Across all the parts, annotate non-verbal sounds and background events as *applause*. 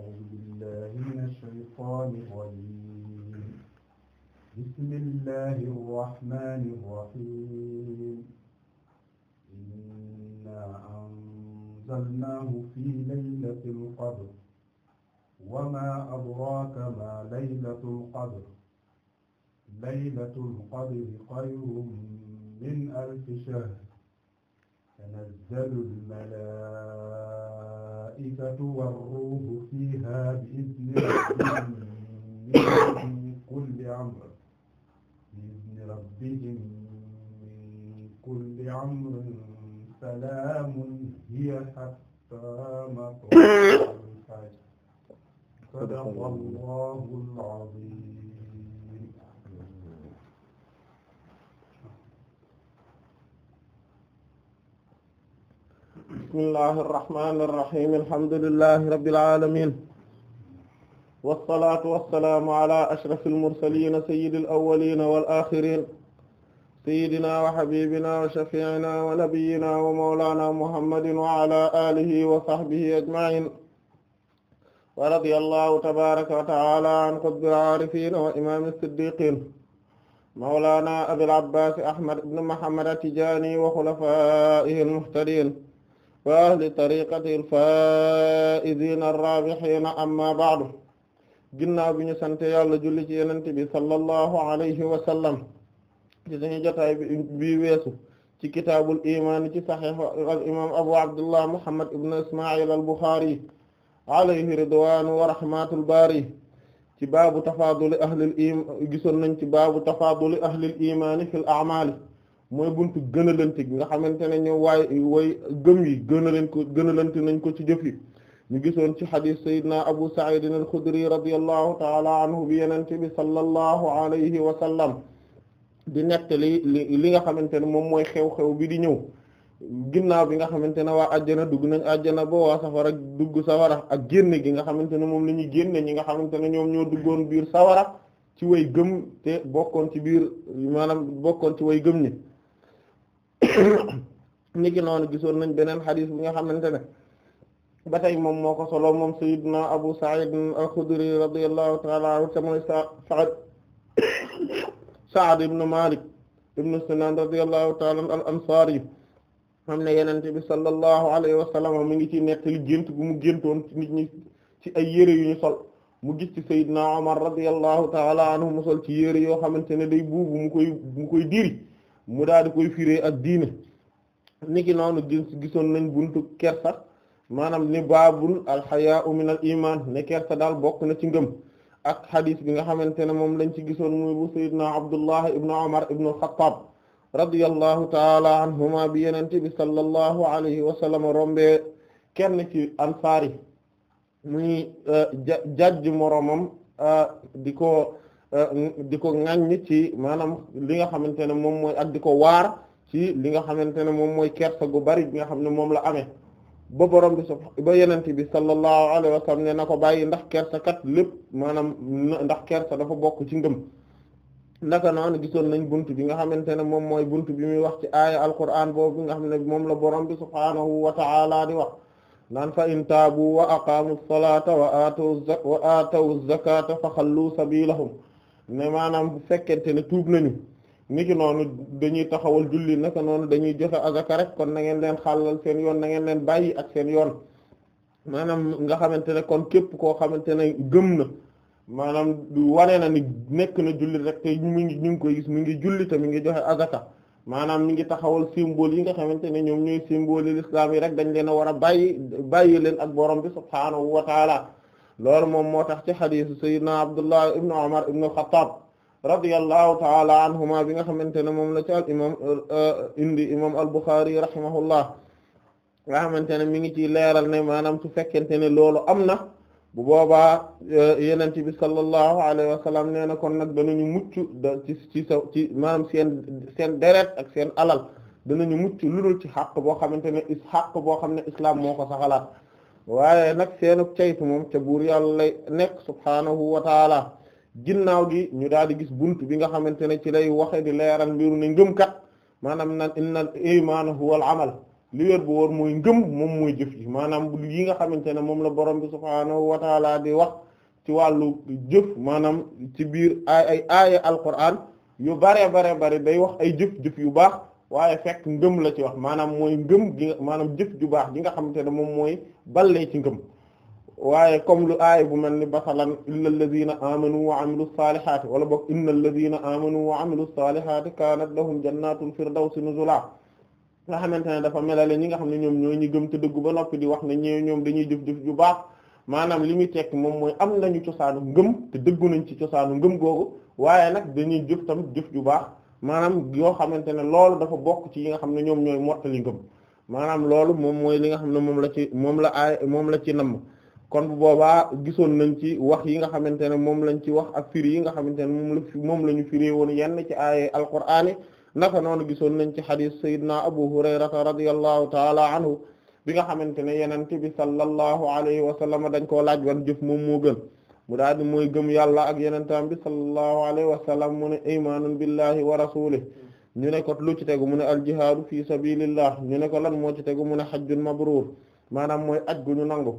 أعوذ بالله من الشيطان الرجيم بسم الله الرحمن الرحيم إنا أنزلناه في ليلة القدر وما أدراك ما ليلة القدر ليلة القدر خير من ألف شهر تنزل الملائكة الملائكة والروح فيها بإذن ربهم من كل أمر بإذن ربهم من كل أمر سلام هي حتى مطلع الفجر صدق الله العظيم bismillahi irrahmani irrahim alhamdulillahi rabbil alamin walsalatu walsalaamu ala ashraf almursalina sayidi alawalina wal axirin sayidina wa xabibina wa shafiina wa nabiyina wa mawlana muhammadin wa ala alihi wa sahbihi ajmain wa radiya allahu tabaraka wa taala an qutbil aarifin wa imam siddiqin mawlana abil abbas ahmad ibn muhammad at-tijani wa xulafaihi almuhtadin wa ahli tariqati al-faa'iziina ar-raabihiina amma ba'du ginnaaw bi ñu sante yàlla julli ci yenente bi sallallahu alayhi wa sallam ci suñu jotaay bi weesu ci kitaabul imaan ci saxiix al imaam abu abdullah muhammad ibn isma'il al buxaari alayhi ridwaanu wa rahmatul baari ci baabu tafaaduli ahlil imaan gisoon nañ ci baabu tafaaduli ahlil imaani fil a'maali mooy buntu gënalante gi nga xamante ne ñoom waaye way gëm yi gënaleen ko gënalante nañ ko ci jëf yi ñu gisoon ci xadis sayyidina abu sa'id al-khudri radiyallahu ta'ala anhu bi yenente bi sallallahu alayhi wa sallam di nettali li li nga xamante ne moom mooy xew-xew bi di ñëw ginnaaw bi nga xamante ne waa ajjana dugg nañ ajjana ba waa safara dugg sawara ak génne gi nga xamante ne moom la génne ñi nga xamante ne ñoom ñoo duggoon biir sawara ci way gëm te bokkoon ci biir maanaam bokkoon ci way gëm ñi *coughs* niki noonu gisoon nañ beneen xadis bi nga xamante ne ba tey moom moo ko solo moom sayyidna Abu Sa'id al-Khudri radiyallahu ta'ala anhu te mooy Sa'd *coughs* Sa'd ibn Malik ibn Sinan radiyallahu ta'ala al-Ansari xam ne yenente bi sallallahu alayhi wa sallam mi ngi ci nettali gént gu mu géntoon ci nit ci ay yére yu ñu sol mu gis ci sayyidna Umar radiyallahu ta'ala anhu mu sol ci yére yoo xamante ne day buubu koy mu koy diri mu daal di koy fiire ak diine niki noonu gisoon nañ buntu kersa maanaam ni baabul alxayaa'u min al iman ne kersa daal bokk na ci ngëm ak xadis bi nga xamante ne moom lañ ci gisoon muy bu sayyidna abdullah ibnu umar ibnu alxattaab radiyallahu taala anhuma bi yenente bi sallallahu alayhi wa sallam rombe ci ansaari muy eh, jajj moromam eh, di ko Euh, di ko ŋaññi ci maanaam li nga xamante ne moom mooy ak di ko waar ci li nga xamante ne moom mooy kersa gu bari bi nga xam ne moom la amee ba borom bi subhaanahu ba yenent wa na ko bàyyi ndax kersa kat lépp maanaam ndax kersa dafa bokk ci ngëm naka noonu gisoon nañ buntu bi nga xamante ne moom mooy buntu bi muy wax ci aaya alquraan boobu nga xam ne moom la borom bi subhaanahu wa ta'ala di wax naan fa in taabu wa aqaamu salata wa aataw wa aatawu zakata fa xallu sabilahum ne maanaam bu fekkente ne tuub nañu niki noonu dañuy taxawal julli naka noonu dañuy joxe azaka rek kon na ngeen leen xàllal seen yoon na ngeen leen bàyyi ak seen yoon maanaam nga xamante ne kon képp koo xamante ne gëm na maanaam wane na ni nekk na julli rek te mu ngi ñu ngi koy gis mu ngi julli te mi ngi joxe azaka maanaam mu ngi taxawal symbole yi nga xamante ne ñoom ñooy symbole l'islam yi rek dañ leen a war a bàyyi bàyyi leen ak borom bi subhaanahu wa taala loolu moom moo tax ci xadisu sayyidina abdullah ibnu umar ibnu alxatab radiallahu taala anhuma bi nga xamante ne moom la ci al imam euh, indi imam al buxaari rahimahullah nga xamante ne mi ngi ci leeral ne maanaam su fekkente ne loolu am na bu boobaa euh, yenent bi sallallahu alayhi wa sallam nee na kon nag danañu mucc da ci ci ci maanaam seen seen deret ak seen alal danañu mucc lu dul ci xàq boo xamante ne is boo xam ne islam moo ko saxalaat waaye nag seenu caytu moom ca buur yàlla lay nekk subhaanahu wa taala ginnaaw gi ñu daal di gis bunt bi nga xamante ne ci lay waxe di leeral mbiru ne ngëm kat maanaam nan innal imaana huwa al amal li wér bu wóor mooy ngëm moom mooy jëf ji maanaam yi nga xamante ne moom la borom bi subhaanahu wa di wax ci wàllu jëf maanaam ci biir ay ay aaya yu bare bare bare day wax ay jëf jëf yu baax waaye fekk ngëm la ci wax maanaam mooy ngëm gi maanaam jëf ju baax gi nga xamante ne moom mooy ballee ci ngëm waaye comme lu aay bu mel ni basalan illa alladhina amanu wa amilu salihati wala boog inna alladhina amanu wa amilu salihati kanat lahum jannatul firdawsi nuzula nga xamante ne dafa melale ñi nga xam ne ñoom ñoo ñu gëm te dëggu ba noppi di wax ne ñee ñoom dañuy jëf-jëf ju baax maanaam li muy tekk moom mooy am nañu cosaanu ngëm te dëggu nañ ci cosaanu ngëm googu waaye nag dañuy jëf tamit jëf jubaax maanaam yoo xamante ne loolu dafa bokk ci yi nga xam ne ñoom ñooy mottali ngëm maanaam loolu moom mooy li nga xam ne moom la ci moom la aay moom la ci namm kon bu boobaa gisoon nañ ci wax yi nga xamante ne moom lañ ci wax ak firi yi nga xamante ne moom la moom la ñu firi woon yenn ci aaya alquraan yi naka noonu gisoon nañ ci xadiis sayyidina abu hurayrata radiyallahu taala anhu bi nga xamante ne yenente bi sallallahu alayhi wa sallam dañ koo laaj wan jëf moom moo gën mu daal di mooy gëm yàlla ak yenentam bi sallallahu alayhi wa sallam mu ne imaanun billahi wa rasulih ñu ne ko lu ci tegu mu ne al jihaadu fi sabilillah ñu ne ko lan moo ci tegu mu ne hajjun mabruur maanaam mooy aj gu ñu nangu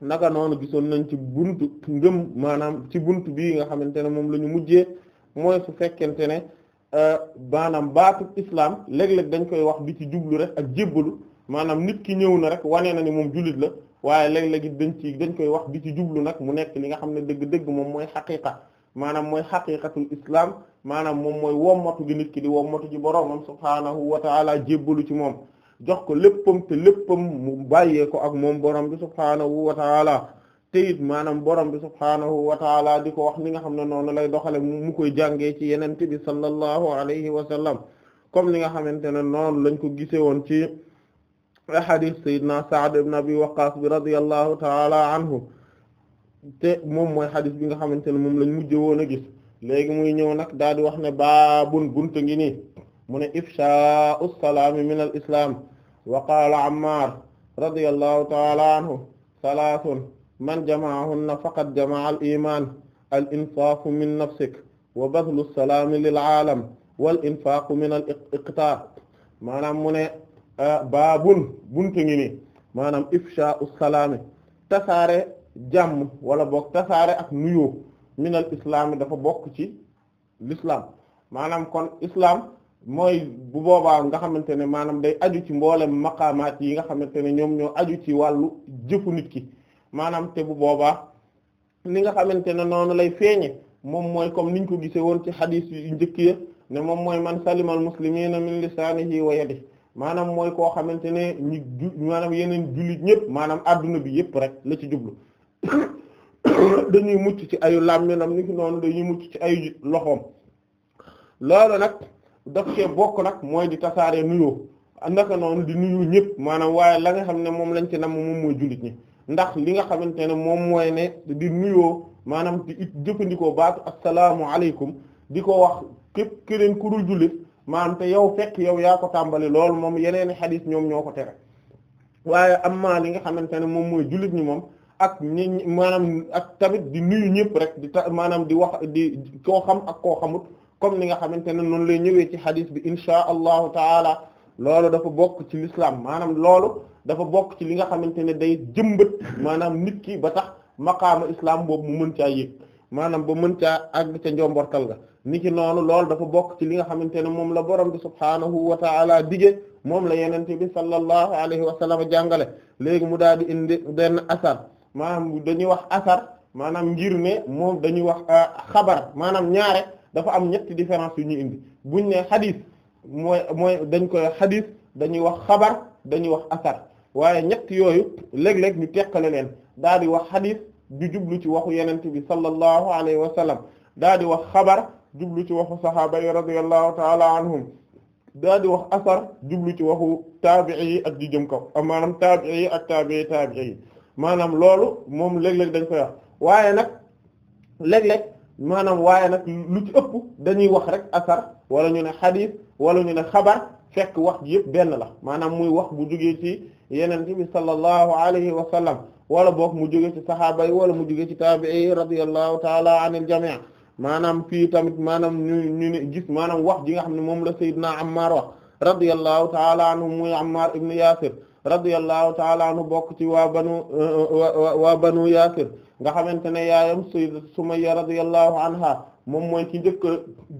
naka noonu gisoon nañ ci buntu ngëm maanaam ci buntu bii nga xamante ne moom la ñu mujjee mooy su fekkente ne euh, maanaam baatub islam léeg-léeg dañ koy wax bi ci jublu rek ak jébbalu maanaam nit ki ñëw na rek wane na ni moom julit la waaye léeg-léeg dañ ci dañ koy wax di ci jublu nag mu nekk li nga xam ne dëgg-dëgg moom mooy xaqiqa maanaam mooy xaqiqatul islam maanaam moom mooy wommatu gi nit ki di wommatu ci boroomam subhaanahu wa taala jébbalu ci moom jox ko léppam te léppam mu bàyyee ko ak moom borom bi subhaanahu wa taala te it maanaam borom bi subhaanahu wa taala di ko wax li nga xam ne noonu lay doxale mu koy jàngee ci yenente bi sallallahu alayhi wa sallam comme li nga xamante ne noonu lañ ko gise woon ci hadith sayyidina Sa'd ibn Abi Waqqas bi radiyallahu ta'ala anhu te moom mooy hadith bi nga xamante ne moom lañ mujj woon a gis léegi muy ñëw nag daal di wax ne baabun buntu ngi nii mu ne ifsha'u salaami min al islam wa qaala Ammar radiyallahu ta'ala anhu salaasun man jama'ahunna faqad jama'a al iman min nafsik wa badlu salaami lil aalam wal infaaqu min al baabun buntu ngi nii maanaam ifsha'u salaami tasaare jàmm wala boog tasaare ak nuyoo minal islaami dafa bokk ci l'islam maanaam kon islaam mooy bu boobaa nga xamante ne maanaam day aju ci mboolem maqaamaat yi nga xamante ne ñoom ñoo aju ci wàllu jëfu nit ki maanaam te bu boobaa ni nga xamante ne noonu lay feeñe moom mooy comme niñ ko gisee woon ci xadiis yu njëkk ya ne moom mooy man salimal muslimina min lisaanihi wa yadihi maanaam mooy koo xamante ne ñu maanaam yeneen jullit ñëpp maanaam adduna bi yëpp rek la ci jublu *coughs* dañuy mucc ci ayu làmminam ni ki noonu dañuy mucc ci ayu loxoom loolu nag daf bokk nag mooy di tasaare nuyoo naka noonu di nuyu ñëpp maanaam waaye la nga xam ne moom lañ ci nam moom mooy jullit ñi ndax li nga xamante ne moom mooy ne di nuyoo maanaam di it jëfandikoo baatu asalaamu aleykum di ko wax képp keneen ku dul jullit maanaam te yow fekk yow yaa ko tàmbali loolu moom yeneen i xadis ñoom ñoo ko tere waaye amma li nga xamante ne moom mooy jullit ñi moom ak ñi maanaam ak tamit di nuyu ñëpp rek di ta maanaam di wax di koo xam ak koo xamut comme ni nga xamante ne noonu lay ñëwee ci xadis bi insha allahu taala loolu dafa bokk ci lislaam maanaam loolu dafa bokk ci li nga xamante ne day jëmbat maanaam nit ki ba tax maqaama islaam boobu mu mën caa yëg maanaam ba mën caa àgg ca kal ga niki noonu loolu dafa bokk ci li nga xamante ne moom la borom bi subhaanahu wa ta'ala dige moom la yenente bi sallallahu alayhi wa sallam jàngale léegi mu daal di indi benn asar maanaam dañuy wax asar maanaam ngir ne moom dañuy wax euh, xabar maanaam ñaare dafa am ñetti différence yu ñu indi buñ ne xadis mooy mooy dañ koy xadis dañuy wax xabar dañuy wax asar waaye ñett yooyu léeg-léeg ñu teqale leen daal di wax xadis du jublu ci waxu yenente bi sallallahu alayhi wa sallam daal di wax xabar jublu ci waxu saxaaba yi radiyallahu taala anhum daa di wax asar jublu ci waxu taabi'i ak di jëm kaw maanaam taabi'i ak taabi'i taabi'i yi maanaam loolu moom léeg-léeg dañ koy wax waaye nag léeg maanaam waaye nag dañuy wax rek asar wala ñu ne xadiis wala ñu ne xabar fekk wax ji yëpp benn la maanaam muy wax bu jógee ci yenente bi sallallahu alayhi wa sallam wala boog mu jógee ci saxaaba yi wala mu jógee ci taabi'i yi radiyallahu taala anil jami' maanaam fii tamit maanaam ñu ñu gis maanaam wax ji nga xam ne moom la Seydina Ammar wax radiyallahu ta'ala anhu muy Ammar ibn Yasir radiyallahu ta'ala anhu bokk ci waa banu waa banu nga xamante ne yaayam Sayyidat Sumayya radiyallahu anha moom mooy ci njëkk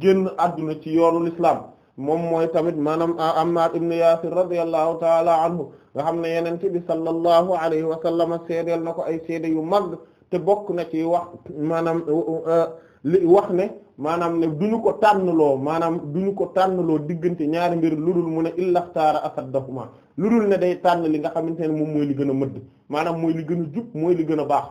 génn adduna ci yoonu l'islam moom mooy tamit maanaam Ammar ibn Yasir radiyallahu ta'ala anhu nga xam ne yonent bi sallallahu alayhi wa sallam seedeel na ko ay seede yu mag te bokk na ci wax maanaam li wax ne maanaam ne ñu ko tànnloo maanaam duñu ko tànnloo diggante ñaari mbir lu dul mu ne illaxtaara asaddahuma lu dul ne day tànn li nga xamante ne moom mooy li gën a mëdd maanaam mooy li gën a jub mooy li gën a baax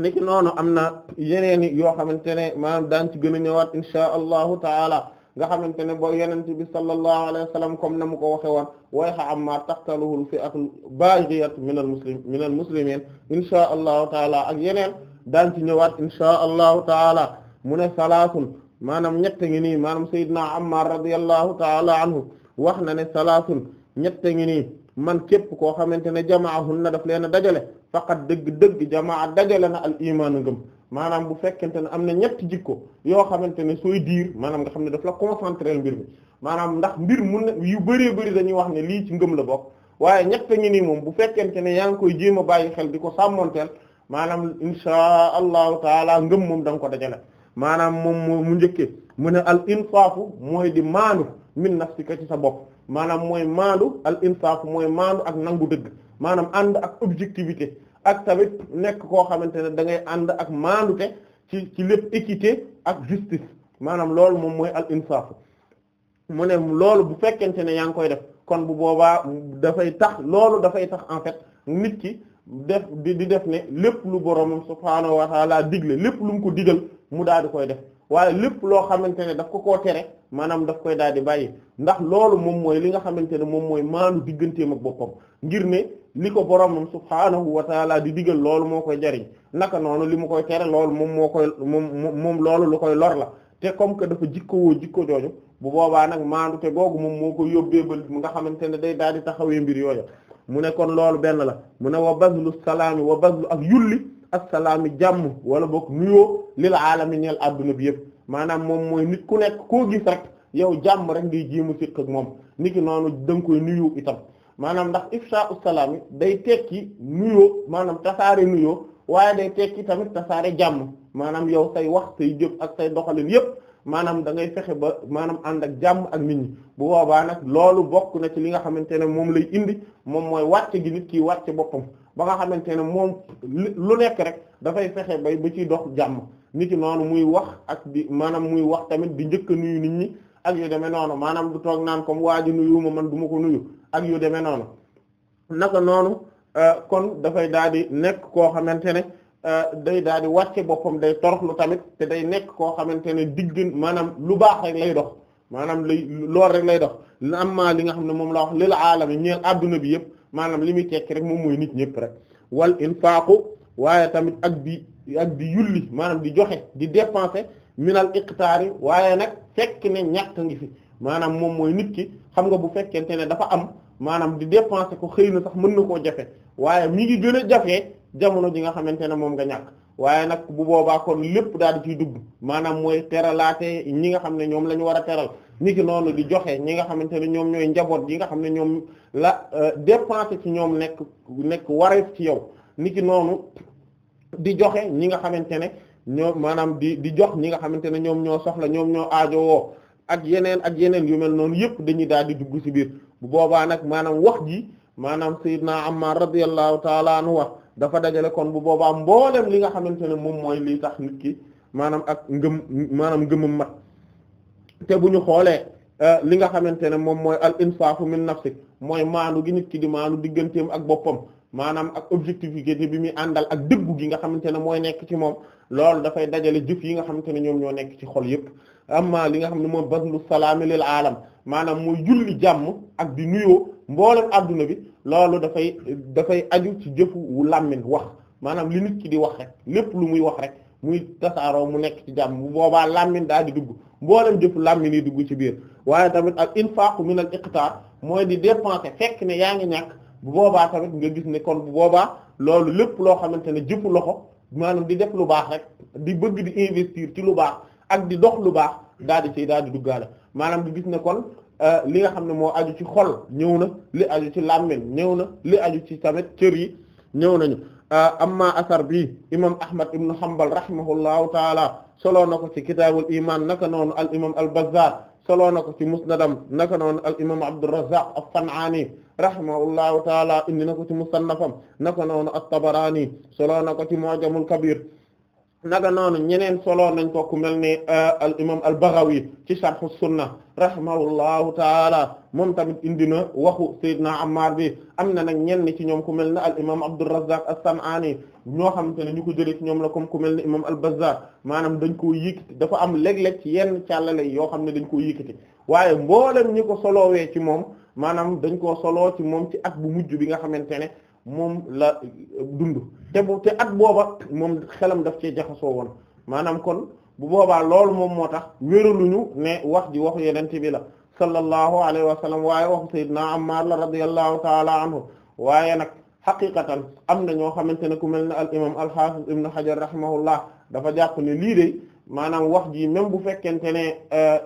niki noonu am na yeneen yoo xamante ne maanaam daan ci gën a ñëwaat insha allahu taala nga xamante ne boo yenent bi sallallahu alayhi wa sallam na mu ko waxe woon wayxa amma taqtaluhul fi ak baghiyat min al muslim min al muslimin insha allahu taala ak yeneen daan ci ñëwaat insha allahu taala mu ne salaasun maanaam ñett ngi nii maanaam sayyidina Ammar radiyallahu taala anhu wax na ne salaasun ñett ngi nii man képp koo xamante ne jamaahun na def leen a dajale faqat dëgg-dëgg jamaa dajale na al imaan ngëm maanaam bu fekkente ne am na ñetti jikko yoo xamante ne sooy diir maanaam nga xam ne daf la concentrer mbir mi maanaam ndax mbir mun na yu bëree bëri dañuy wax ne lii ci ngëm la bokk waaye ñett ngi nii moom bu fekkente ne yaa ngi koy jéem a bàyyi xel di ko sàmmonteel maanaam inshaa allahu taala ngëm moom da nga ko dajale maanaam moom mu njëkke mu ne al insaafu mooy di maandu min nafsika ci sa bopp maanaam mooy maandu al insaafu mooy maandu ak nangu dëgg maanaam ànd ak objectivité ak tamit nekk koo xamante ne da ngay ànd ak maandute ci ci lépp équité ak justice maanaam loolu moom mooy al insaafu mu ne loolu bu fekkente ne yaa ngi koy def kon bu boobaa dafay tax loolu dafay tax en fait nit ki def di def ne lépp lu borom subhaanahu wa taala digle lépp lu mu ko digal mu daal di koy def waaye lépp loo xamante ne daf ko koo tere maanaam daf koy daal di bàyyi ndax loolu moom mooy li nga xamante ne moom mooy maanu digganteem ak boppam ngir ne li ko boromam subhaanahu wa taala di digal loolu moo koy jariñ naka noonu li mu koy tere loolu moom moo koy moom moom loolu lu koy lor la te comme que dafa jikkowoo jikko jooju bu boobaa nag maandu te googu moom moo ko yóbbee ba nga xamante ne day daal di taxawee mbir yooyu mu ne kon loolu benn la mu ne wa bazlu salaami wa bazlu ak yulli assalaami jàmm wala boog nuyoo lil aalami ñeel àdduna bi yëpp maanaam moom mooy nit ku nekk koo gis rek yow jàmm rek ngay jéem a siq ak moom ki noonu da nga koy nuyu itam maanaam ndax ifshaa'u salaam day tekki nuyoo maanaam tasaare nuyoo waaye day tekki tamit tasaare jàmm maanaam yow say wax say jëf ak say doxalin yëpp maanaam da ngay fexe ba maanaam ànd ak jàmm ak nit ñi bu woobaa nag loolu bokk na ci li nga xamante ne moom lay indi moom mooy wàcce gi nit ki wàcce boppam ba nga xamante ne moom lu nekk rek dafay fexe bay ba ciy dox jàmm nit ki noonu muy wax ak di maanaam muy wax tamit di njëkk a nuyu nit ñi ak yu demee noonu maanaam du toog naan comme waa ji nuyu ma man du ma ko nuyu ak yu demee noonu naka noonu euh, kon dafay daal di nekk koo xamante ne. Euh, day daal di wàcce boppam day toroxlu tamit te day nekk koo xamante ne digg maanaam lu baax rek lay dox maanaam lay lool rek lay dox amma li nga xam ne moom la wax lil aalami ñeel adduna bi yëpp maanaam li muy tekki rek moom mooy nit ñëpp rek wal infaaqu waaye tamit ak di ak di yulli maanaam di joxe di dépenser minal iqtaari waaye nag fekk ne ñàkk ngi fi maanaam moom mooy nit ki xam nga bu fekkente ne dafa am maanaam di dépenser ko xëy na sax mën na koo jafe waaye mi ngi gën a jafe jamono ji nga xamante ne moom nga ñàkk waaye nag bu boobaa kon lépp daal di ciy dugg maanaam mooy teralaate ñi nga xam ne ñoom la ñu war a teral ni ki noonu di joxe ñi nga xamante ne ñoom ñooy njaboot yi nga xam ne ñoom la euh, dépenser ci ñoom nekk nekk wareef ci yow ni ki noonu di joxe ñi nga xamante ne ñoom maanaam di di jox ñi nga xamante ne ñoom ñoo soxla ñoom ñoo aajowoo ak yeneen ak yeneen yu mel noonu yëpp dañuy daal di dugg ci biir bu boobaa nag maanaam wax ji maanaam sayyidna Ammar radiyallahu ta'ala anhu wax dafa dajale kon bu boobaa mboolem li nga xamante ne moom mooy li tax nit ki maanaam ak ngëm maanaam ngëmam mat te bu ñu xoolee euh, li nga xamante ne moom mooy al insaafu min nafsi mooy maanu gi nit ki di maanu digganteem ak boppam maanaam ak objectivité bi muy àndal ak dëggu gi nga xamante ne mooy nekk ci moom loolu dafay dajale jëf yi nga xamante ne ñoom ñoo nekk ci xol yépp amma li nga xam ne mooy badlu salaami lil alam maanaam mooy julli jàmm ak di nuyoo mboolem àdduna bi loolu dafay dafay aju ci jëfu wu làmmiñ wax maanaam lu nit ki di wax rek lépp lu muy wax rek muy tasaaroo mu nekk ci jàmm bu boobaa làmmiñ daal di dugg mboolem jëfu làmmiñ yi dugg ci biir waaye tamit al infaqu min al iqtar mooy di dépenser fekk ne yaa ngi ñàkk bu boobaa tamit nga gis ne kon bu boobaa loolu lépp loo xamante ne jëfu loxo maanaam di def lu baax rek di bëgg di investir ci lu baax ak di dox lu baax daal di ciy daal di duggaale maanaam di gis ne kon Euh, li nga xam ne moo aju ci xol ñëw na li aju ci làmmiñ ñëw na li aju ci tamit cër yi ñëw nañu euh, amma asar bi imam ahmad ibn hanbal rahimahullahu taala soloo na ko ci kitaabul iman naka noonu al imam al bazzar soloo na ko ci musnadam naka noonu al imam abdurrazzaq as-san'ani rahimahullahu taala indi na ko ci musannafam naka noonu at-tabarani soloo na ko ci mu'jamul kabir naga naa noonu ñeneen solo nañ ko ku mel ni euh, al imam al Baghawi ci sharh sunna rahimahullahu taala moom tamit indi na waxu Seydina Ammar bi am na nag ñenn ci ñoom ku mel ne al imam Abdurrazzaq as-Sam'ani ñoo xamante ne ñu ko jëlee ñoom la comme ku mel ne imam al Bazzar maanaam dañ koo yëkkati dafa am léeg-léeg ci yenn càllale yoo xam ne dañ ko yëkkati waaye mboolem ñu ko solowee ci moom maanaam dañ koo soloo ci moom ci at bu mujj bi nga xamante ne moom la dund. te bu te at booba moom xelam daf cee jaxasoo woon maanaam kon bu boobaa loolu moom moo tax wéraluñu ne wax ji waxu yenente bi la sallallahu alayhi wa sallam waaye waxu sayyidina Ammar la radiyallahu taala anhu waaye nag xaqiqatan am na ñoo xamante ne ku mel ne al imam al-Hafiz ibn Hajar rahimahullah dafa jàpp ne lii de maanaam wax ji même bu fekkente ne euh,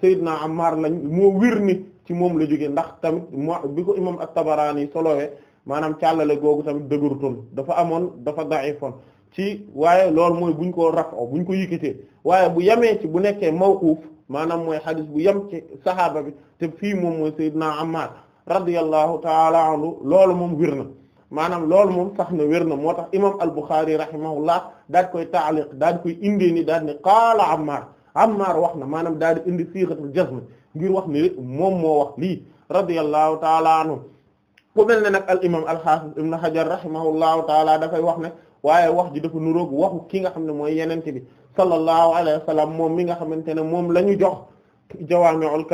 sayyidina Ammar lañ moo wir ni ci moom la jóge ndax tamit mo bi ko imam at-Tabarani solowee maanaam càllale googu tamit dëgërutoon dafa amoon dafa da'ifoon ci waaye loolu mooy buñ ko bu ñu ko yëkkatee waaye bu yamee ci bu nekkee mawquuf maanaam mooy xadis bu yem ci saxaaba bi te fii moom mooy sayyidina Ammar radiyallahu ta'ala anhu loolu moom wir na maanaam loolu moom sax na wir na moo tax imam al-Bukhari rahimahullah daal koy taaliq daal koy indee ni daal ne qaala Ammar Ammar wax na maanaam daal di indi siixatul jazm ngir wax ni moom moo wax lii radiyallahu ta'ala anhu ku mel ne nag al imam al hafiz ibn hajar rahimahullahu taala dafay wax ne waaye wax ji dafa nuroog waxu ki nga xam ne mooy yeneen bi sallallahu alayhi wa sallam moom mi nga xamante ne moom la ñu jox jawaami'ul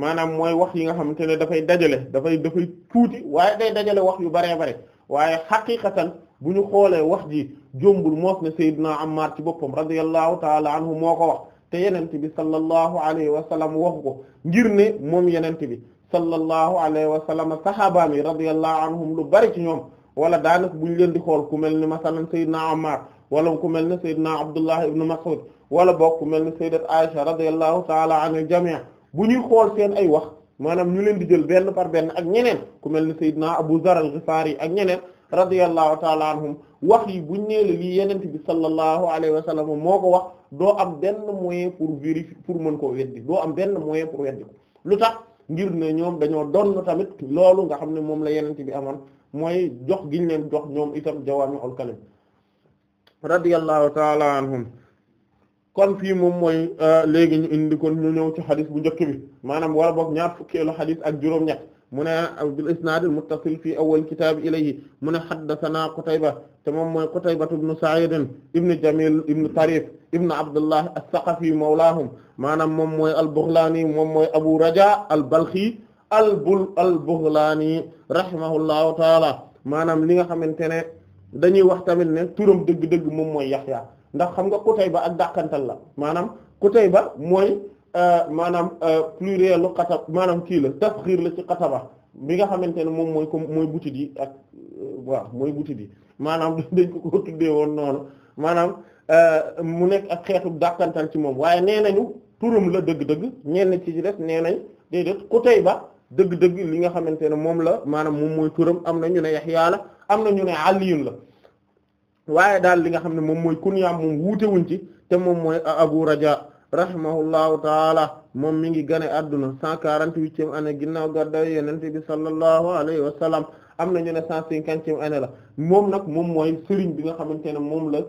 maanaam mooy wax yi nga xamante ne dafay dajale dafay dafay tuuti waaye day dajale wax yu baree bare waaye xaqiqatan bu ñu xoolee wax ji jombul moos ne Seydina Ammar ci boppam radiyallahu taala anhu moo ko wax te yenente bi sallallahu alayhi wa sallam waxu ko ngir ne moom yenente bi sallallahu alayhi wa sallam sahabaam yi radiyallahu anhum lu bari ci ñoom wala daanaka buñ leen di xool ku mel ni masalan sayyidina Ammar wala ku mel ni sayyidina Abdullah ibn Mas'ud wala bokk ku mel ni sayyidat Aisha radiyallahu ta'ala anil jami' bu ñuy xool seen ay wax maanaam ñu leen di jël benn par benn ak ñeneen ku mel ni sayyidina Abu Zar al-Ghifari ak ñeneen radiyallahu ta'ala anhum wax yi buñ nee la lii yenente bi sallallahu alayhi wa moo ko wax doo am benn moyen pour vérifier pour mën koo weddi doo am benn moyen ngir ne ñoom dañoo doon tamit loolu nga xam ne moom la yenent bi amoon mooy jox giñ leen jox ñoom itam jawaami'ul kalim radiyallahu taala anhum kon fii moom mooy euh, léegi ñu indi kon ñu ñëw ci xadis bu njëkk bi maanaam wala boog ñaar fukkeelu xadis ak juróom-ñett mu ne euh, bil isnaad al muttasil fii awwal kitaab mu ne haddasanaa Qutayba te moom mooy Qutayba ibn Sa'iid ibn Jamiil ibn Tariif ibn abdullah as-Saqafi mawlaahum maanaam moom mooy al-Baghlaani moom mooy Abu Raja al-Balkhi al-Bul al-Baghlaani rahimahullahu taala maanaam li nga xamante ne dañuy wax tamit ne turam dëgg-dëgg moom mooy Yaxya ndax xam nga Qutayba ak dàqantal la maanaam Qutayba mooy euh, maanaam euh, pluriel lu Qatab maanaam kii la tasxiir la ci Qataba bi nga xamante ne moom mooy comme mooy butit ak euh, waaw mooy butit yi maanaam *laughs* dañ ko ko tuddee woon noonu maanaam Euh, mu nekk ak xeetu dàqantal ci moom waaye nee nañu turam la dëgg-dëgg ñenn ci ci def nee nañ déedéet Qutayba dëgg-dëgg li nga xamante ne moom la maanaam moom mooy turam am na ñu ne Yahya la am na ñu ne Aliyun la waaye daal li nga xam ne moom mooy kunyaam moom wuutewuñ ci te moom mooy Abu Raja rahimahullahu taala moom mi ngi gane adduna cent quarante-huitième année ginnaaw gàddaay yonent bi sallallahu alayhi wa sallam am na ñu ne cent cinquantième année la moom nag moom mooy sëriñ bi nga xamante ne moom la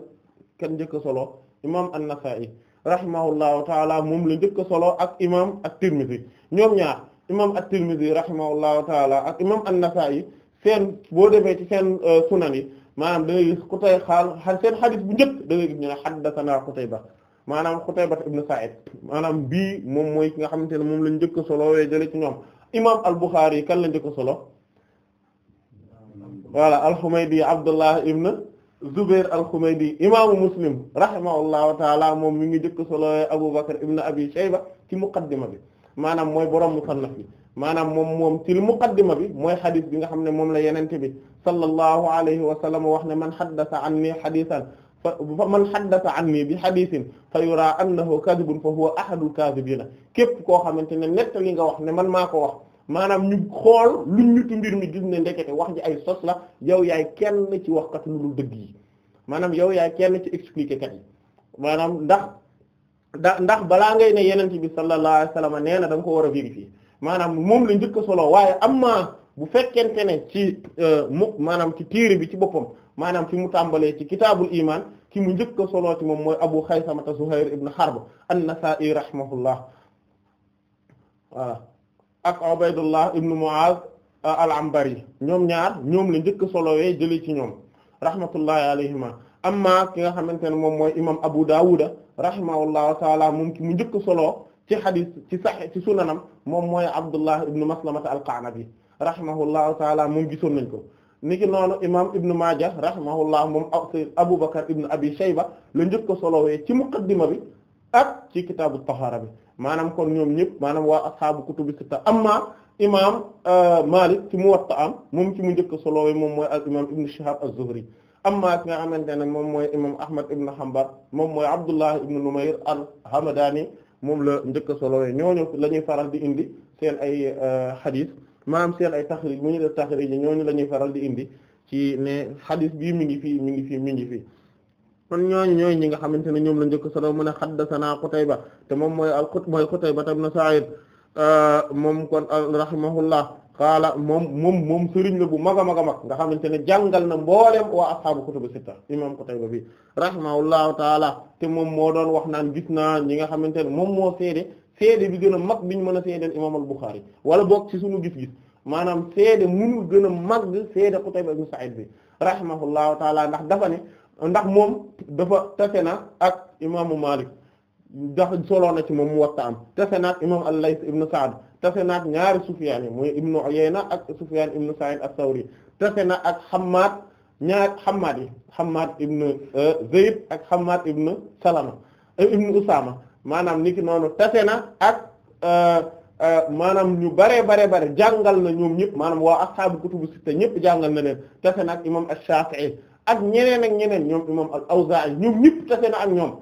kan njëkk a solo imaam an-Nasa'i rahimahullahu taala moom la njëkk a solo ak imaam at-Tirmidhi ñoom ñaar imaam at-Tirmidhi rahimahullahu taala ak imaam an-Nasa'i seen boo demee ci seen euh, sunan yi maanaam da ngay gis Qutay xaal seen xadis bu njëkk da ngay gis ñu ne haddathana Qutayba maanaam Qutayba ibn Sa'id maanaam bii moom mooy ki nga xamante ne moom la njëkk solo waaye jëlee ci ñoom imaam al-Bukhari kan la njëkk solo voilà al-Humaydi Abdullah ibn Zubair al-Xumaydi imaamu Muslim rahimahullahu taala moom mi ngi jëkk solowee Abu Bakr ibn Abi Shayba ci muqaddima bi maanaam mooy borom musannaf bi maanaam moom moom ci muqaddima bi mooy xadis bi nga xam ne moom la yenente bi sallallahu alayhi wa sallam wax ne man haddasa anni hadisan fa man haddasa anni bi hadisin fa yura annahu kadhibun fa huwa ahadul kadhibina képp koo xamante ne nett li nga wax ne man maa ko wax maanaam ñu xool lu ñutu mbir mi gis ne ndekete wax ji ay sos la yow yaay kenn ci waxkat lu dul dëgg yi maanaam yow yaay kenn ci expliquer kat maanaam ndax da ndax balaa ngay ne yenent bi sallallahu alayhi wasallam nee na da ko war a vérifier maanaam moom la njëkk solo waaye amma bu fekkente ne ci euh, mu maanaam ci téere bi ci boppam maanaam fi mu tàmbalee ci kitaabul iman ki mu njëkk a soloo ci moom mooy Abu Xaysamata Zuhayr ibn Harb an saa rahimahullah voilà ak Ubaydullah ibn Mu'az euh, al-Anbari ñoom ñaar ñoom la njëkk solowee jëlee ci ñoom rahmatullahi alayhima amma ki nga xamante ne moom mooy imam Abu Dawuda rahimahullahu taala moom ki mu njëkk solo ci xadis ci sax ci sunanam moom mooy Abdullah ibn Maslamata al-Qa'nabi rahimahullahu taala moom gisoon nañ ko niki noonu imam Ibn Maaja rahimahullah moom Abu Bakr ibn Abi Shayba la solo we ci muqaddima bi ak ci kitaabu tahaara bi maanaam kon ñoom ñëpp maanaam waa ashaabu kutubu sitta amma imaam euh, Maalik ci Muwatta am moom ci mu njëkk solo moom mooy al imaam Ibn Shihab az-Zuhri amma ki nga xamante ne moom mooy imaam Ahmad ibn Hanbal moom mooy Abdullah ibn Numayr al-Hamdani moom la njëkk solo ñooñu la ñuy faral di indi seen ay hadith euh, maanaam seen ay taxrij mu ñu def taxrij ñooñu la ñuy faral di indi ci ne hadith bii mi ngi fii mi ngi fii mi fii. kon ñooñ ñooy ñi nga xamante ne ñoom la njëkk solo mu ne haddathana Qutayba te moom mooy al Qut mooy Qutayba ibn Sa'id euh, moom kon rahimahullah qaala moom moom moom sëriñ la bu mag a mag a mag nga xamante ne jàngal na mboolem waa ashaabu kutubu sitta imam Qutayba bi rahimahullahu taala te moom moo doon wax naan gis naa ñi nga xamante ne moom moo seede seede bi gën a mag bi ñu mën a seedeel imam al-Bukhari wala boog ci suñu gis-gis maanaam seede mënul gën a mag seede Qutayba ibn Sa'id bi rahimahullahu taala ndax dafa ne ndax moom dafa tase na ak imaamu Malik ndax solo na ci moom Muwatta am tase na ak imaam al-Layth ibn Sa'd tase na ak ñaari Sufyaan yi mooy ibnu Uyayna ak Sufyaan ibn Sa'id as-Sawri tase na ak Hammad ñaar Hammad yi Hammad ibn euh, Zayd ak Hammad ibn Salama euh, ibn Usama maanaam niki noonu tafe na ak euh, maanaam ñu bare bare bare jàngal na ñoom ñëpp maanaam waa ashaabu kutubu sitta ñëpp jàngal na leen tase na ak imaam ash-Shafi'i ak ñeneen ak ñeneen ñoom imam al-Awzaa'i ñoom ñëpp tase na ak ñoom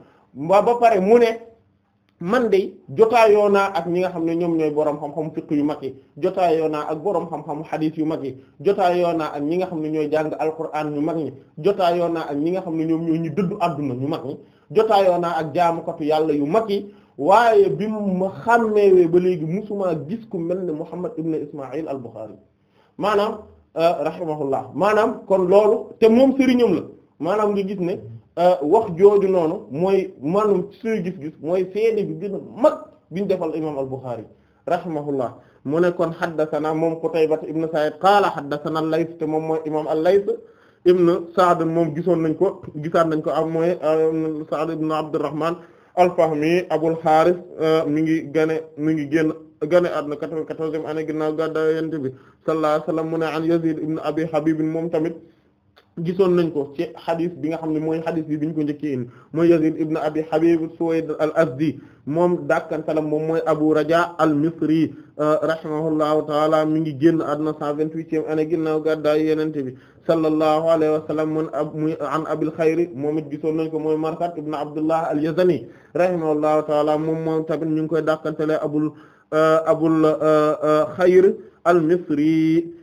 ba ba pare mu ne man de jotaayoo naa ak ñi nga xam ne ñoom ñooy borom xam-xamu yu mag yi jotaayoo naa ak borom xam-xamu yu mag yi jotaayoo naa ak ñi nga xam ne ñooy jàng alquran ñu mag ñi jotaayoo naa ak ñi nga xam ne ñoom ñoo ñu dëddu adduna ñu mag ñi jotaayoo naa ak jaamukatu yàlla yu mag yi waaye bi mu xàmmeewee ba léegi musuma gis ku mel ne Muhammad ibn Isma'il al-Bukhari maanaam. Euh, rahimahullah maanaam kon loolu te moom sëriñam la maanaam ngi gis ne euh, wax jooju noonu mooy maanaam suñu gis-gis mooy seede bi gën a mag biñ defal imam al-Bukhari rahimahullah mu ne kon xaddasanaa moom Qutayba ibn Sa'id qaala xaddasanaa al-Layth te moom mooy imam al-Layth ibn Sa'd moom gisoon nañ ko gisaan nañ ko am mooy euh, Sa'd ibn Abdurrahman al-Fahmi Abul Harith mi ngi gane mi ngi génn gane àdduna 94e année bi sallallahu alayhi wa sallam mu ne an Yazid ibn Abi Habib moom tamit gisoon nañ ko ci xadis bi nga xam ne mooy xadis bi biñ ko njëkkee in mooy Yazid ibn Abi Habib Suwayd al-Azdi moom dàkkantalam moom mooy Abu Raja al-Misri euh, rahimahullahu taala mi ngi génn àdduna 128e année ginnaaw gàddaay Yonent bi sallallahu alayhi wa sallam mun ab muy an abil moom gisoon nañ ko mooy Marsad ibn Abdullah al-Yazani rahimahullahu taala moom moom tamit ñu ngi koy dàkkantale abul Euh, Abul euh, euh, Xayr al-Misri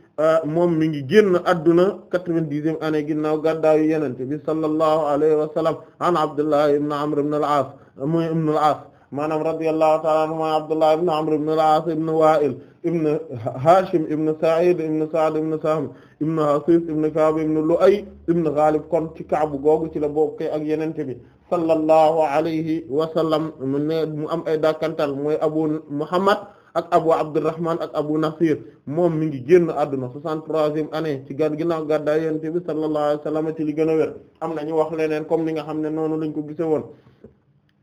moom mi ngi génn adduna quatre-vingt-dixième année ginnaaw gàddaayu yenente bi sallallahu alayhi wa sallam an Abdullah ibn Amr ibn al-As mu ibn al-As maanaam radiyallahu ta'ala anhu ma Abdullah ibn Amr ibn al-As ibn Wa'il ibn Hashim ibn Sa'id ibn Sa'd ibn Sahm ibn Hasis ibn Ka'b ibn Lu'ay ibn Ghalib kon ci Ka'b googu ci la bokkee ak yenente bi sallallahu alayhi wa sallam mu ne mu am ay dàkkantal mooy abu muhammad ak abu abdurrahman ak abu nasir moom mi ngi génn àdduna 63e année ci gan ginnaaw gàddaay yonent bi sallallahu alayhi wa sallam ci li gën a wér am na ñu wax leneen comme li nga xam ne noonu lañ ko gise woon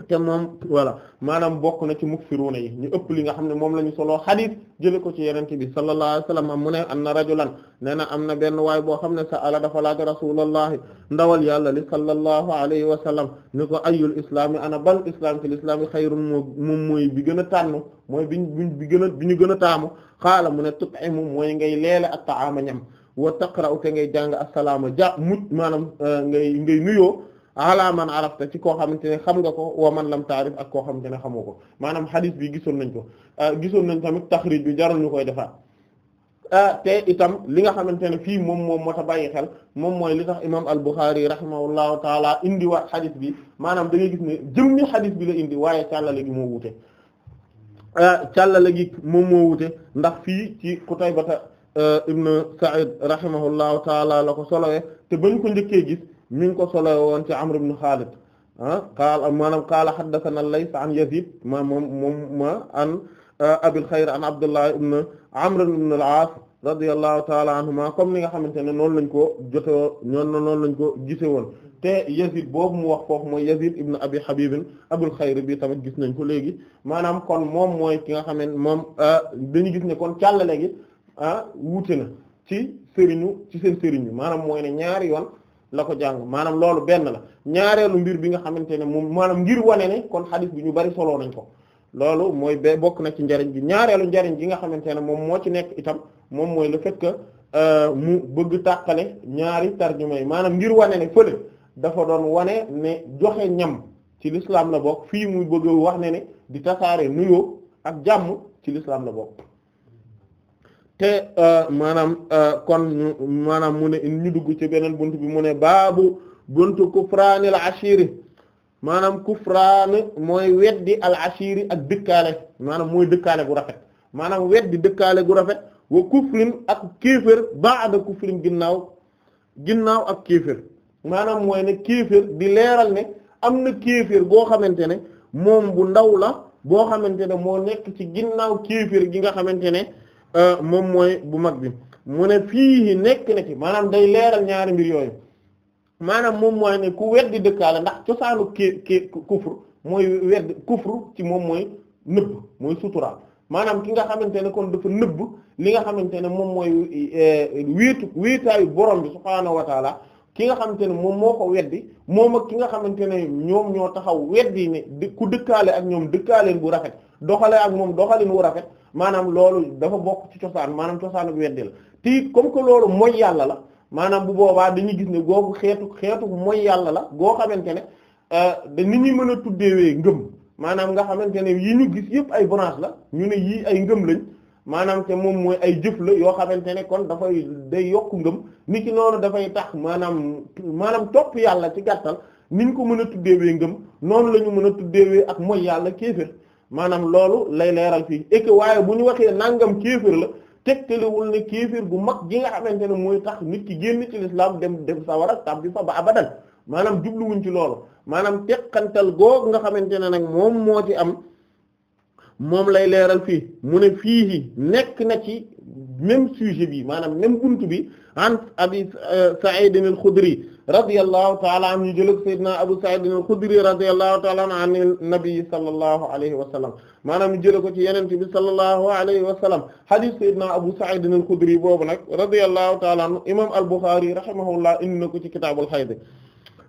te moom voilà maanaam bokk na ci muksiruna yi ñu ëpp li nga xam ne moom la ñu soloo xadis jële ko ci yenente bi sallallahu alayhi wasallam mu ne anna rajulan nee na am na benn waay boo xam ne sa ala dafa laaj rasulullahi ndawal yàlla li sallallahu alayhi wa sallam ni ko ayul islaami ana bal islam fi l islaami xayrun moo moom mooy bi gën a tànn mooy biñ biñ bi gën a bi ñu gën a taamu xaala mu ne tut'imu mooy ngay leele ak taama ñam taq taqra'u te ngay jàng asalaama ja muj maanaam euh, ngay ngay nuyoo ala man arafta ci koo xamante ne xam nga ko wa man lam taarif ak koo xam ne xamoo ko maanaam xadis bi gisoon nañ ko ah, gisoon nañ tamit taxrij bi jarul ñu koy defaat ah, te itam li nga xamante ne fii moom moom moo tax bàyyi xel moom mooy li tax imam al-Bukhari rahimahullahu taala indi waat xadis bi maanaam da ngay gis ne jëmmi xadis bi la indi waaye càllale gi moo wute ah, càllale gi moom moo wute ndax fii ci Qutaybata ibn Sa'id rahimahullahu taala la ko solowee te bañ ko njëkkee gis mi ko solo woon ci Amr ibn Khalid ah qaala maanaam qaala haddathana Layth an Yazid ma moom moom ma an ah, Abil Khayr an Abdullah ibn Amr ibn al-As radiyallahu ta'ala anhuma comme ni nga xamante ne noonu lañ ko jote woon noonu lañ ko gise woon te Yazid boobu mu wax foofu mooy Yazid ibn Abi Habib Abul Khayr bi tamit gis nañ ko léegi maanaam kon moom mooy ki nga xam ne moom ah, dañu gis ne kon càllale gi ah wuute na ci sëriñu ci seen sëriñu maanaam mooy ne ñaari yoon la ko jàng maanaam loolu benn la ñaareelu mbir bi nga xamante ne moom maanaam ngir wane ne kon xadis bi ñu bari soloo nañ ko loolu mooy ba bokk na ci njariñ bi ñaareelu njariñ bi nga xamante ne moom moo ci nekk itam moom mooy le fait que euh, mu bëgg tàqale ñaari tarjuma yi maanaam ngir wane ne fële dafa doon wane ne joxe ñam ci lislaam la bokk fii muy bëgg wax ne ne di tasaare nuyoo ak jàmm ci lislaam la bokk te euh, maanaam euh, kon ñu maanaam mu ne ñu dugg ci beneen bunt bi mu ne baabu bunt buntu la ashiri maanaam kufraan mooy weddi al ashiri ak dëkkaale maanaam mooy dëkkaale gu rafet maanaam weddi dëkkaale gu rafet wa kufrin ak kéefër ba'da kufrin ginnaaw ginnaaw ak kéefër maanaam mooy ne kéefër di leeral ne am na kéefër goo xamante ne moom bu ndaw la boo xamante ne moo nekk ci ginnaaw kéefër gi nga xamante ne Euh, moom mooy bu mag bi mu ne fii nekk na ci maanaam day leeral ñaari mbir yooyu maanaam moom mooy ne ku weddi dëkkaale ndax cosaanu ki ki kufr mooy weddi kufr ci moom mooy nëbb mooy suturaal maanaam ki nga xamante ne kon dafa nëbb li nga xamante ne moom mooy eh, wéetu wéetaayu borom bi subhaanahu wa taala ki nga xamante ne moom moo ko weddi moom ak ki nga xamante ne ñoom ñoo taxaw weddi ne ku dëkkaale ak ñoom dëkkaaleen bu rafet doxale ak moom doxalin wu rafet maanaam loolu dafa bokk ci cosaan maanaam cosaan ak weddi la te comme que loolu mooy yàlla la maanaam bu boobaa dañu gis ne googu xeetu xeetu mooy yàlla la goo xamante ne euh, da nit ñi mën a tuddeewee ngëm maanaam nga xamante ne yi ñu gis yëpp ay branche la ñu ne yii ay ngëm lañ maanaam moom mooy ay jëf la yoo xamante ne kon dafay day yokk ngëm ni ki noonu dafay tax maanaam maanaam topp yàlla ci gàttal niñ ko mën a tuddee tuddeewee ngëm noonu la ñu mën a tuddee tuddeewee ak mooy yàlla kéefër maanaam loolu lay leeral fii et waaye bu ñu waxee nangam kéefir la tegtaliwul ne kéefir gu mag gi nga xamante ne mooy tax nit ki génn ci lislaam dem dem sa war a tab bi fa ba abadan maanaam jubluwuñ ci loolu maanaam teqantal googu nga xamante ne nag moom moo ci am moom lay leeral fii mu ne fii nekk na ci même sujet bi maanaam même buntu bi an abi euh, Sa'id al-Khudri radiyallahu ta'ala anhu ñu jëlëg sayyidina Abu Sa'id al-Khudri radiyallahu ta'ala anhu an nabi sallallahu alayhi wa sallam maanaam ñu jële ko ci yenente bi sallallahu alayhi wa sallam hadith sayyidina Abu Sa'id al-Khudri boobu nag radiyallahu ta'ala anhu imam al-Bukhari rahimahullah indi na ko ci kitaabul hayd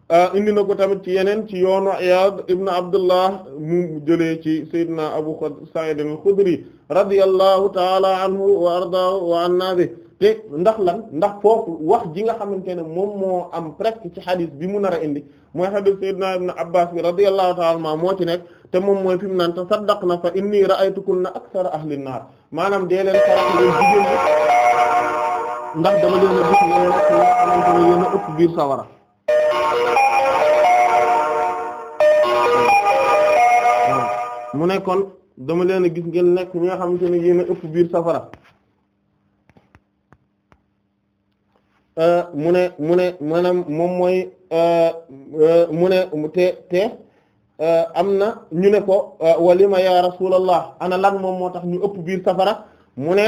Ah, indi na ko tamit ci yeneen ci yoonu Iyaad ibn Abdullah mu jëlee ci Seydina Abu Sa'id al-Khudri radiyallahu ta'ala anhu wa ardaahu wa anna bi te ndax lan ndax foofu wax ji nga xamante ne moom moo am presque ci xadis bi mu nar indi mooy xadis Seydina ibn Abbas bi radiyallahu ta'ala ma moo ci nekk te moom mooy fi mu naan tasaddaqna fa inni ra'aytukunna akthara ahli an-naar maanaam dee leen sarax leen jigéen ndax dama mu ne kon dama leen a gis ngeen nekk ñi nga xamante ne yéen ëpp biir safara euh, mu ne mu ne maanaam moom mooy euh, mu ne euh, am na ñu ne ko walima ya rasulallah ana lan moom moo tax ñu ëpp biir safara mu ne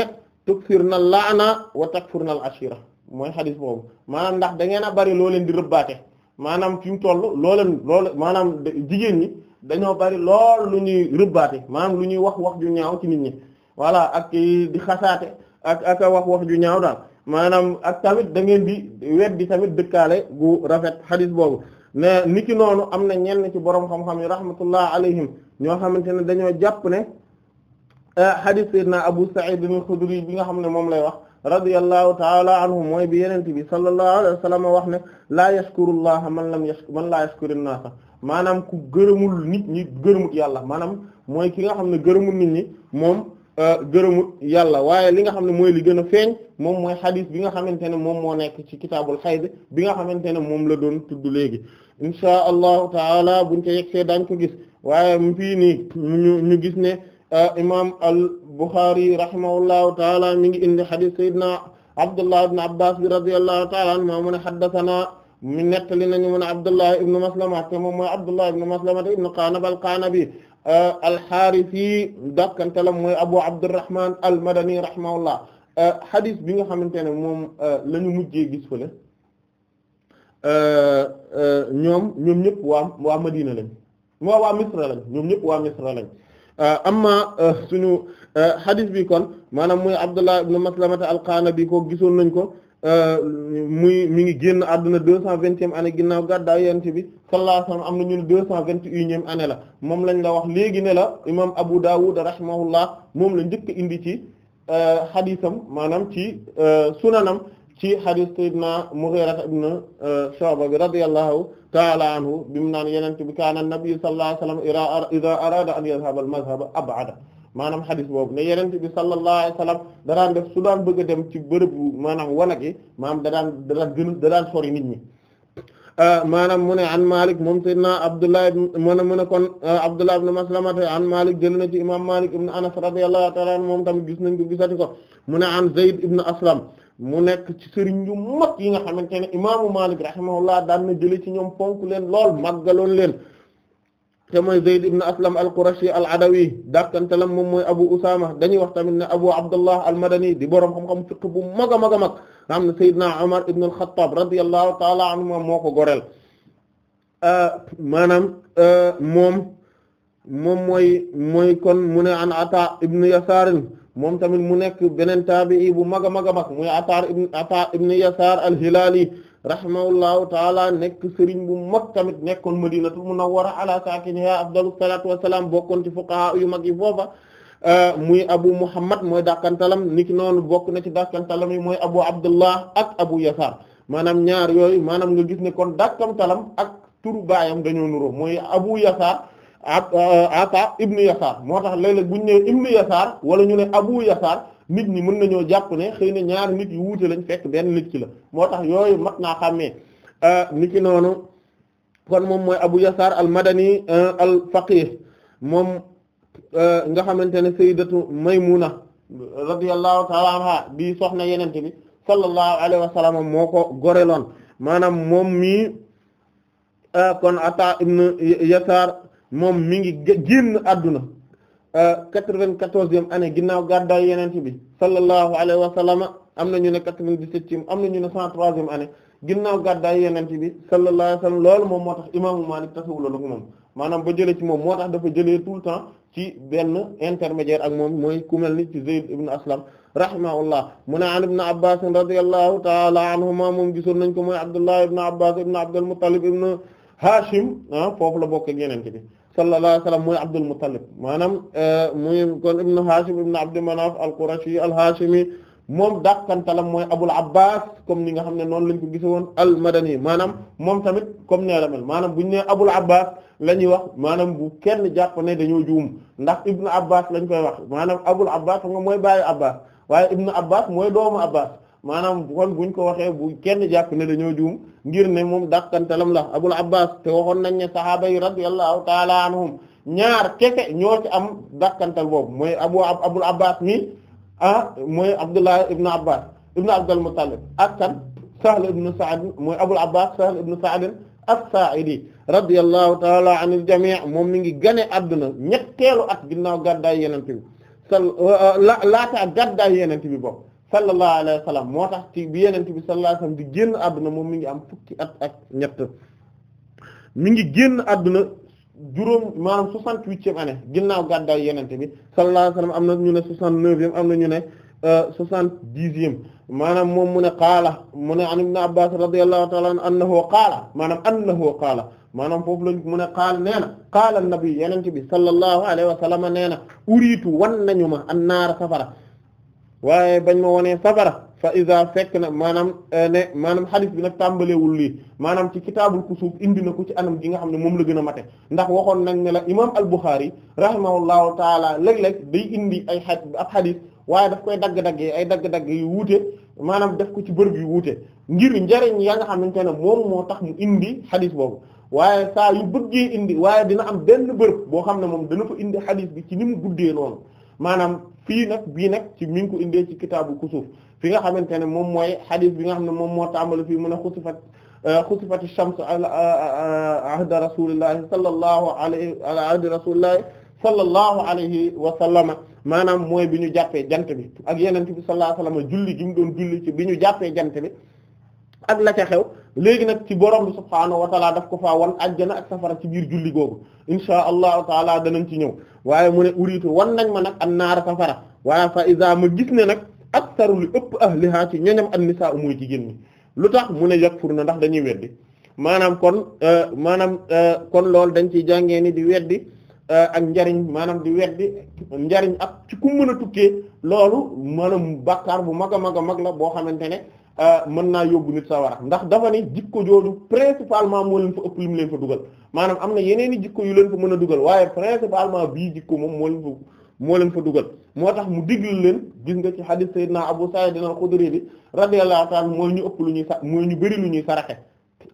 tuksir na laana wa takfur na ashira mooy xadis boobu maanaam ndax da bari loo leen di rëbbaate maanaam fi mu toll loo leen loolu maanaam jigéen ñi dañoo bari lool lu ñuy rëbbaate maanaam lu ñuy wax wax ju ñaaw ci nit ñi voilà ak di xasaate ak ak wax wax ju ñaaw daal maanaam ak tamit da ngeen di wet di tamit dëkkaale gu rafet xadis boobu ne niki noonu am na ñenn ci borom xam-xam yi rahmatullah alayhim ñoo xamante ne dañoo jàpp ne eh, xadis sayyidina Abu Sa'id al-Khudri bi nga xam ne moom lay wax radiyallahu taala anhu mooy bi yenente bi sallallahu alayhi wa sallam wax ne laa yashkurullaha man lam yash man laa yashkurin naasa maanaam ku gërëmul nit ñi gërëmut yàlla maanaam mooy ki nga xam ne gërëmul nit ñi moom euh, gërëmut yàlla waaye li nga xam ne mooy li gën a feeñ moom mooy xadis bi nga xamante ne moom moo nekk ci kitaabul xayd bi nga xamante ne moom la doon tudd léegi inshaa allahu taala buñ ca yegsee dañ gis waaye mu fii nii ñu gis ne Ah, imam al-Bukhari rahimahullahu taala mi ngi indi hadith sayyidina Abdullah ibn Abbas bi radiyallahu taala anhuma mu ne haddathana mi nettali nañu mu ne Abdullah ibn Maslama te moom mooy Abdullah ibn Maslama ibn Qanab al-Qanabi ah, al-Harithi dakkantalam mooy Abu Abdurrahman al-Madani rahimahullah ah, hadith bi nga xamante ne moom la ñu mujjee gis fële ñoom ñoom ñëpp waa Madina lañ moo waa Misra lañ ñoom ñëpp waa Misra lañ Euh, amma euh, suñu euh, hadith bi kon maanaam muy Abdullah ibn Maslamata al-Qanabi ko gisoon nañ ko muy mi ngi génn àdduna deux cent vingtième année ginnaaw gàddaay yonent bi sallallahu alayhi wasallam am na ñu ne deux cent vingt et unième année la moom lañ la wax léegi ne la imam Abu Dawud rahimahullah moom la njëkk indi ci haditham maanaam ci sunanam ci xadis sayyidina Mughira ibn euh, Shu'ba bi radiyallahu ta'ala anhu bi mu naan yeneen bi kaana nabi sallallahu alayhi wa sallam arada an yadhhaba al ab'ada maanaam xadis boobu ne yeneen bi sallallahu alayhi wa sallam da daan dem ci bërëbu maanaam wanag yi maanaam da daan da daan gën da daan nit ñi euh, maanaam mu ne an Malik moom sayyidina Abdullah mu ne mu ne kon euh, Abdullah ibn na ci imam Malik ibn Anas radiyallahu ta'ala anhu moom tamit gis nañ ko ko mu ne an Aslam mu nekk ci sëriñ yu mag yi nga xamante ne imaamu Maalik rahimahullah daan na jëlee ci ñoom fonk leen lool màggaloon leen te mooy Zayd ibn Aslam al-Qurashi al-Adawi dakkantalam moom mooy Abu Usama dañuy wax tamit ne Abu Abdullah al-Madani di boroom xam-xam fiqh bu mag a mag a mag nga xam ne Seydina Umar ibn al-Khattab radiyallahu ta'ala anhuma moo ko goreel euh, maanaam euh, moom moom mooy mooy kon mu ne an Ata ibn Yasarin moom tamit mu nekk beneen taabii bu mag a mag a mag muy Ataa ibn Ataa ibn Yasaar al-Hilaali rahimahullahu taala nekk sëriñ bu mag tamit nekkoon Madinatul Munawwara ala saakinihaa afdalu salaatu salaam bokkoon ci fuqahaa yu mag yi foofa euh, muy Abu Muhammad mooy dàkkantalam niki noonu bokk na ci dàkkantalam yi mooy Abu Abdullah ak Abu Yasaar maanaam ñaar yooyu maanaam nga gis ne kon dàkkantalam ak turu baayam dañoo nuroo mooy Abu Yasaar. Euh, Ata ibnu Yasaar moo tax léeg-léeg bu ñu Yasaar wala ñu ne Abu Yasaar nit ñi mën nañoo jàpp ne xëy na ñaari nit yu wuute lañ fekk benn nit ki la moo tax yooyu mat na xàmmee euh, nit ki noonu kon moom mooy Abu Yasaar al-Madani euh, al-Faqih moom nga xamante ne sayyidatu Maymuna radiyallahu ta'ala anha bi soxna yeneen bi sallallahu alayhi wa sallam moo ko goreloon maanaam moom mii kon Ata ibnu Yasaar. moom mi ngi génn àdduna euh, quatre-vingt-quatorzième année ginnaaw gàddaay yenente bi sallallahu alayhi wa sallam am na ñu ne quatre vingt dix am na ñu ne cent troisième année ginnaaw gàddaay yenente bi sallallahu alayhi loolu moom moo tax imaamu Maalik tasawuloon ak moom maanaam ba jëlee ci moom moo tax dafa jëlee tout le temps ci benn intermédiaire ak moom mooy ku mel ni ci Zayd ibn Aslam rahimahullah mu ne an ibn Abbas radiyallahu ta'ala anhuma moom gisoon nañ ko mooy Abdullah ibn Abbas ibn Abdul Muttalib ibn Hashim ah foofu la bokk ak yenente bi sallallahu alayhi wa sallam mooy Abdul Muttalib maanaam euh, muy kon ibnu Hashim ibnu Abdi Manaf al-Qurashi al-Hashimi moom dàqantalam mooy Abul Abbas comme ni nga xam ne noonu lañ ko gise woon al-Madani maanaam moom tamit comme nee la mel maanaam bu ne nee Abul Abbas la ñuy wax maanaam bu kenn jàpp ne dañu juum ndax ibnu Abbas lañ koy wax maanaam Abul Abbas xam nga mooy baayu Abbas waaye ibnu Abbas mooy doomu Abbas. maanaam kon buñ ko waxee bu kenn jàpp ne dañoo juum ngir ne moom dàqantalam la abul abbas te waxoon nañ ne sahaaba yi radiyallahu taala anhum ñaar keke ñoo ci am dàqantal boobu mooy abu abul abbas mi ah mooy abdullah ibnu abbas ibnu abdul muttalib ak kan sahl ibnu sa'd mooy abul abbas sahl ibnu sa'd as-sa'idi radiyallahu taala anil jami' moom mi ngi gane àdduna ñetteelu at ginnaaw gàddaay yenente bi laata ak gàddaay yenente bi bopp sallallahu alayhi moo tax ci bi yenente bi sallallahu alayhi wa sallam di génn àdduna moom mi ngi am fukki at ak ñett mi ngi génn àdduna juróom maanaam soixante-huitième année ginnaaw gàddaay yenente bi sallallahu alayhi wa sallam am na ñu ne soixante-neuvième am na ñu ne euh, soixante-dixième maanaam moom mu ne qaala mu ne an ibn Abbas radiyallahu ta'ala an annahu qaala maanaam annahu qaala maanaam foofu lañ mu ne qaala nee na qaala nabi yenente bi sallallahu alayhi wa sallam nee na uriitu wan nañu ma an naara safara waaye bañ ma wonee sabara fa iza fekk na maanaam eh, ne maanaam hadith bi nag tàmbalewul lii maanaam ci kitaabul kusuuf indi na ko ci anam gi nga xam ne moom la gën a mate ndax waxoon nañ ne la imaam al-Bukhari rahimahullahu taala léeg-léeg day indi ay xaj ab hadith waaye daf koy dagg-dagg ay dagg-dagg yu wuute maanaam def ko ci bërëb yu wuute ngir njariñ ya nga xamante ne moom moo tax mu indi hadith boobu waaye saa yu bëggee indi waaye dina am benn bërëb boo xam ne moom dana fa indi hadith bi ci ni mu guddee noonu maanaam fii nag bii nag ci mi ngi ko indee ci kitaabu kusuuf fi nga xamante ne moom mooy xadis bi nga xam ne moom moo tàmbali fii mun a xusifat euh, xusifati shamsu ala ahda rasulillahi sallallahu alayhi ala ahdi rasulillahi sallallahu alayhi wa sallama maanaam mooy bi ñu jàppee jant bi ak yeneen bi sallallahu alayhi wa sallam julli gi mu doon julli ci bi ñu jàppee jant bi ak la ca xew léegi nag ci borom bi subhaanahu wa taala daf ko faa wan ajjana ak safara ci biir julli googu insha allahu taala danañ ci ñëw waaye mu ne uriitu wan nañ ma nag an naara safara waaye fa isaa ma gis ne nag aktaru li ëpp ahliha ci ñoñam an nisaa muy jigéen ñi lu tax mu ne yakfur na ndax dañuy weddi maanaam kon euh, maanaam euh, kon loolu dañ ciy jàngee ni di weddi euh, ak njariñ maanaam di weddi njariñ ak ci ku mën a tukkee loolu maanaam bàkkaar bu mag a mag mag la boo xamante ne Euh, mën naa yóbbu nit sawara ndax dafa ne jikko jooju principalement moo leen fa ëpp lim leen fa dugal maanaam am na yeneen i jikko yu leen fa mën a dugal waaye principalement bii jikko moom moo leen fa moo leen fa dugal moo tax mu diglu leen gis nga ci hadith sayyidina Abu Sa'id al-Khudri bi radiyallahu ta'ala mooy ñu ëpp lu ñuy sa mooy ñu bëri lu ñuy saraxe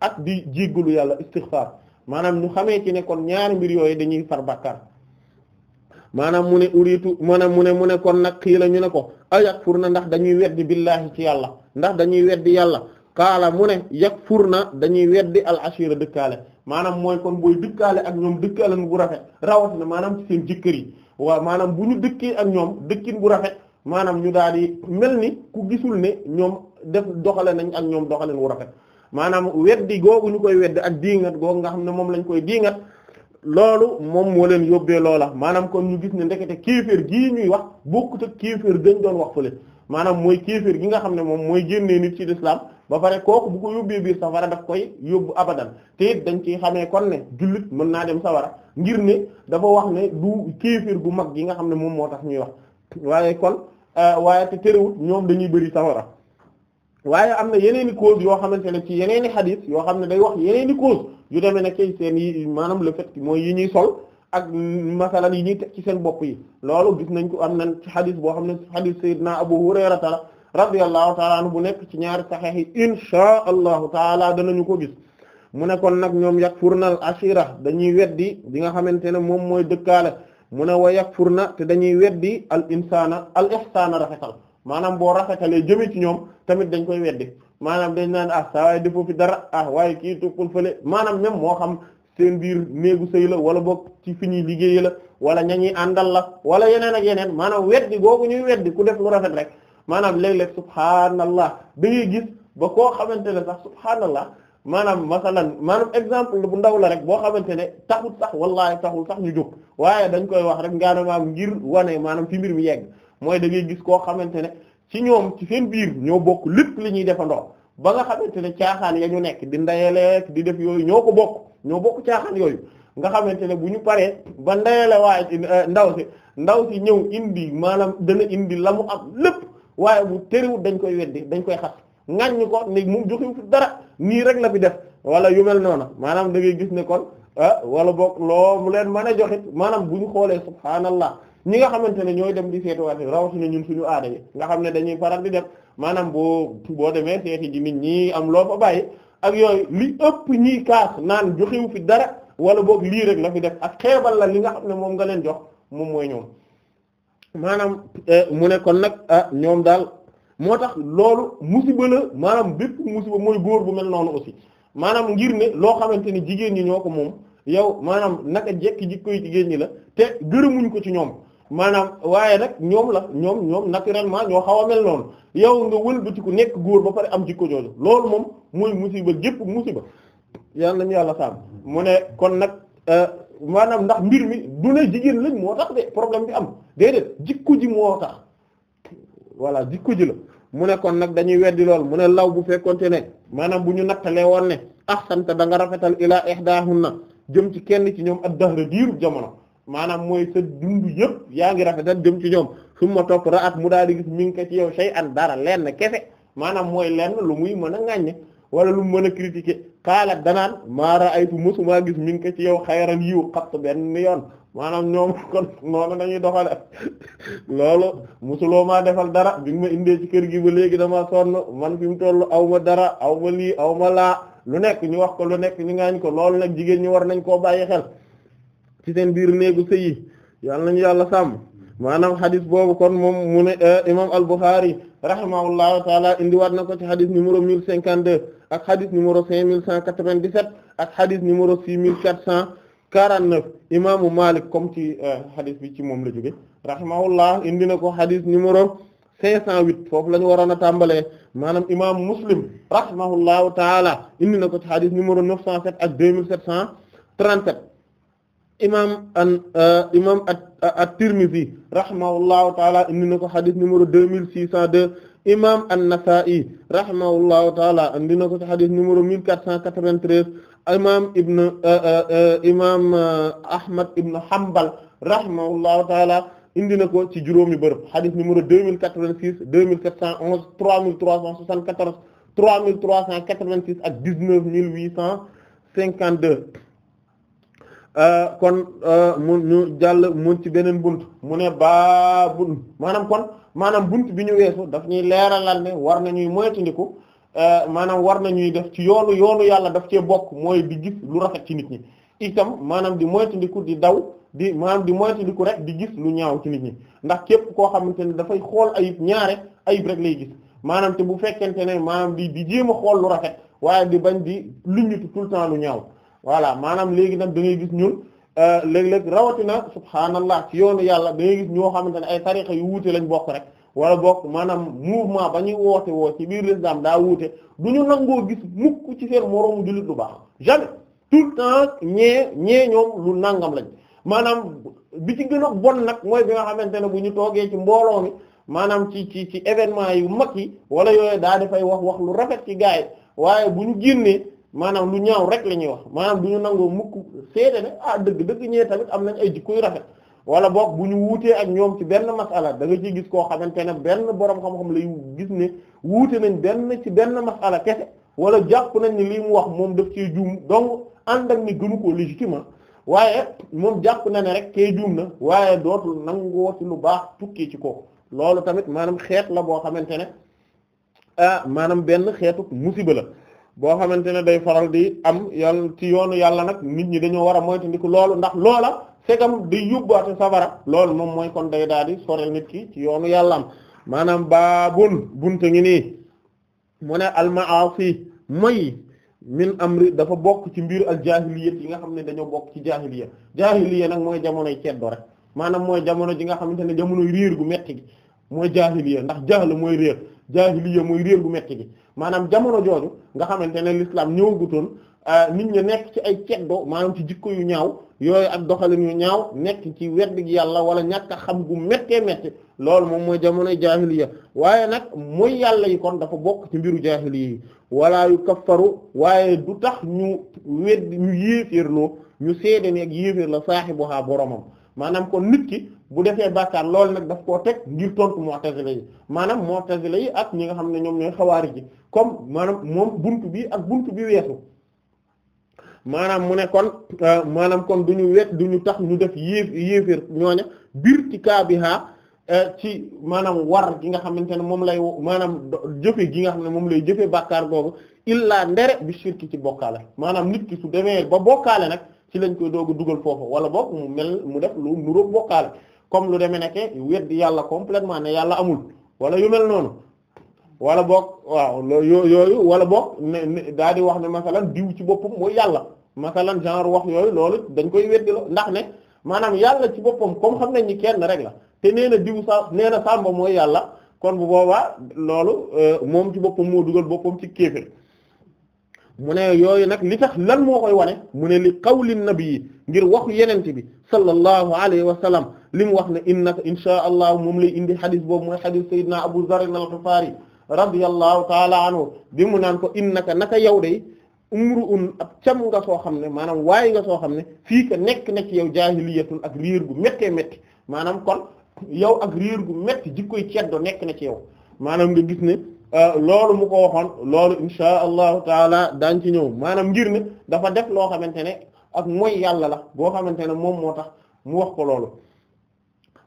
ak di jéggalu yàlla istighfar maanaam ñu xamee ci ne kon ñaari mbir yooyu dañuy far bàkkaar maanaam mu ne uritu maanaam mu ne mu ne nag xii la ñu ne ko ayakfur na ndax dañuy weddi billaahi ci yàlla ndax dañuy weddi yàlla kaala mu ne na dañuy weddi al ashira dëkkaale maanaam mooy kon booy dëkkaale ak ñoom dëkkaale bu rafet rawatina maanaam ci seen yi waaw maanaam bu ñu dëkkee ak ñoom dëkkin bu rafet maanaam ñu daal di mel ni ku gisul ne ñoom def doxale nañ ak ñoom doxaleen wu rafet maanaam weddi googu ñu koy weddi ak diingat googu nga xam ne moom lañ koy diingat loolu moom moo leen yóbbee loola maanaam kon ñu gis ne ndekete kéeféer gii ñuy wax bokkut ak kéeféer dañ doon wax le maanaam mooy kéeféer gi nga xam ne moom mooy génne nit ci lislaam ba pare kooku bu ko yóbbee biir safara daf koy yóbbu abadan te it dañ ciy xamee kon ne jullit mën naa dem sawara ngir ne dafa wax ne du kéeféer bu mag gi nga xam ne moom moo tax ñuy wax waaye kon euh, waaye te terewut ñoom dañuy bëri sawara waaye am na yeneeni cause yoo xamante ne ci yeneeni xadiis yoo xam ne day wax yeneeni cause yu demee ne kay seen yi maanaam le ki mooy yi ñuy sol ak masalan yi ñuy teg ci seen bopp yi loolu gis nañ ko am nañ ci xadis boo xam ne xadis Seydina Abu Hurayrata radiyallahu taala anhu bu nekk ci ñaari saxeex yi inshaa allahu taala danañu ko gis mu ne kon nag ñoom yakfurna al ashira dañuy weddi di nga xamante ne moom mooy dëkkaale mu ne wa yakfurna te dañuy weddi al insaana al ihsaana rafetal maanaam boo rafetalee jëmee ci ñoom tamit dañ koy weddi maanaam dañ naan ah saa waaye defoo fi dara ah waaye kii tukkul fële maanaam même seen biir néegu sëy la wala boog ci fi ñuy liggéey la wala ña ñuy àndal la wala yeneen ak yeneen maanaam weddi googu ñuy weddi ku def lu rafet rek maanaam léeg-léeg subhaanallah da ngay gis ba koo xamante ne sax subhaanallah maanaam masalan maanaam exemple bu ndaw la rek boo xamante ne taxul sax wallahi taxul sax ñu jóg waaye dañ koy wax rek ngaanamaam ngir wane maanaam fi mbir mi yegg mooy da gis koo xamante ne ci ñoom ci seen biir ñoo bokk lépp li ñuy defandoo ba nga xamante ne caaxaan ya ñu nekk di ndayeleek di def yooyu ñoo ko bokk ñoo bokk caaxaan yooyu nga xamante ne bu ñu paree ba ndeyale waaye ci euh, ndaw si ndaw si ñëw indi maanaam dana indi la mu am lépp waaye bu tëriwut dañ koy weddi dañ koy xas ŋaññi ko ne mu joxiwu dara nii rek la fi def wala yu mel noonu maanaam da ngay gis ne kon ah wala boog loo mu leen mën a joxit maanaam bu ñu xoolee subhaanallah ñi nga xamante ne ñooy dem di seetuwaat rawatina ñun suñu aada yi nga xam ne dañuy faral di def maanaam boo boo demee seeti ji nit ñi am loo fa ak yooyu li ëpp ñiy kaas naan joxewu fi dara wala boog lii rek la fi def ak xeebal la li nga xam ne moom nga leen jox moom mooy ñoom maanaam euh, mu ne kon nag a ah, ñoom daal moo tax loolu musiba la maanaam bépp musiba mooy góor bu mel noonu aussi maanaam ngir ne loo xamante ni jigéen ñi ñoo ko moom yow maanaam naka jekk jikkoy jigéen ñi la te gërëmuñ ko ci ñoom maanaam waaye nag ñoom la ñoom ñoom naturellement ñoo xaw a mel noonu yow nga wëlbatiku nekk góor ba pare am jikko jooju loolu moom mooy musiba gépp musiba yàlla nañu yàlla sàmm mu ne kon nag euh, maanaam ndax mbir mi du jigéen lañ moo tax de problème bi am déedéet jikko ji moo tax voilà jikko ji la mu ne kon nag dañuy weddi lool mu ne law bu fekkonte ne maanaam bu ñu nattalee woon ne ahsanta da nga rafetal ilaa na jëm ci kenn ci ñoom ad-dahra diiru jamono maanaam mooy sa dund yëpp yaa ngi rafetal jëm ci ñoom su ma topp ra at mu daal di gis mi ngi ko ci yow say an dara leen na kese maanaam mooy lenn lu muy mën a ŋàññe wala lu mu mën a critiquer xaala danaan maara aytu mosumaa gis mi ngi ko ci yow xayran yiw xatt benn yoon maanaam ñoom *laughs* kon noonu dañuy doxale loolu loo maa defal dara bi ma indee ci kër gi ba léegi dama sonn man fi mu toll aw ma dara aw ma lii aw ma laa lu nekk ñu wax ko lu nekk ñu ko loolu nag jigéen ñi war nañ koo bàyyi xel ci seen biir néegu sëy yi yàlla nañu yàlla sàmm maanaam xadis boobu kon moom mu ne eh, imam al-Bukhari rahimahullahu taala indiwaat na ko ci xadis numéro 1052 ak xadis numéro 5197 ak xadis numéro 6449 imaamu Malik comme ci eh, xadis bi ci moom la jóge rahimahullah indi na ko xadis numéro 508 foofu la ñu waroon a tàmbalee maanaam imaamu Muslim rahimahullahu taala indi na ko ci xadis numéro 907 ak 2737 imam an euh, imam at-Tirmidhi rahimahullahu taala indi na ko xadis numéro deux mille six cent deux imam an-Nasa'i rahimahullahu taala indi na ko ci xadis numéro mille quatre cent quatre-vingt-treize imam ibn euh, euh, imam Ahmad ibn Hanbal rahimahullahu taala indi na ko ci juróomi bërëb xadis numéro deux mille quatre-vingt-six deux mille quatre cent onze trois mille trois cent soixante-quatorze trois mille trois cent quatre-vingt-six ak dix-neuf mille huit cent cinquante-deux Euh, kon euh, mu ñu jàll mun ci beneen bunt mu ne baa bu maanaam kon maanaam bunt bi ñu weesu daf ñuy leeralal ne war na nañuy moytandiku euh, maanaam war ñuy def ci yoonu yoonu yàlla daf cee bokk mooy di gis lu rafet ci nit ñi itam maanaam di moytandiku di daw di maanaam di moytandiku rek di gis lu ñaaw ci nit ñi ndax képp koo xamante ne dafay xool ayib ñaare ayib rek lay gis maanaam te bu fekkente ne maanaam di di jéem a xool lu rafet waaye di bañ di luñutu tout le temps lu ñaaw voilà maanaam léegi nag da ngay gis ñun euh, léeg-léeg rawatina subhaanallah ci yoonu yàlla da ngay gis ñoo xamante ne ay tariqa yu wuute lañ bokk rek wala bokk maanaam mouvement ba ñuy woote woo ci biir l'islam daa wuute du ñu nangoo gis mukk ci seen moroomu jullit lu baax jamais tout temps ñee ñee ñoom lu nangam lañ maanaam bi ci gën a bon nag mooy bi nga xamante ne bu ñu toogee ci mbooloo mi maanaam ci ci ci événement yu mag yi wala yooyu daa dafay wax wax lu rafet ci gaay waaye bu ñu génnee maanaam lu ñaaw rek la ñuy wax maanaam du ñu nangoo mukk seede ne ah dëgg dëgg ñee tamit am nañ ay jikko yu rafet wala boog bu ñu wuutee ak ñoom ci benn masala da nga ciy gis koo xamante ne benn boroom xam-xam lay gis ne wuute nañ benn ci benn masala kese wala jàpp nañ ni lii mu wax moom daf ci juum donc ànd ak ni gënu ko légitimement waaye moom jàpp na ne rek kay juum na waaye dootul nangoo ci lu baax tukkee ci ko loolu tamit maanaam xeet la boo xamante ne ah, maanaam benn xeetu musiba la boo xamante ne day faral di am yàlla ci yoonu yàlla nag nit ñi dañoo war a moytandiku loolu ndax loola segam day yóbbaate safara loolu moom mooy kon day daal di sorel nit ki ci yoonu yàlla am maanaam baabun buntu ngi nii mu ne almaasi moy min amri dafa bokk ci mbir al jaahiliya yi nga xam ne dañoo bokk ci jaahiliya jaahiliya nag mooy jamonoy ceddo rek maanaam mooy jamono ji xamante ne jamono réer gu metti gi mooy jaahiliya ndax jaahil mooy réer jaahiliya mooy réer gu metti gi maanaam jamono jooju nga xamante ne l'islam ñëwagutoon euh, nit ñi nekk ci ay ceddo maanaam ci jikko yu ñaaw yooyu ak doxalin yu ñaaw nekk ci wedd gi yàlla wala ñàkk a xam gu méttee métti loolu moom mooy jamonoy jaahiliya waaye nag mooy yàlla yi kon dafa bokk ci mbiru jaahiliya yi wala yu kaffaru waaye du tax ñu wedd ñu yéeféerloo ñu seede ne ak yéeféer la saaxibuha boromam maanaam kon nit ki bu defee bàkkaar lool nag daf koo teg ngir tontu mu'tazila yi maanaam mu'tazila yi ak ñi nga xam ne ñoom ñooy xawaari ji comme maanaam moom bi ak buntu bi weesu maanaam mu ne kon euh, maanaam kon duñu du ñu tax ñu def yéef yéeféer ñooña biir ci kaabiha euh, ci maanaam war gi nga xamante ne moom lay maanaam jëfe gi nga xam ne moom lay jëfe bàkkaar boobu illaa ndere bi shirki ci bokkaale maanaam nit ki su demee ba bokkaale nag ci lañ koy doog dugal foofu wala boog mu mel mu def lu nuroo bokkaale comme lu demee nekke weddi yàlla complètement ne yàlla amul wala yu mel noonu wala boog waaw yo yooyu wala boog ne daal di wax ne masalan diw ci boppam yàlla masalan genre wax yooyu loolu dañ koy weddi ndax ne maanaam yàlla ci boppam comme xam nañ ni kenn rek la te nee na diw sa nee na sàmba mooy yàlla kon bu boobaa loolu euh, moom ci boppam moo dugal boppam ci kéefër mu ne yooyu nag li tax lan moo koy wane mu ne li qawli nabi ngir waxu yenente bi sallallahu alayhi wa sallam li mu wax ne innaka insha allah moom lay indi xadis boobu mooy xadis sayyidina abu zarr al-ghifari radiyallahu taala anhu di mu naan ko innaka naka yow day umru un ab cam nga xam ne maanaam waaye nga soo xam ne fii ka nekk na ci yow jaahiliyatun ak riir gu méttee métti maanaam kon yow ak riir gu métti jikkoy ceddo nekk na ci yow maanaam nga gis ne Euh, loolu mu ko waxoon loolu insha allahu taala daan ci ñëw maanaam ngir ne dafa def loo xamante ne ak mooy yàlla la boo xamante ne moom moo tax mu wax ko loolu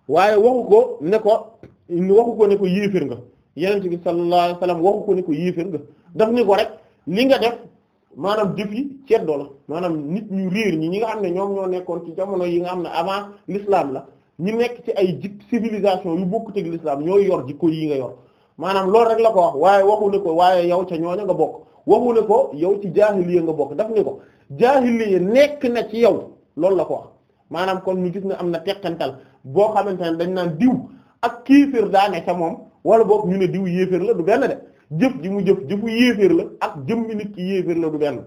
waaye waxu ko ne ko waxu ko ne ko nga yenent bi sallallahu alayhi wasallam waxu ko ne ko nga daf ni ko rek li nga def maanaam jëf yi ceddo la maanaam nit ñu réer ñi ñi nga xam ne ñoom ñoo nekkoon ci jamono yi nga am ne avant l'islam la ñu nekk ci ay jik civilisation yu bokkut ak l'islam ñooy yor jikko yi nga yor maanaam loolu rek la ko wax waaye waxu ne ko waaye yow ca ñooña nga bokk waxu ne ko yow ci jaahiliya nga bokk daf ne ko jaahiliya nekk na ci yow loolu la ko wax maanaam kon ñu gis ne am na teqantal boo xamante ne dañ naan diw ak kiifir daa ca moom wala boog ñu ne diw yéeféer la du benn de jëf ji mu jëf jëfu yéeféer la ak jëmmi nit ki yéeféer la du benn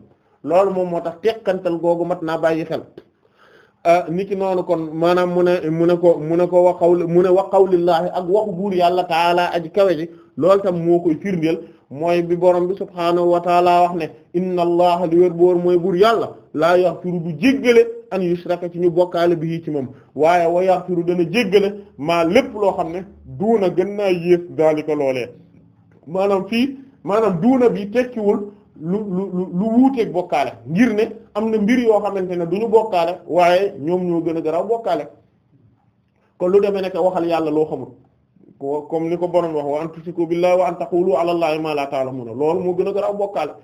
loolu moom moo tax teqantal googu mat naa bàyyi xel euh, ki noonu kon maanaam mu ne mu ne ko mu ne ko wa qawli mu ne wa qawlillahi ak waxu buur yàlla taala aji kawe loolu tam moo koy firndeel mooy bi borom bi subhaanahu wa taala wax ne inna allaha li wér boor mooy buur yàlla laa yaxfiru du jéggale an yushraka ci ñu bokkaale bi ci moom waaye wa yaxfiru dana jéggale maa lépp loo xam ne duuna gën naa yées daalika loolee maanaam fii maanaam duuna bi tekkiwul lu lu lu lu bokkaale ngir ne am na mbir yoo xamante ne du ñu bokkaale waaye ñoom ñoo gën a garaaw bokkaale ko lu deme nekk waxal yàlla loo xamul comme ni ko borom wax wa an tusiku billahi wa an taqulu ala allahi ma la ta'lamuna loolu moo gën a garaaw bokkaale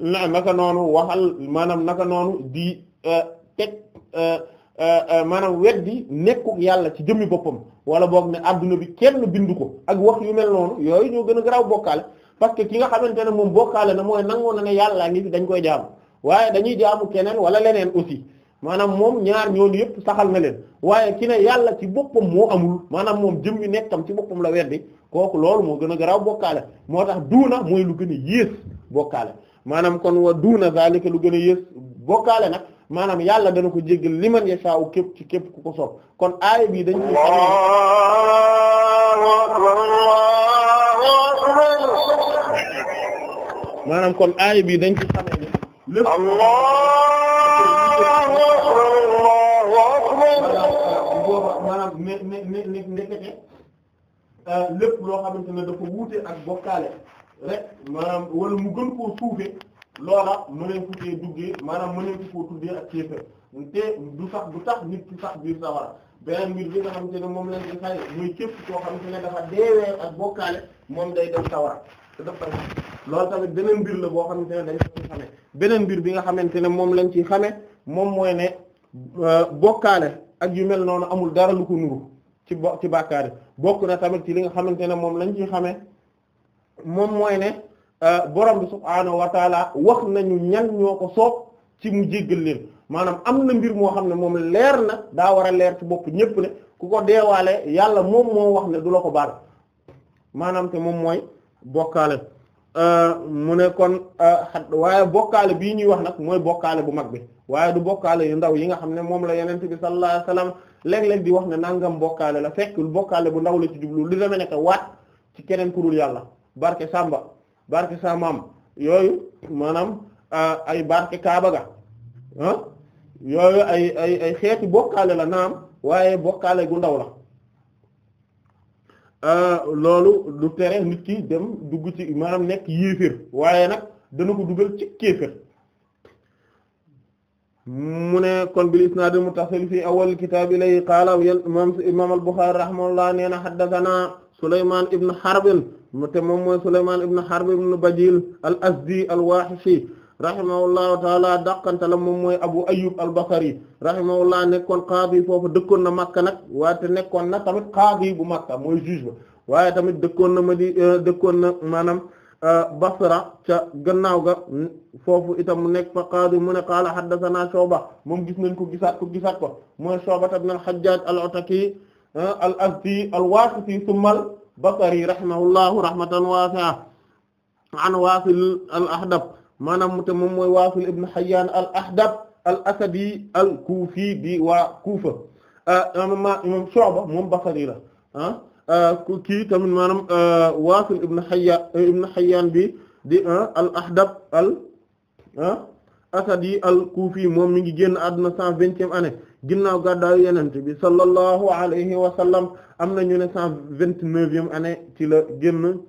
na naka noonu waxal maanaam naka noonu di euh, teg euh, euh, maanaam weddi nekku yàlla ci jëmmi boppam wala boog ne adduna bi kenn bindu ko ak wax yu mel noonu yooyu ñoo gën a garaw bokkaale parce que ki nga xamante ne moom bokkaale na mooy nangoo na ne yàlla ngi fi dañ koy jaamu waaye dañuy jaamu keneen wala leneen aussi maanaam moom ñaar ñooñu yëpp saxal na leen waaye ki ne yàlla ci boppam moo amul maanaam moom jëm wi nekkam ci boppam la weddi kooku loolu moo gën a garaaw bokkaale moo tax duuna mooy lu gën a yées bokkaale maanaam kon wa duuna lu gën a yées nag maanaam yàlla dana ko jéggal liman yasha'u képp ci képp ku ko soob kon aaya bi dañ maanaam kon aaya bi dañ ci xamee ne maanaam ne ne ne ne euh, lépp loo xamante ne dafa wuute ak bokkaale rek maanaam wala mu gën koo suufee loola mëneñ ko cee duggee maanaam mëneñ ko koo tuddee ak kéefër te du sax du tax nit ci sax biir sawara beneen mbir bi nga xamante moom lañ képp koo xamante ne dafa ak bokkaale moom day dem sawara te dafa loolu beneen mbir la boo xamante ne dañ ko xamee bi nga xamante ne moom lañ ci xamee moom mooy ne euh, bokkaale ak yu mel noonu amul dara lu ko nuru ci bo ci bàkkaar bokk na tamit ci li nga xamante ne moom lañu ci xamee moom mooy ne euh, borom bi subhaanahu wa wax nañu ñan ñoo ko soob ci mu jéggal leen maanaam am na mbir moo xam ne moom leer na daa war a leer ci bopp ñépp ne ku ko deewaale yàlla moom moo wax ne du la ko baal maanaam te moom mooy bokkaale Euh, mu ne kon euh, waaye bokkaale bii ñuy wax nag mooy bokkaale bu mag bi waaye du bokkaale yu ndaw yi nga xam ne moom la yeneen bi sallallahu alayhi wasallam léeg-léeg di wax ne nangam bokkaale la fekk bokkaale bu ndaw la ci jublu li deme nekk waat ci keneen ku dul yàlla barke Samba barke Samam yooyu maanaam euh, ay barke Kaaba ga yooyu ay ay ay xeeti bokkaale la naam waaye bokkaale gu ndaw la. Euh, loolu du tere nit ki dem dugg ci maanaam nekk yéeféer waaye nag dana ko dugal ci mu ne kon bil isnaad muttasil fi awal kitaab ilay qaala imaam imaam al-Bukhari rahimahullah nee na haddathana Sulaymaan ibn Harb te moom mooy Sulaymaan ibn Harb ibn Bajil al-Azdi al-Waahishi rahimahullahu taala dàqante la moom mooy Abu Ayyub al-Basri rahimahullah nekkoon qaadi foofu dëkkoon na Makka nag waaye te nekkoon na tamit qaadi bu Makka mooy juge ba waaye tamit dëkkoon na Madi euh, dëkkoon na maanaam euh, Basra ca gannaaw ga foofu itam mu nekk fa qaadi mu ne qaala haddathana Shu'ba moom gis nañ ko gisaat ko gisaat ko mooy Shu'ba ibn al-Hajjaj al-Ataki euh, al-Azdi al-Wasiti thumma al-Basri rahimahullahu rahmatan wasi'a an Wasil al-Ahdab maanaam te moom mooy waasul ibn Hayyan al Ahdab al Asadi al Kufi di waa Kufa ah, ma moom Shu'ba moom la ah, ah kii tamit maanaam ah, waasul ibn Hayyan ibn bi di al Ahdab al Asadi al Kufi moom mi ngi génn àdduna cent vingtième année ginnaaw gàddaayu yenente bi sallallahu alayhi wa sallam am na ñu ne cent vingt-neuvième année ci la génn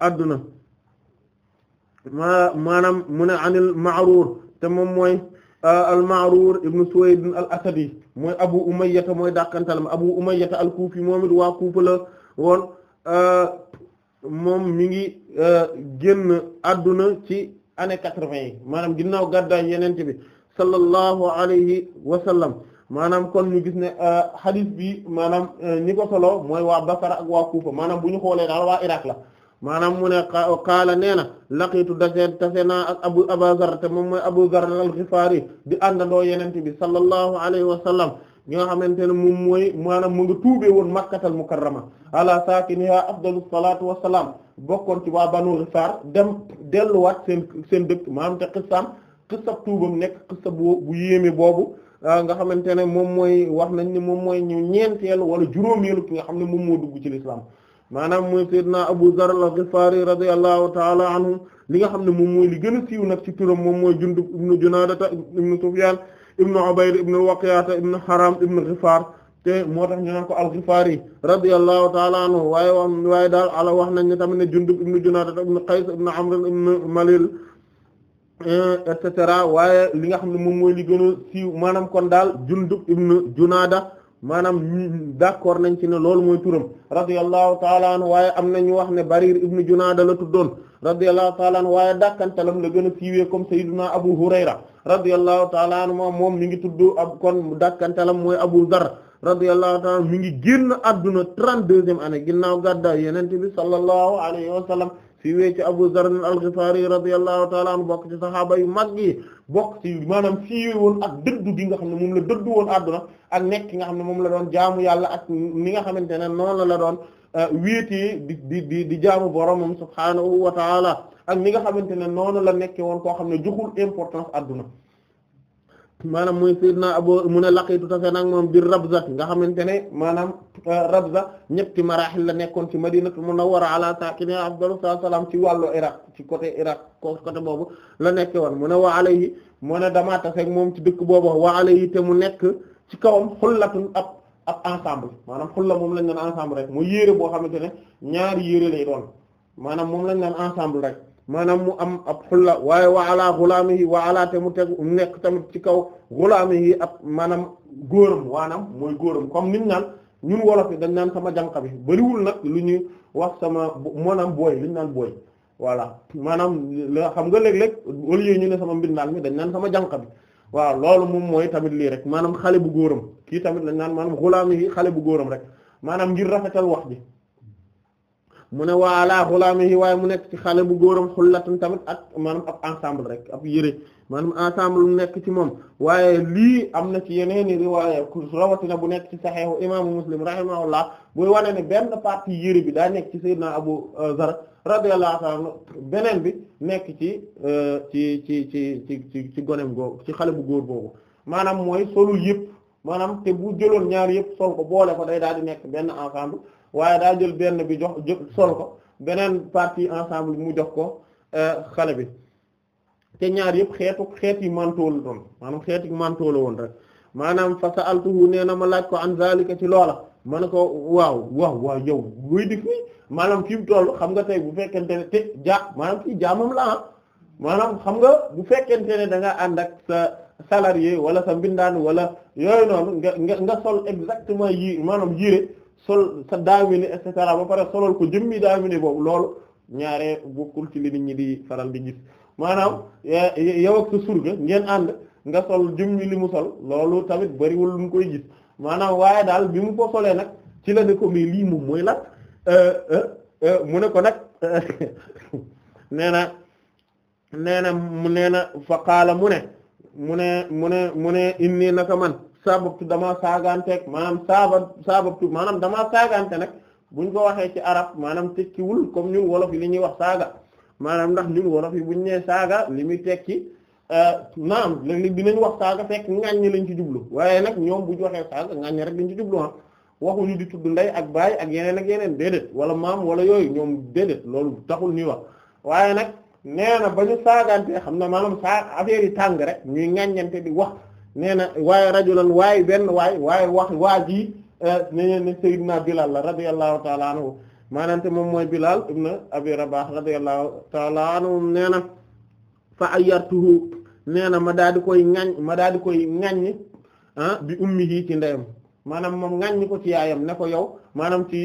àdduna maanaam mu ne anil Ma'rur te moom mooy euh, al Ma'rur ibn Suwayd al Asadi mooy Abu Umayya mooy dàqantalam Abu Umayya al-Kufi moom it waa Kufa la woon euh, moom mi ngi euh, génn adduna ci année quatre-vingt yi maanaam ginnaaw gàddaay yeneen bi sallallahu alayhi wa sallam maanaam kon ñu gis ne hadith bi maanaam ñi ko solo mooy waa Basra ak waa Kufa maanaam bu ñu xoolee daal waa Irak la. maanaam mu ne qaala nee na laqiitu daseen tase naa ak abu abazar te moom mooy abu zar al-Ghifari di àndandoo yenente bi sallallahu alayhi wa sallam ñi nga xamante ne moom mooy maanaam mu ngi tuubee woon makkatal mukarrama ala saakiniha afdalu salaatu wa salaam bokkoon ci waa banu Ghifaar dem delluwaat seen seen dëkk maanaam te xissaam xissab bu bu yéeme boobu ah, nga xamante ne moom mooy wax nañ ni moom mooy ñu ñeenteelu wala juróomeelu ki nga xam ne moom mooy dugg ci lislaam maanaam mooy Seydina Abu Zar al-Ghifari radiyallahu ta'ala anhu li nga xam ne moom mooy li gën a siiw nag ci turam moom mooy Jundub ibnu Junaadata ibnu Sufyaan ibnu Ubayd ibnu Waqiata ibnu Haram ibnu Ghifaar te moo tax ko al-Ghifari radiyallahu ta'ala anhu waaye daal ala wax nañ ne tamit ne Jundub ibnu Junaadata ibnu Qays ibnu Amr ibnu Malil eh, et waaye li nga xam ne moom mooy li gën a siiw daal Jundub ibnu maanaam d'accord nañ ci ne loolu mooy turam radiyallahu taala anhu waaye am nañu wax ne Barir ibnu Junaada la tuddoon radiyallahu taala anhu waaye dàkkantalam la gën a siiwee comme Sayyiduna Abu Hurayra radiyallahu taala anhu moom moom mi ngi tudd ab kon dàkkantalam mooy Abu Dar radiyallahu taala mi ngi génn adduna trente-deuxième année ginnaaw gàddaay Yonent bi sallallahu alayhi wa sallam siiwee ci Abu Zarr al-Ghifari radiyallahu ta'ala anhu bokk saxaaba yu mag yi bokk ci maanaam siiwee woon ak dëddu gi nga xam ne moom la dëddu woon àdduna ak nekk ki nga xam ne moom la doon jaamu yàlla ak ni nga xamante ne noonu la doon euh, wéetee di di di di jaamu boromam subhaanahu wa ta'ala ak ni nga xamante ne noonu la nekkee woon koo xam ne joxul importance àdduna maanaam muy sayyidna abu mu ne laqitu tafe nag moom bir rabza nga xamante ne maanaam euh, rabza ñetti marahil la nekkoon ci madinatul munawwara ala sakini afdalu salaam ci wàllu iraq ci côté iraq côté boobu la nekke woon mu ne wa alayhi mu ne damaa tafeeg moom ci dëkk boobu wa alayhi te mu nekk ci kawam xullatun ab ab ensemble maanaam xulla moom lañ naan ensemble rek mu yére boo xamante ne ñaar yére lay doon maanaam moom lañ naan ensemble rek maanaam mu am ab xulla waaye wa ala xulaamihi wa ala te mu teg nekk tamit ci kaw xulaamihi ab maanaam góoram waanaam mooy góoram comme niñ naan ñun wolof yi dañ naan sama jànq bi bariwul nag lu ñuy wax sama maanaam booy li ñu naan booy voilà maanaam la xam nga léeg-léeg au lieu ñu ne sama mbindaan mi dañ naan sama jànq bi waaw loolu moom mooy tamit lii rek maanaam xale bu góoram kii tamit dañ naan maanaam xulaamihi xale bu góoram rek maanaam ngir rafetal wax ji mu ne waalaa xulaamihi waaye mu nekk ci xale bu góoram xullatan tamit ak maanaam ab ensemble rek ab yére maanaam ensemble mu nekk ci moom waaye lii am na ci yeneeni riwaaya rawatina bu nekk ci saxeexu imaamu muslim rahimahullah buy wane ne benn partie yére bi daa nekk ci sayyidina abu zar radiyallahu ta'ala beneen bi nekk ci euh, ci ci ci ci ci ci gonem googu ci xale bu góor boobu maanaam mooy solul yëpp maanaam te bu jëloon ñaar yëpp sol ko boole ko day daal di nekk benn ensemble waaye daa jël benn bi jox sol ko beneen partie ensemble bi mu jox ko euh, xale bi te ñaar yëpp xeetu xeeti manteau la doon maanaam xeeti manteau la woon rek maanaam fa sa'altuhu nee na ma laaj ko an zalika ci loola ma ne ko waaw waaw waaw yow buy di maanaam fi mu xam nga tey bu fekkente ne te ja maanaam fii jaamam ah. maanaam xam nga bu fekkente ne da nga ànd ak sa salarié wala sa mbindaan wala yooyu noonu nga nga sol exactement yi maanaam yire sol sa daamine et cetera ba pare solol ko jëmmi daamine boobu loolu ñaare bokkul ci li nit ñi di faral di gis maanaam yow ak sa ngeen ànd nga sol jëmmi li mu sol loolu tamit bariwul lu ñu koy gis maanaam waaye daal bi mu ko solee nag ci la ne ko mais lii moom mooy la euh, euh, euh, mu ne ko nag *laughs* nee na nee na mu nee na fa qaala mu ne mu ne mu ne mu ne inni naka man sababtu damaa saagante maanaam saaba sababtu maanaam damaa saagante nag bu ñu ko waxee ci arab maanaam tekkiwul comme ñun wolof yi li ñuy wax saaga maanaam ndax ñun wolof yi bu ñu nee saaga li muy tekki euh, naam léeg-léeg dinañ wax saaga fekk ŋàññi lañ ci jublu waaye nag ñoom buñ waxee saaga ŋàññi rek lañ ci jublu ah waxuñu di tudd ndey ak baay ak yeneen ak yeneen déedéet wala maam wala yooyu ñoom déedéet loolu taxul ñuy wax waaye nag nee na ba ñu saagante xam na maanaam saa affaire yi tàng rek ñuy ŋàññante di wax nee na waaye rajulan waaye benn waay waaye wax waa ji eh, nee na Seydina Bilal la radiyallahu ta'ala anhu maanaam moom mooy Bilal ibn Abi Rabah radiyallahu ta'ala anhu nee na fa ayyartuhu nee na ma daal di koy ŋañ ma daal di koy ŋaññi ah bi ummihi ci ndeyam maanaam moom ŋaññi ko ci yaayam ne ko yow maanaam ci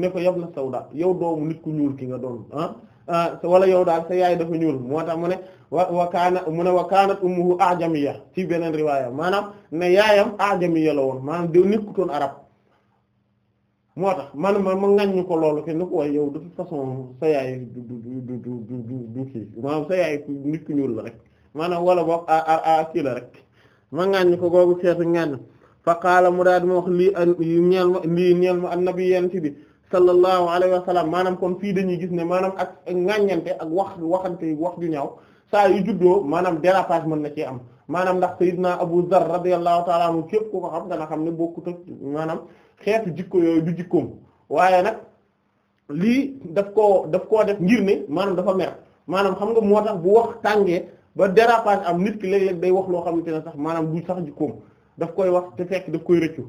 ne ko yab na sawda yow doomu nit ku ñuul ki nga doon ah, Ah, wala yow daal sa yaay dafa ñuul moo tax mu ne wa wa kaana mu ne wa kaanat ummuhu ajamiya ci beneen riwaaya maanaam ne yaayam ajamiya la woon maanaam de nit ku arab moo tax man ma ma ngañ ko loolu te ni ko waaye yow de façon sa yaay du kii maanaam sa yaay nit ñuul la rek maanaam wala boog a a kii rek ma ngañ googu xeetu ngañ fa qaala mu daal di lii ñeel ma lii ñeel ma annabi yent bi sallallahu alayhi wa maanaam kon fii dañuy gis ne maanaam ak ŋàññante ak wax waxante wax ju ñaaw saa yu juddoo maanaam derapaaj mën na cee am maanaam ndax sayyidna Abu Dharr radiyallahu ta'ala anhu képp ku ko xam dana xam ne bokkut ak maanaam xeetu jikko yooyu du jikkoom waaye nag lii daf koo daf koo def ngir ne maanaam dafa mer maanaam xam nga moo tax bu wax tàngee ba dérapage am nit ki léeg day wax loo xamante ne sax maanaam du sax jikkoom daf koy wax te fekk daf koy rëccu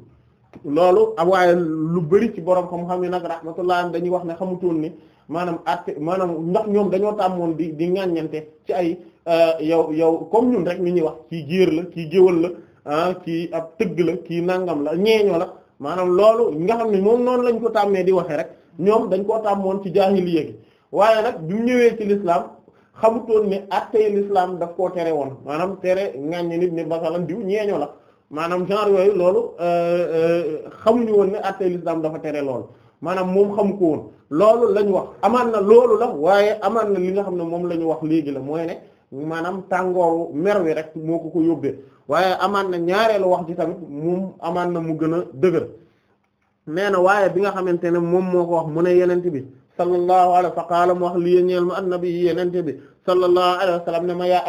loolu waaye lu bari ci borom xam-xam yi nag rahmatullah dañuy wax ne xamutoon ni maanaam atte maanaam ndax ñoom dañoo tàmmoon di di ŋàññante ci ay euh, yow yow comme ñun rek ni ñuy wax kii géer la kii géwal la ci ah, ab tëgg la kii nangam la ñeeño la maanaam loolu nga xam ne moom noonu lañ ko tàmmee di waxee rek ñoom dañ koo tàmmoon ci jaahiliya yéeg waaye nag bi mu ñëwee ci lislaam xamutoon ne atte lislaam daf koo tere woon maanaam tere ŋàññe nit ne basalan diw ñeeño la maanaam genre yooyu loolu euh, euh, xamuñu woon ne àttee l'islam dafa tere loolu maanaam moom xam ko woon loolu lañ wax amaan na loolu la waaye amaan na li nga xam ne moom la wax léegi la mooy ne maanaam tàngooru mer wi rek moo ko ko yóbbee waaye amaan na ñaareelu wax ci tamit moom amaan na mu gën a dëgër nee na waaye bi nga xamante ne moom moo ko wax mu ne yenent bi sallallahu alayhi fa qaala mu wax li ñeel ma annabi yenente bi sallallahu alayhi wa sallam ne ma yaa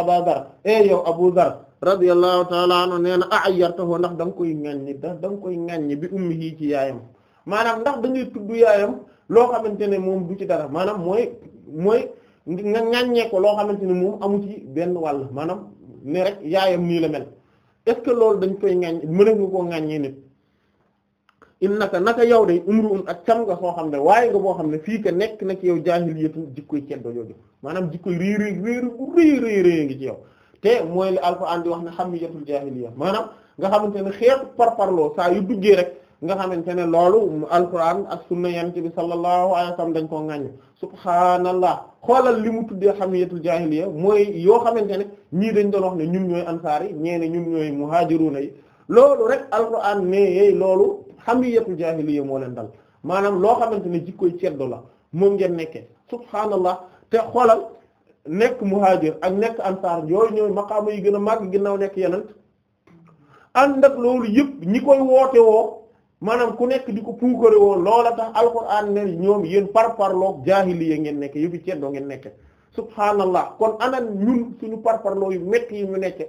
Abu Dharr e radiyallahu ta'ala anhu nee na a'ayyartahu ndax da nga koy ŋaññi ndax danga nga koy ŋaññi bi ummihi ci yaayam maanaam ndax da ngay tudd yaayam loo xamante ne moom du ci dara maanaam mooy mooy nga ŋaññee ko loo xamante ne moom amu ci benn wàll maanaam ne rek yaayam nii la mel loolu dañ koy ŋaññ mën koo ŋaññee nit innaka naka yow de um ak cam nga soo xam ne waaye nga boo xam ne fii ka nekk na ci yow jaahiliyatu jikkoy ceddo jooju maanaam jikkoy réy réy réy bu réy réy ngi ci yow te mooy li alxuraan di wax ne hamiyatul jaahiliyya maanaam nga xamante ne xeetu parparloo saa yu duggee rek nga xamante ne loolu alxuraan ak sunna yonent bi sallallahu alayhi wasallam dañ koo ŋaññi subhaanallah xoolal li mu tuddee hamiyatul jaahiliyya mooy yoo xamante ne ñii dañ doon wax ne ñun ñooy ansaar yi ñee ne ñun ñooy muhaajiruuna yi loolu rek alxuraan ne yeey loolu hamiyatul jaahiliyya moo leen dal maanaam loo xamante ne jikkooy ceddo la moo ngeen nekkee subhaanallah te nekk mu muhajir ak nekk ansaar yooyu ñooy maqaama yi gën a màgg ginnaaw nekk yeneen ànd ak loolu yëpp ñi koy woote woo maanaam ku nekk di ko puukare woo loola tax alxuraan ne ñoom yéen par parloog jaahiliya ngeen nekk yëfi ceddoo ngeen nekk subhaanallah kon anan ñun suñu parparloo yu metti yi ñu nekke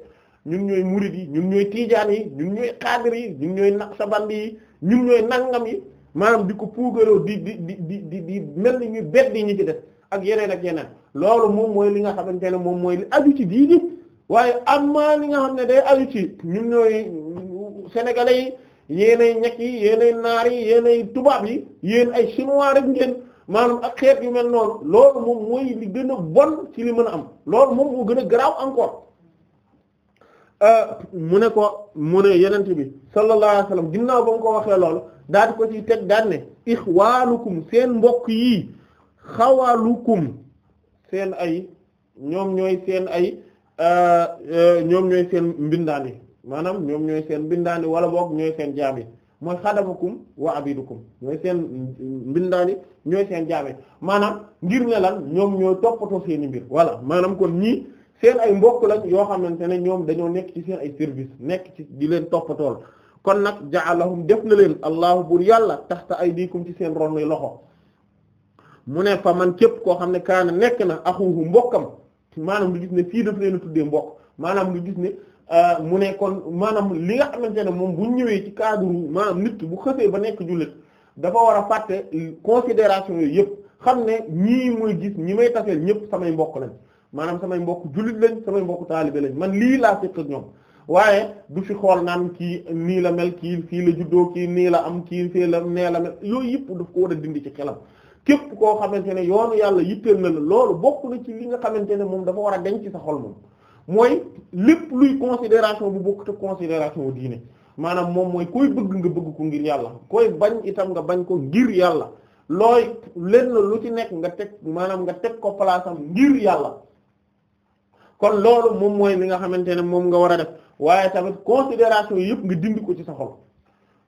ñun ñooy murid yi ñun ñooy tiijaan yi ñun ñooy xaadir yi ñun ñooy naqsabandi yi ñun ñooy nangam yi maanaam di ko puugaroo di di di di di mel n ñuy bedd yi ñu ci def ak yeneen ak yeneen loolu moom mooy li nga xamante ne moom mooy li aju ci diini waaye amaa li nga xam ne day aju ci ñun ñooy sénégalais yi yéenay ñekk yi naar yi tubaab yi yéen ay chinois rek ngeen maanaam ak xeet yu mel noonu loolu moom mooy li gën a bon ci li mën a am loolu moom moo gën a garaaw encore euh, mu ne ko mu ne yenent bi sallallahu alayhi wasallam ginnaaw ba ko waxee loolu daal di ko ci teg daan ne ixwaanukum seen mbokk yi xawalukum seen ay ñoom ñooy seen ay euh, euh, ñoom ñooy seen mbindaan yi maanaam ñoom ñooy seen mbindaan wala boog ñooy seen jaam yi mooy xadamakum wa abidukum ñooy seen mbindaan yi ñooy seen jaam maanaam ngir ne lan ñoom ñooy toppatoo seen i mbir wala maanaam kon ñii seen ay mbokk lañ yoo xamante ne ñoom dañoo nekk ci seen ay service nekk ci di leen toppatool kon nag ja'alahum def na leen allahu bur yàlla taxta aydikum ci seen ron loxo mu ne fa man képp koo xam ne kaana nekk na axuhu mbokkam maanaam lu gis ne fii daf leen a tuddee mbokk maanaam lu gis ne euh, mu ne kon maanaam li nga xamante ne moom bu ñëwee ci cadre maanaam nit bu xësee ba nekk jullit dafa war a fàtte considération yooyu yëpp xam ne ñii mooy gis ñi may taseel ñëpp samay mbokk lañ maanaam samay mbokk jullit lañ samay mbokk taalibe lañ man lii laa séq ñoom waaye du fi xool naan kii nii la mel kii fii la juddoo kii nii la am kii fii la la yooyu yëpp daf ko war a dindi ci xelam képp koo xamante ne yoonu yàlla yitteel na la loolu bokk na ci li nga xamante ne moom dafa war a denc ci sa xol moom mooy lépp luy considération bu bokk te considération diine maanaam moom mooy koy bëgg nga bëgg ko ngir yàlla koy bañ itam nga bañ ko ngir yàlla looy lenn lu ci nekk nga teg maanaam nga teg ko place am yàlla kon loolu moom mooy li nga xamante ne moom nga war a def waaye tamit considération yëpp nga dindi ko ci sa xol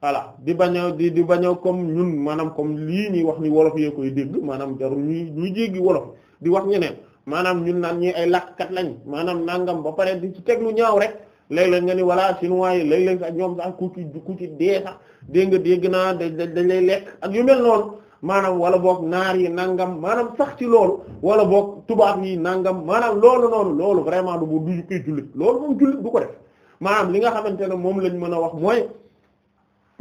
voilà di bañ a di di bañ comme ñun maanaam comme lii ñuy wax ni wolof yee koy dégg maanaam jarul ñuy ñuy jéggi wolof di wax ñeneen maanaam ñun naan ñi ay làkkat lañ maanaam nangam ba pare di ci teg lu ñaaw rek léeg-léeg nga ni voilà chinois yi léeg-léeg sax ñoom sax ku ci ku ci dee sax dégg nga dégg naa dañ lay lekk ak yu mel noonu maanaam wala boog naar yi nangam maanaam sax ci loolu wala boog tubaab yi nangam maanaam loolu noonu loolu vraiment du bu duñu koy jullit loolu ko def maanaam li nga xamante ne moom lañ mën a wax mooy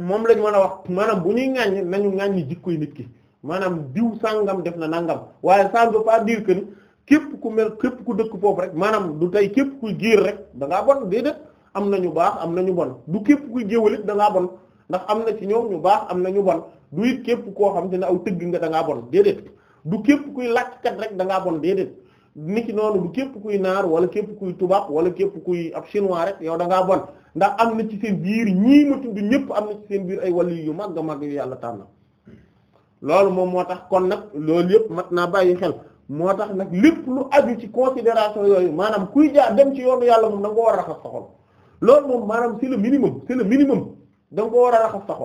moom lañ mën a wax maanaam bu ñuy ŋàññ nañu ŋàññi jikkoy nit ki maanaam diw sàngam def na nangam waaye ça veut diir dire képp ku mel képp ku dëkk foofu rek maanaam du tey képp ku giir rek danga ngaa bon déedéet am na ñu am na ñu bon du képp kuy géwél it da ngaa bon ndax am na ci ñoom ñu baax am na ñu bon du képp koo xam te ne aw tëgg nga da ngaa bon képp kuy laajkat rek da ngaa bon déedéet niki noonu bu képp kuy naar wala képp kuy tubaab wala képp kuy ab chinois rek yow da ngaa bon ndax am na ci seen biir ñii ma tudd ñëpp am na ci seen biir ay wali yu màgg a màgg yu yàlla tànn loolu moom moo tax kon nag loolu yëpp mat naa bàyyi xel moo tax nag lépp lu aju ci considération yooyu maanaam kuy jaar dem ci yoonu yàlla moom da war a raxas sa loolu moom maanaam c'est le minimum c'est le minimum da nga war a raxas sa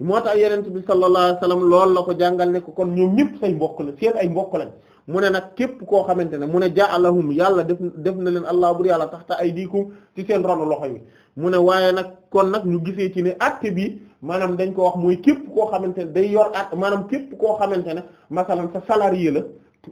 moo tax yeneen bi sallallahu alayhi wasallam la ko jàngal ko kon ñoom ñëpp say mbokk la seen ay mbokk lañ mu ne nag képp koo xamante ne mu ne ja'alahum yàlla def def na leen allah bur yàlla te ay diikum ci seen ronu loxo yi mu ne waaye nag kon nag ñu gisee ci ne acte bi maanaam dañ koo wax mooy képp koo xamante ne day yor at maanaam képp koo xamante ne masalan sa salarié la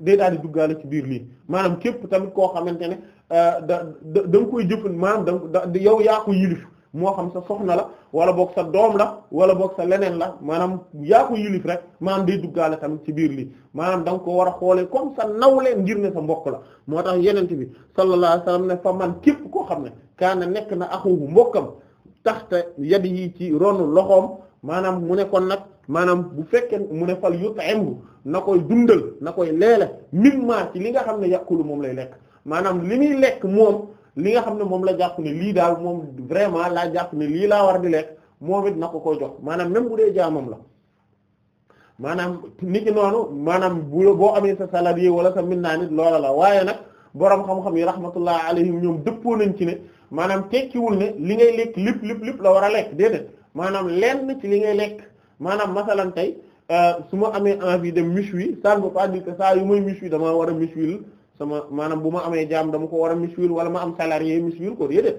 day daal di duggaale ci biir lii maanaam képp tamit koo xamante ne euh, da da nga koy jëfandikoo maanaam da yow yaa ko yilif moo xam sa soxna la wala boog sa doom la wala boog sa leneen la maanaam yaa ko yilif rek maanaam day duggaale ci biir lii maanaam da ko war a xoolee comme sa leen ngir ne sa mbokk la moo tax yenente bi sallallahu alayhi wasallam ne fa man képp koo xam ne kaana nekk na axuhu mbokkam taxte yadi yi ci ronu loxoom maanaam mu ne kon nag maanaam bu fekkee mu ne fal yut'imu na koy dundal na koy leele mimma ci li nga xam ne yàqulu moom lay lekk maanaam li muy lekk moom li nga xam ne moom la jàpp ne lii daal moom vraiment laa jàpp ne lii laa war di lekk moom it na ko ko jox maanaam même bu dee jaamam la maanaam nit ki noonu maanaam bu boo amee sa salarié wala sa naa nit loola la waaye nag boroom xam-xam yi rahmatullah alayhim ñoom dëppoo nañ ci ne maanaam tekkiwul ne li ngay lekk lépp lépp lépp la war a lekk déedéet maanaam na ci li ngay lekk maanaam masalan tey euh, su ma amee envie de méchoui ça ne veut pas dire que saa yu may méchoui damaa war a méchoui sama maanaam bu ma amee jaam dama ko war a miswil wala ma am salarié miswil ko déedéet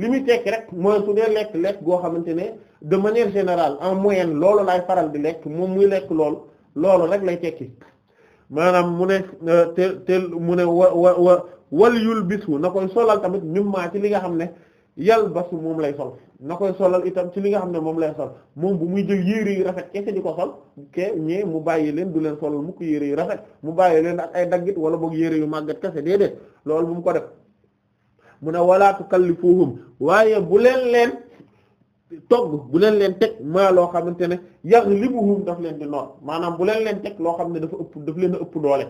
li muy tekki rek mooy su dee lekk lekk goo xamante ne de manière générale en moyenne loolu laay faral di lekk moom muy lekk loolu loolu rek lay tekki maanaam mu ne euh, te te mu ne wa wa wa wal yul bisu na koy solal tamit mimmaa ci li nga xam ne yal basu moom lay sol na koy solal itam ci li nga xam ne moom lay sol moom bu muy jël yére yu rafet kese di ko sol ke ñee mu bàyyi leen du leen solal mukk yére yu rafet mu bàyyi leen ak ay daggit wala boog yére yu màgget kese déedéet loolu bu mu ko def mu ne walaa tukallifuhum waaye bu leen leen togg bu leen leen teg maa loo xamante ne yaghlibuhum daf leen di noor maanaam bu leen leen teg loo xam ne dafa ëpp daf leen a ëpp doole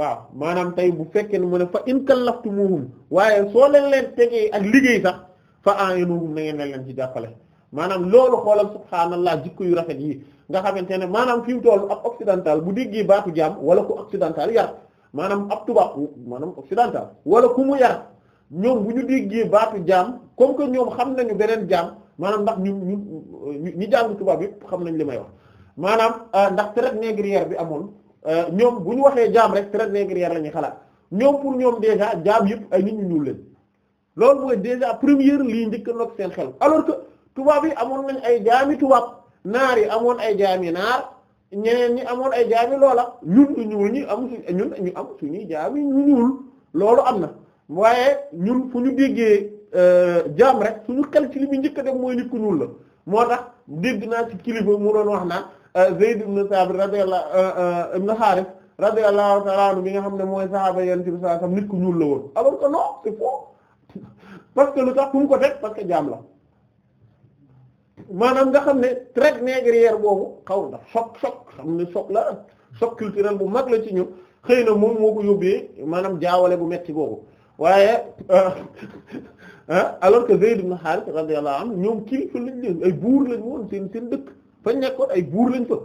waaw maanaam tey bu fekkee ne mu ne fa in kallaftumuhum waaye soo leen leen tegee ak liggéey sax fa a'inuhum na ngeen ne leen ci jàppale maanaam loolu xoolal subhaanallah jikk yu rafet yi nga xamante ne maanaam fii mu toll ab occidental bu déggee baatu jaam wala ku occidental yar maanaam ab tubaab maanaam occidental wala ku mu yar ñoom bu ñu déggee baatu jaam comme que ñoom xam nañu beneen jaam maanaam ndax ñu ñu ñi jàng tubaab yëpp xam nañ li may wax maanaam euh, ndax traite négrière bi amoon euh, ñoom bu ñu waxee jaam rek traite négrière la ñuy xalaat ñoom pour ñoom déjà jaam yëpp ay nit ñu ñuul leen loolu mooy déjà première lii njëkk nag seen xel alors que tubaab yi amoon nañ ay jaami tubaab naar yi amoon ay jaami naar ñeneen ñi amoon ay jaami loola ñun ñu ñuul ñi am ñun ñu am suñuy jaami ñu ñuul loolu am na waaye ñun fu ñu déggee euh, jaam rek suñu xel ci li bi njëkk def mooy nit ku ñuul la moo tax dégg naa ci kilifa mu doon wax naan euh, Zayd ibn Sabr radiyallahu euh, ibn Harith radiyallahu ta'ala anhu bi nga xam ne mooy sahaaba yonent bi sallallahu alayhi wasallam ñuul la woon alors parce que lu tax fu ko teg parce que jaam la maanaam nga xam ne traite négrière boobu xaw na choc choc xam ne choc la choc culturel bu mag la ci ñun xëy na moom moo ko yóbbee maanaam jaawale bu metti boobu waaye *laughs* ah, alors que Zayd ibn Harith radiyallahu anhu ñoom kilifa lañ ay buur lañ woon seen seen dëkk fañ ko ay buur lañ fa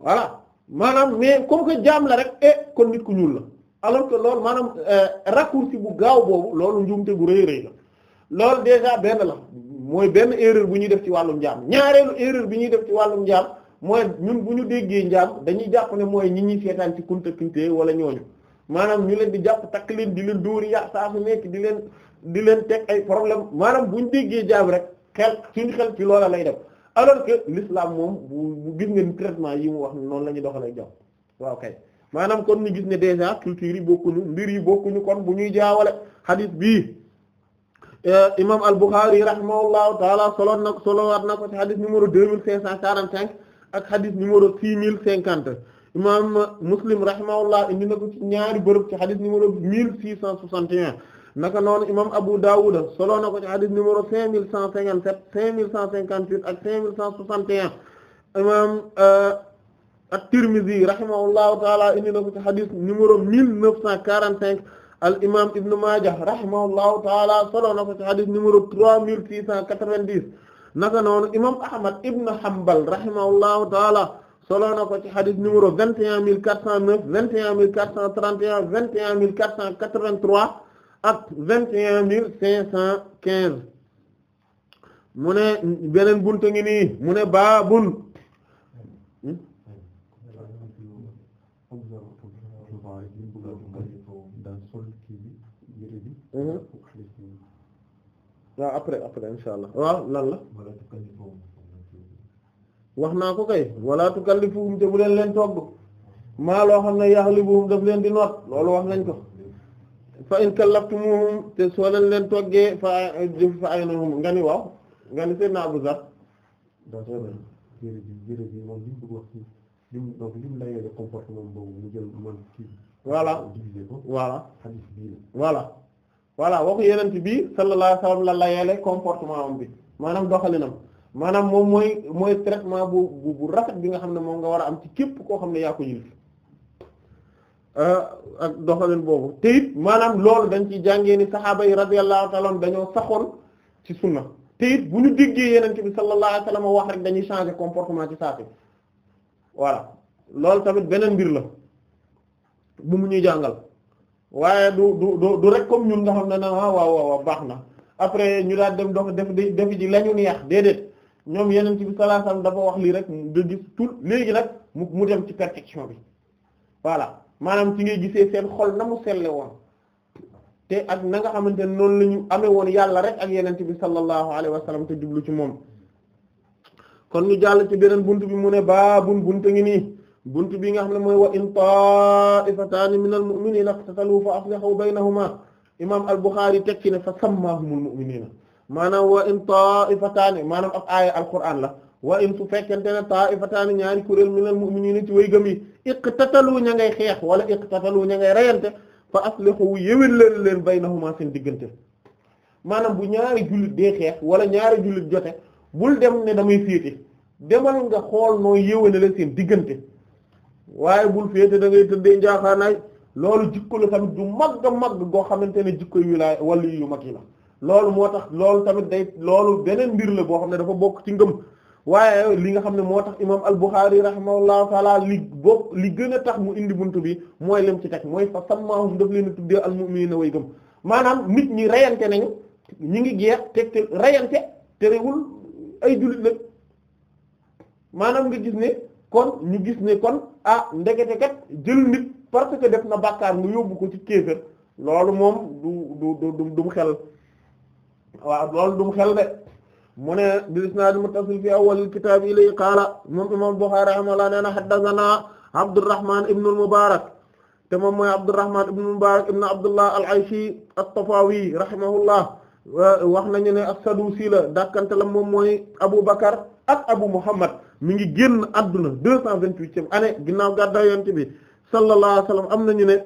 voilà maanaam mais comme que jaam la rek eh kon nit ku ñuul la. alors que loolu maanaam euh, raccourci bu gaaw boobu loolu njuumte gu rëy rëy la loolu déjà benn la mooy benn erreur bu ñuy def ci wàllu njaam ñaareelu erreur bi ñuy def ci wàllu njaam mooy ñun bu ñu déggee njaam dañuy jàpp ne mooy ñi ñuy seetaan ci kunta kunte wala ñooñu maanaam ñu leen di jàpp takk leen di leen dóori yàq saa su nekk di leen di leen teg ay problème maanaam bu ñu déggee njaam rek xel suñu xel ci loola lay def alors que l'islam moom bu gis ngeen traitement yi mu wax noonu la ñuy doxalee jàpp waaw maanaam kon ñu gis ne déjà culture yi bokkuñu mbir yi bokkuñu kon bu ñuy jaawale hadith bii eh, imam al-Bukhari rahimahullahu taala solo na na ko ci hadith numéro deux mille cinq cent quarante cinq ak hadith numéro six mille cinquante imam Muslim rahimahullah indi na ko ci ñaari bërëb ci hadith numéro mille six cent soixante un naka noonu imam Abu Dawud solo na ko ci hadith numéro cinq mille cent cinquante sept cinq mille cent cinquante huit ak cinq mille cent soixante at-Tirmidhi rahimahullahu taala indi na ko ci xadis numéro mille neuf cent quarante cinq al imam Ibn Majah rahimahullahu taala solo na ko ci xadis numéro trois mille six cent quatre-vingt-dix naka imam Ahmad Ibn Hanbal rahimahullahu taala solo na ko ci vingt un mille quatre cent neuf vingt et un mille quatre cent trente un vingt un mille quatre cent quatre-vingt-trois ak vingt un mille cinq cent quinze mu ne beneen buntu ngi nii mu Mhm. waaw après après insha allah waaw lan wax naa ko kay wala tukallifuhum te bu leen leen togg maa loo xam ne yaxlibuhum daf leen di noot loolu wax nañ ko fa in kallaftumuhum te soo leen leen toggee fa fa na nga ni waaw nga ni seen Abu Zar lim donc lim layee comportement voilà waxu yenent bi sallallahu alayhi wa sallam la layeele comportement am bi maanaam doxalinam maanaam moom mooy mooy traitement bu bu rafet bi nga xam ne moom nga war a am ci képp koo xam ne yaa ko yilif euh, ak doxalin boobu te maanaam loolu dañ ci jàngee ni saxaaba yi radiyallahu ta'ala dañoo saxoon ci sunna te it bu ñu déggee yenent bi sallallahu alayhi wa sallam wax rek dañuy changer comportement ci saati voilà loolu tamit beneen mbir la bu mu ñuy jàngal waaye du du du rek comme ñun nga xam ne na ah, waaw waaw waaw baax na après ñu daal dem dox def def ji la ñu neex déedéet ñoom yeneen ci bi sallallahu alayhi wasallam dafa wax lii rek nga gis tout léegi nag mu mu dem ci perfection bi voilà maanaam ci ngay gisee seen xol na mu selle woon te ak na nga xamante ne noonu la ñu amee woon yàlla rek ak yeneen bi sallallahu alayhi wasallam te jublu ci moom kon ñu jàll ci beneen bunt bi mu ne baa bunt bunta ngi nii bunt bi nga xam ne mooy wa in taifataani minal mu'minina iqtatalu fa aslihu baynahuma imaam al-Bukhari teg ci ne fa sammaahumul mu'minina maanaam wa in taifataani maanaam ak aaya alquran la wa in su fekkente ne taifataani ñaari kuréel minal mu'minina ci way gëm yi iqtatalu ña ngay xeex wala iqtatalu ña ngay reyante fa aslihu yéwén leen leen baynahuma seen diggante maanaam bu ñaari jullit dee xeex wala ñaari jullit jote bul dem ne damay féete demal nga xool noo yéwénale seen diggante waaye bul féete da ngay tëddee njaaxaanaay loolu jikko la tamit du mag mag goo xamante ne jikko yu laay yu mag yi la loolu moo tax loolu tamit day loolu beneen mbir la boo xam ne dafa bokk ci ngëm waaye li nga xam ne moo tax imaam al-Bukhari rahimahullahu taala li bokk li gën a tax mu indi buntu bi mooy lim ci teg mooy fa sàmmaahu daf leen a tuddee al-mu'minina way gëm maanaam nit ñi reyante nañu ñi ngi jeex teg te reyante terewul ay jullit la maanaam nga kon ñu gis ni kon ah ndekete kat jël nit parce def na bàkkaar mu yóbbu ko ci kéefër loolu moom du du du du xel waaw loolu du mu xel de mu ne bi isnaad muttasil fi awwal kitaab ilay qaala moom imaam Buxaari rahimahullah nee na haddasanaa Abdurrahmaan ibn al-Mubaarak te moom mooy Abdurrahmaan ibn al-Mubaarak ibn Abdullah al-Ayshi at-Tafawi rahimahullah wax nañu ne as-Saduusi la dàkkante la moom mooy Abu Bakar ak Abu Muhammad mi ngi génn adduna deux cent vingt-huitième année ginnaaw gàddaay yonent bi sallallahu alayhi wa sallam am nañu ne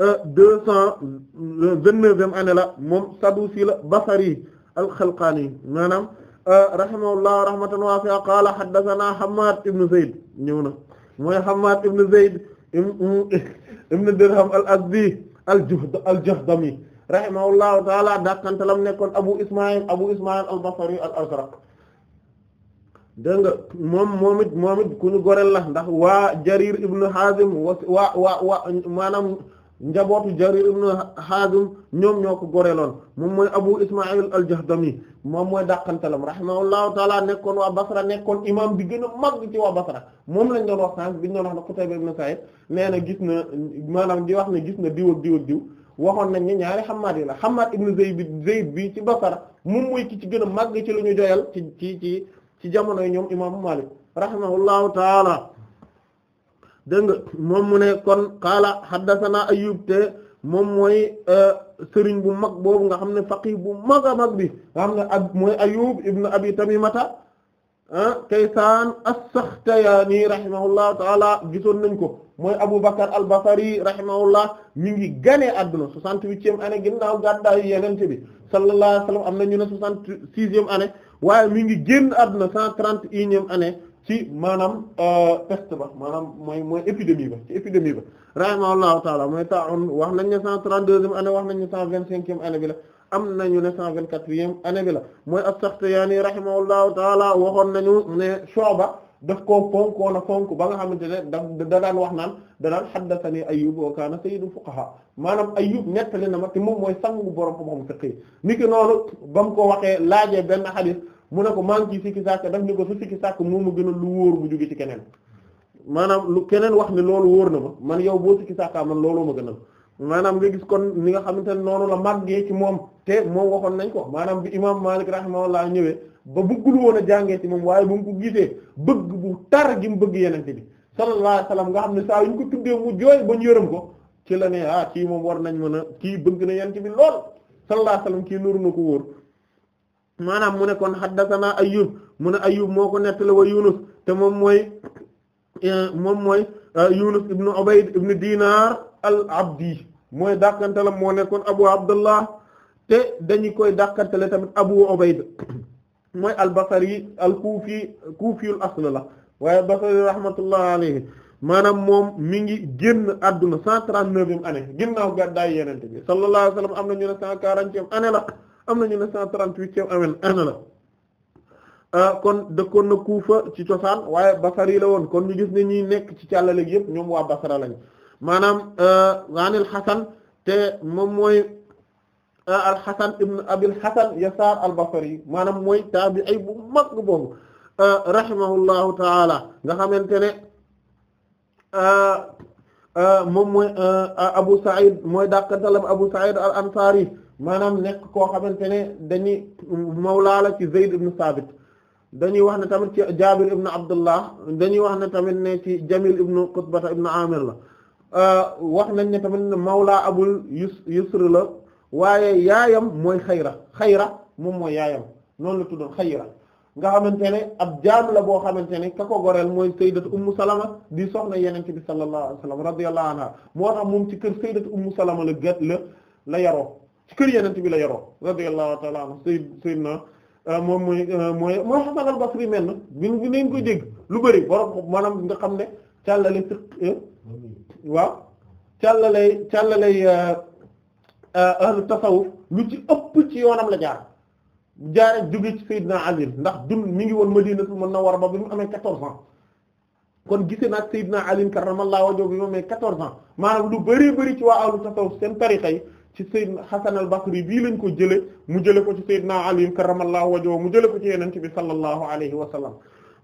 euh, deux cent vingt-neuvième année la moom Sadusi la Basri al-Xalqaani maanaam euh, rahimahullah rahmatan wasi'a qaala haddathana Hammad ibn Zayd ñëw na mooy Hammad ibn Zayd *laughs* ibn Dirham al-Azdi al-Juhd al-Jahdami rahimahullahu ta'ala dakantalam nekkoon Abu Isma'il Abu Isma'il al-Basri al-Azraq dégg nga moom moom it moom it ku ñu goreel la ndax waa Jarir ibn Hazim wa waa waa waa maanaam njabootu Jarir ibn Hazim ñoom ñoo ko goreeloon moom mooy Abu Ismail al-Jahdami moom mooy dàqantalam rahimahullahu taala nekkoon waa Basra nekkoon imam bi gën a mag ci waa Basra moom lañ doon wax sànq biñ doon wax ne Qutayba ibn Sa'id nee na gis na maanaam di wax ne gis na diw ak diw waxoon nañ ne ñaari Hammad yi la Hammad ibn Zayd bi Zayd bi ci Basra moom mooy ki ci gën a mag ci lu ñu joyal ci ci ci ci jamonoy ñoom imaamu Malik rahimahullahu taala dégg nga moom mu ne kon qaala haddathana Ayyub te moom mooy e, sëriñ bu mag boobu nga xam ne faqih bu mag a mag bi nga xam ne ak mooy Ayyub ibn Abi Tamimata e, Kaysaan as-Saxtiyaani rahimahullahu taala gisoon nañ ko mooy Abu Bakar al-Basri rahimahullah mi ngi ganee adduna soixante-huitième ane ginnaaw gàddaayu Yonent bi sallallahu alayhi wa sallam am na ñu ne soixante-sixième année waaye mi ngi génn àdduna cent trente et unième année ci maanaam euh, peste ba maanaam mooy mooy épidémie ba ci épidémie ba rahimahullahu taala mooy taun wax nañ ne cent trente deuxième année wax nañ ne cent vingt cinquième la am nañu ne cent vingt quatrième année bi la mooy as-Saxtiyaani rahimahullahu taala waxoon nañu ne Shu'ba daf koo fonkoon a fonk ba nga xamante ne da da daan wax naan da daan haddathani Ayyub wa kaana sayyidul fuqaha maanaam Ayyub nettali na ma te moom mooy sangu borom xam-xam fiqh yi ni ki noonu ba mu ko waxee laajee benn xadis mu ne ko maa ngi ci sikki sàkk daf ni ko su sikki sàkk moo ma gënal lu wóor bu jóge ci keneen maanaam lu keneen wax ne loolu wóor na ma man yow boo sikki sàkkaa man looloo ma gënal maanaam nga gis kon ni nga xamante ne noonu la màggee moom te moom waxoon nañ ko maanaam bi imam Malik rahimahullah ñëwee ba bëggul woon a jàngee ci waaye ba mu ko bëgg bu tar gi mu bëgg yenente bi sallallahu alayhi wasallam nga xam ne saa yu ñu ko tuddee mu jooy ba ñu yërëm ko ci la ne ah kii moom war nañ mën a kii bëgg na yenente bi lool sallallahu alayhi wasallam kii nuru na ko wóor maanaam mu ne kon haddathana Ayyub mu ne Ayyub moo ko nettali wa Yunus te moom mooy eh, moom mooy eh, Yunus ibn Ubayd ibn Dinar al-Abdi mooy dàqanteel moo nekkoon Abu Abdullah te dañu koy dàqanteel tamit Abu Ubayd mooy al-Basri al-Kufi Kufiyul asl la waaye Basri rahmatullah alayhi maanaam moom mi ngi génn adduna 139e année ginnaaw gàddaay Yonent bi sallallahu alayhi wa sallam am na ñu ne 140e année la. am nañu ne cent trente-huitième amen ana la ah, kon dëkkoon na Kuufa ci cosaan waaye Basari la woon kon ñu gis ne ñi nekk ci càllaleeg yëpp ñoom waa Basra lañ maanaam waanil ah, Hasan te moom mooy ah, al-Hasan ibn Abil Hasan Yasaar al-Basri maanaam mooy taabi'i bu mag boobu rahimahullahu taala nga xamante ne moom mooy Abu Sa'id mooy dàqantalam Abu Sa'id al-Ansari maanaam nekk koo xamante ne dañuy mawlaa la ci Zayd ibn Sabit dañuy wax ne tamit ci Jaabir ibn Abdullah dañuy wax ne tamit ne ci Jamil ibn Qutbata ibn Amir la euh, wax nañ ne tamit ne mawlaa Abul Yusr la waaye yaayam mooy Xayra Xayra moom mooy yaayam noonu la tuddoon Xayra nga xamante ne ab jaam la boo xamante ne ka ko goreel mooy sayyidat ummu salama di soxna yeneen bi sallallahu alayhi wasallam radiyallahu anha moo tax moom ci kër sayyidat ummu salama la gët la la yaroo ci kër yenent bi la yaroo radiyallahu ta'ala anhu sayyid sayyidna euh, moom mooy euh, mooy mooy Hasan al-Basri mel na bi bi nañ koy dégg lu bëri borom maanaam nga xam ne càllale fiqh euh, waaw càllalay càllalay ahlu tasawuf lu ci ëpp ci yoonam la jaar jaare jóge ci Seydina Ali ndax dund mi ngi woon Madinatul Munawwara ba bi mu amee quatorze ans kon gise naa Seydina Ali karramallahu wajhahu bi mu amee quatorze ans maanaam lu bëree bëri ci waa ahlu tasawuf seen tarixa ci Seydina Hasan al-Basri bii lañ ko jëlee mu jëlee ko ci Seydina Ali karramallahu wajhahu mu jëlee ko ci Yonent bi sallallahu alayhi wa sallam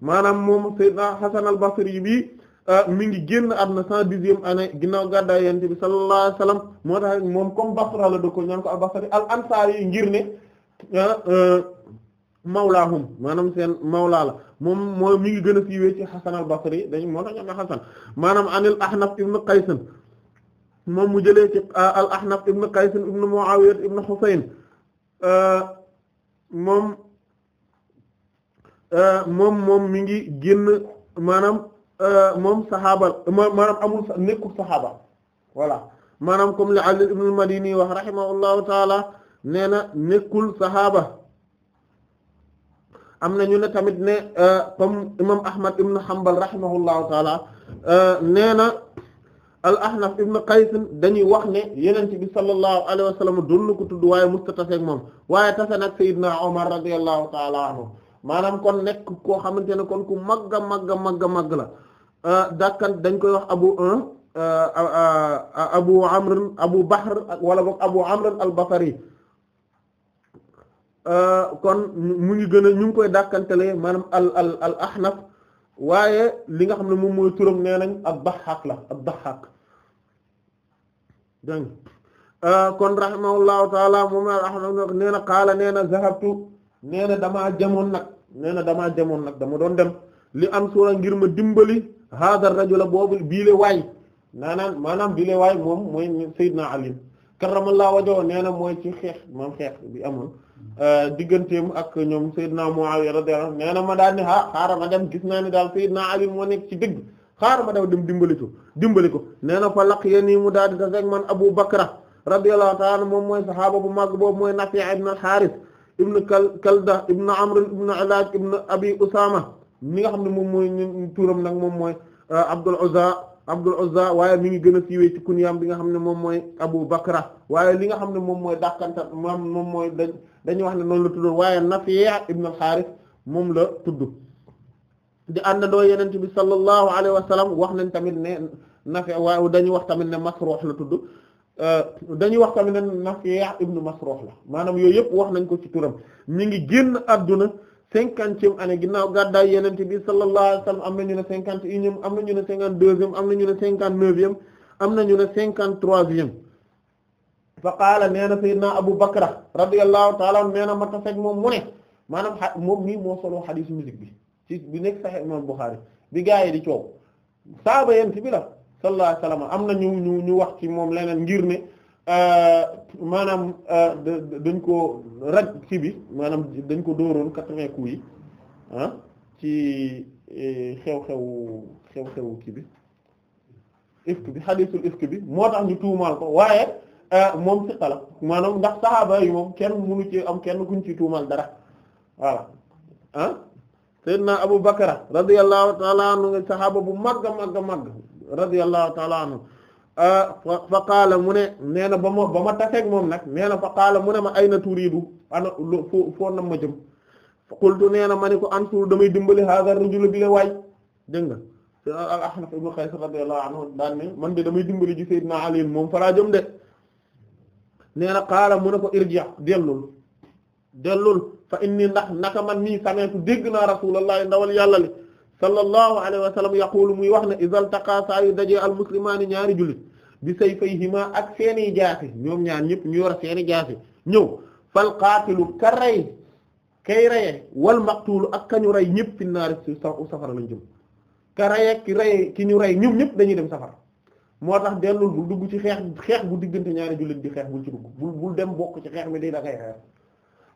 maanaam moom Seydina Hasan al-Basri bii euh, mi ngi génn àdduna cent dixième année ginnaaw gàddaay Yonent bi sallallahu alayhi wa sallam moo tax moom comme Basra la dëkkoon ñaan ko al-Basri al-Ansari yi ngir ne euh, euh, mawlaahum maanaam seen mawlaa la moom mooy mi ngi gën a siiwee ci Hasan al-Basri dañ moo tax ñaan Hasan maanaam anil Ahnaf ibn Qays moom mu jëlee ci ah, al ahnaf ibn qays ibn muawiya ibn husayn ah, moom ah, moom moom mi ngi génn maanaam moom saxaaba maanaam amul nekkul saxaaba voilà maanaam comme li Ali ibn al-Madini wax rahimahullahu taala nee na nekkul saxaaba am na ñu ne tamit ne comme imam Ahmad ibn Hanbal rahimahullahu taala nee na al ahnaf ibn qays dañuy wax ne yenent bi sallallahu alayhi wa sallam doon na ko tudd waaye musta taseeg moom waaye tase nag sayyidna omar radiyallahu taala anhu maanaam kon nekk koo xamante ne kon ku màgg a màgg a màgg a màgg la euh, dàkkan dañ koy wax abu un euh, euh, abu amr abu bahr wala boog abu amr al basri kon mu ngi gën a ñu koy dàkkantele maanaam al al ahnaf waaye li nga xam ne moom mooy turam nee nañ ab daxaak la ab dégg euh, kon rahimahullahu taala moom rahma nee na qaala nee na zahabtu nag nee na damaa demoon nag dama doon dem li am suura ngir ma dimbali hadha rajula boobu biile waay naanaan maanaam biile waay moom mooy Seydina Ali karramallahu wajhahu nee na mooy ci xeex moom xeex bi amoon euh, digganteem ak ñoom Seydina Muawiya radiyallahu nee na ma daan ne ah xaaral ma dem gis daal Seydina Ali moo nekk ci dëgg. xaar ma daw dem dimbali ko dimbali ko nee na fa laq yéen mu daal di man Abu Bakra radiyallahu ta'ala moom mooy saxaaba bu mag boobu mooy Nafi' ibn al-Harith ibn Kalda ibn Amr ibn Abi Usama mi nga xam ne moom mooy ñun nag moom mooy euh, Abdul Uzza Abdul Uzza waaye mi ngi gën a siiwee ci bi nga xam ne moom mooy Abu Bakra waaye li nga xam ne moom mooy dàqanta moom moom mooy dañuy wax ne noonu la tudd waaye Nafi' ibn al moom la tudd. di àndandoo yenent bi sallallahu alayhi wa sallam wax nañ tamit ne nafi waaw dañuy wax tamit ne masruux la tudd euh, dañuy wax tamit ne nafi ibnu masruux la maanaam yooyu yëpp wax nañ ko ci turam ñu ngi génn adduna cinquantième année ginnaaw gàddaay yenent bi sallallahu alayhi wa sallam am na ñu ne cinquante et unième am na ñu ne cinquante deuxième am na ñu ne cinquante neuvième am na ñu ne cinquante troisième fa qaala nee na sayyidina Abu Bakra radiyallahu ta'ala anhu nee na ma ta moom mu ne maanaam moom nii moo soloo xadiisu musique bi ci bi nekk Sahih imam Bukhari bi gaa yi di coow saaba yent bi la sallallahu alayhi wasallam am na ñu ñu ñu wax ci moom leneen ngir ne euh, maanaam euh, dañ ko raj ci bi maanaam dañ ko dóoroon quatre-vingts coups yi ah, ci euh, xew xew xew-xewu kii bi ifk bi xadiisul ifk bi moo tax ñu tuumaal ko waaye moom siqa la maanaam ndax saxaaba yi moom kenn mënu ci am kenn kuñ ci tuumaal dara voilà ah. Seydina Abu Bakra radiyallahu taala anhu nga saxaaba bu màgg a màgg a màgg radiyallahu taala anhu ah, fa qaala mu ne nee na ba ma ba ma moom nag nee na fa qaala mu ne ma ayna turiidu ana foo foo nam ma jëm qultu nee na ma ni ko ansur damay dimbali hadha rajul bi la waay dégg nga al Ahnaf ibn Qays radiyallahu anhu daan ne man de damay dimbali ji Seydina Ali moom fa laa jëm de nee na qaala mu ne ko irji' dellul dellul fa indi ndax naka man nii sameetu dégg naa rasulallahi ndawal yàlla li sallallahu alayhi wa sallam yaqulu muy wax ne izal taqa saa yu dajee al muslimaani ñaari jullit bi sayfayhima ak seeni jaasi ñoom ñaar ñëpp ñu yor seeni jaasi ñëw fal qaatilu ka rey kay reye wal maqtuulu ak kañu rey ñëpp fi naari safara lañ jëm ka reye ki rey ki ñu rey ñoom ñëpp dañuy dem safara moo tax dellul bul dugg ci xeex xeex bu diggante ñaari jullit bi xeex bul ci dugg bul dem bokk ci xeex mi di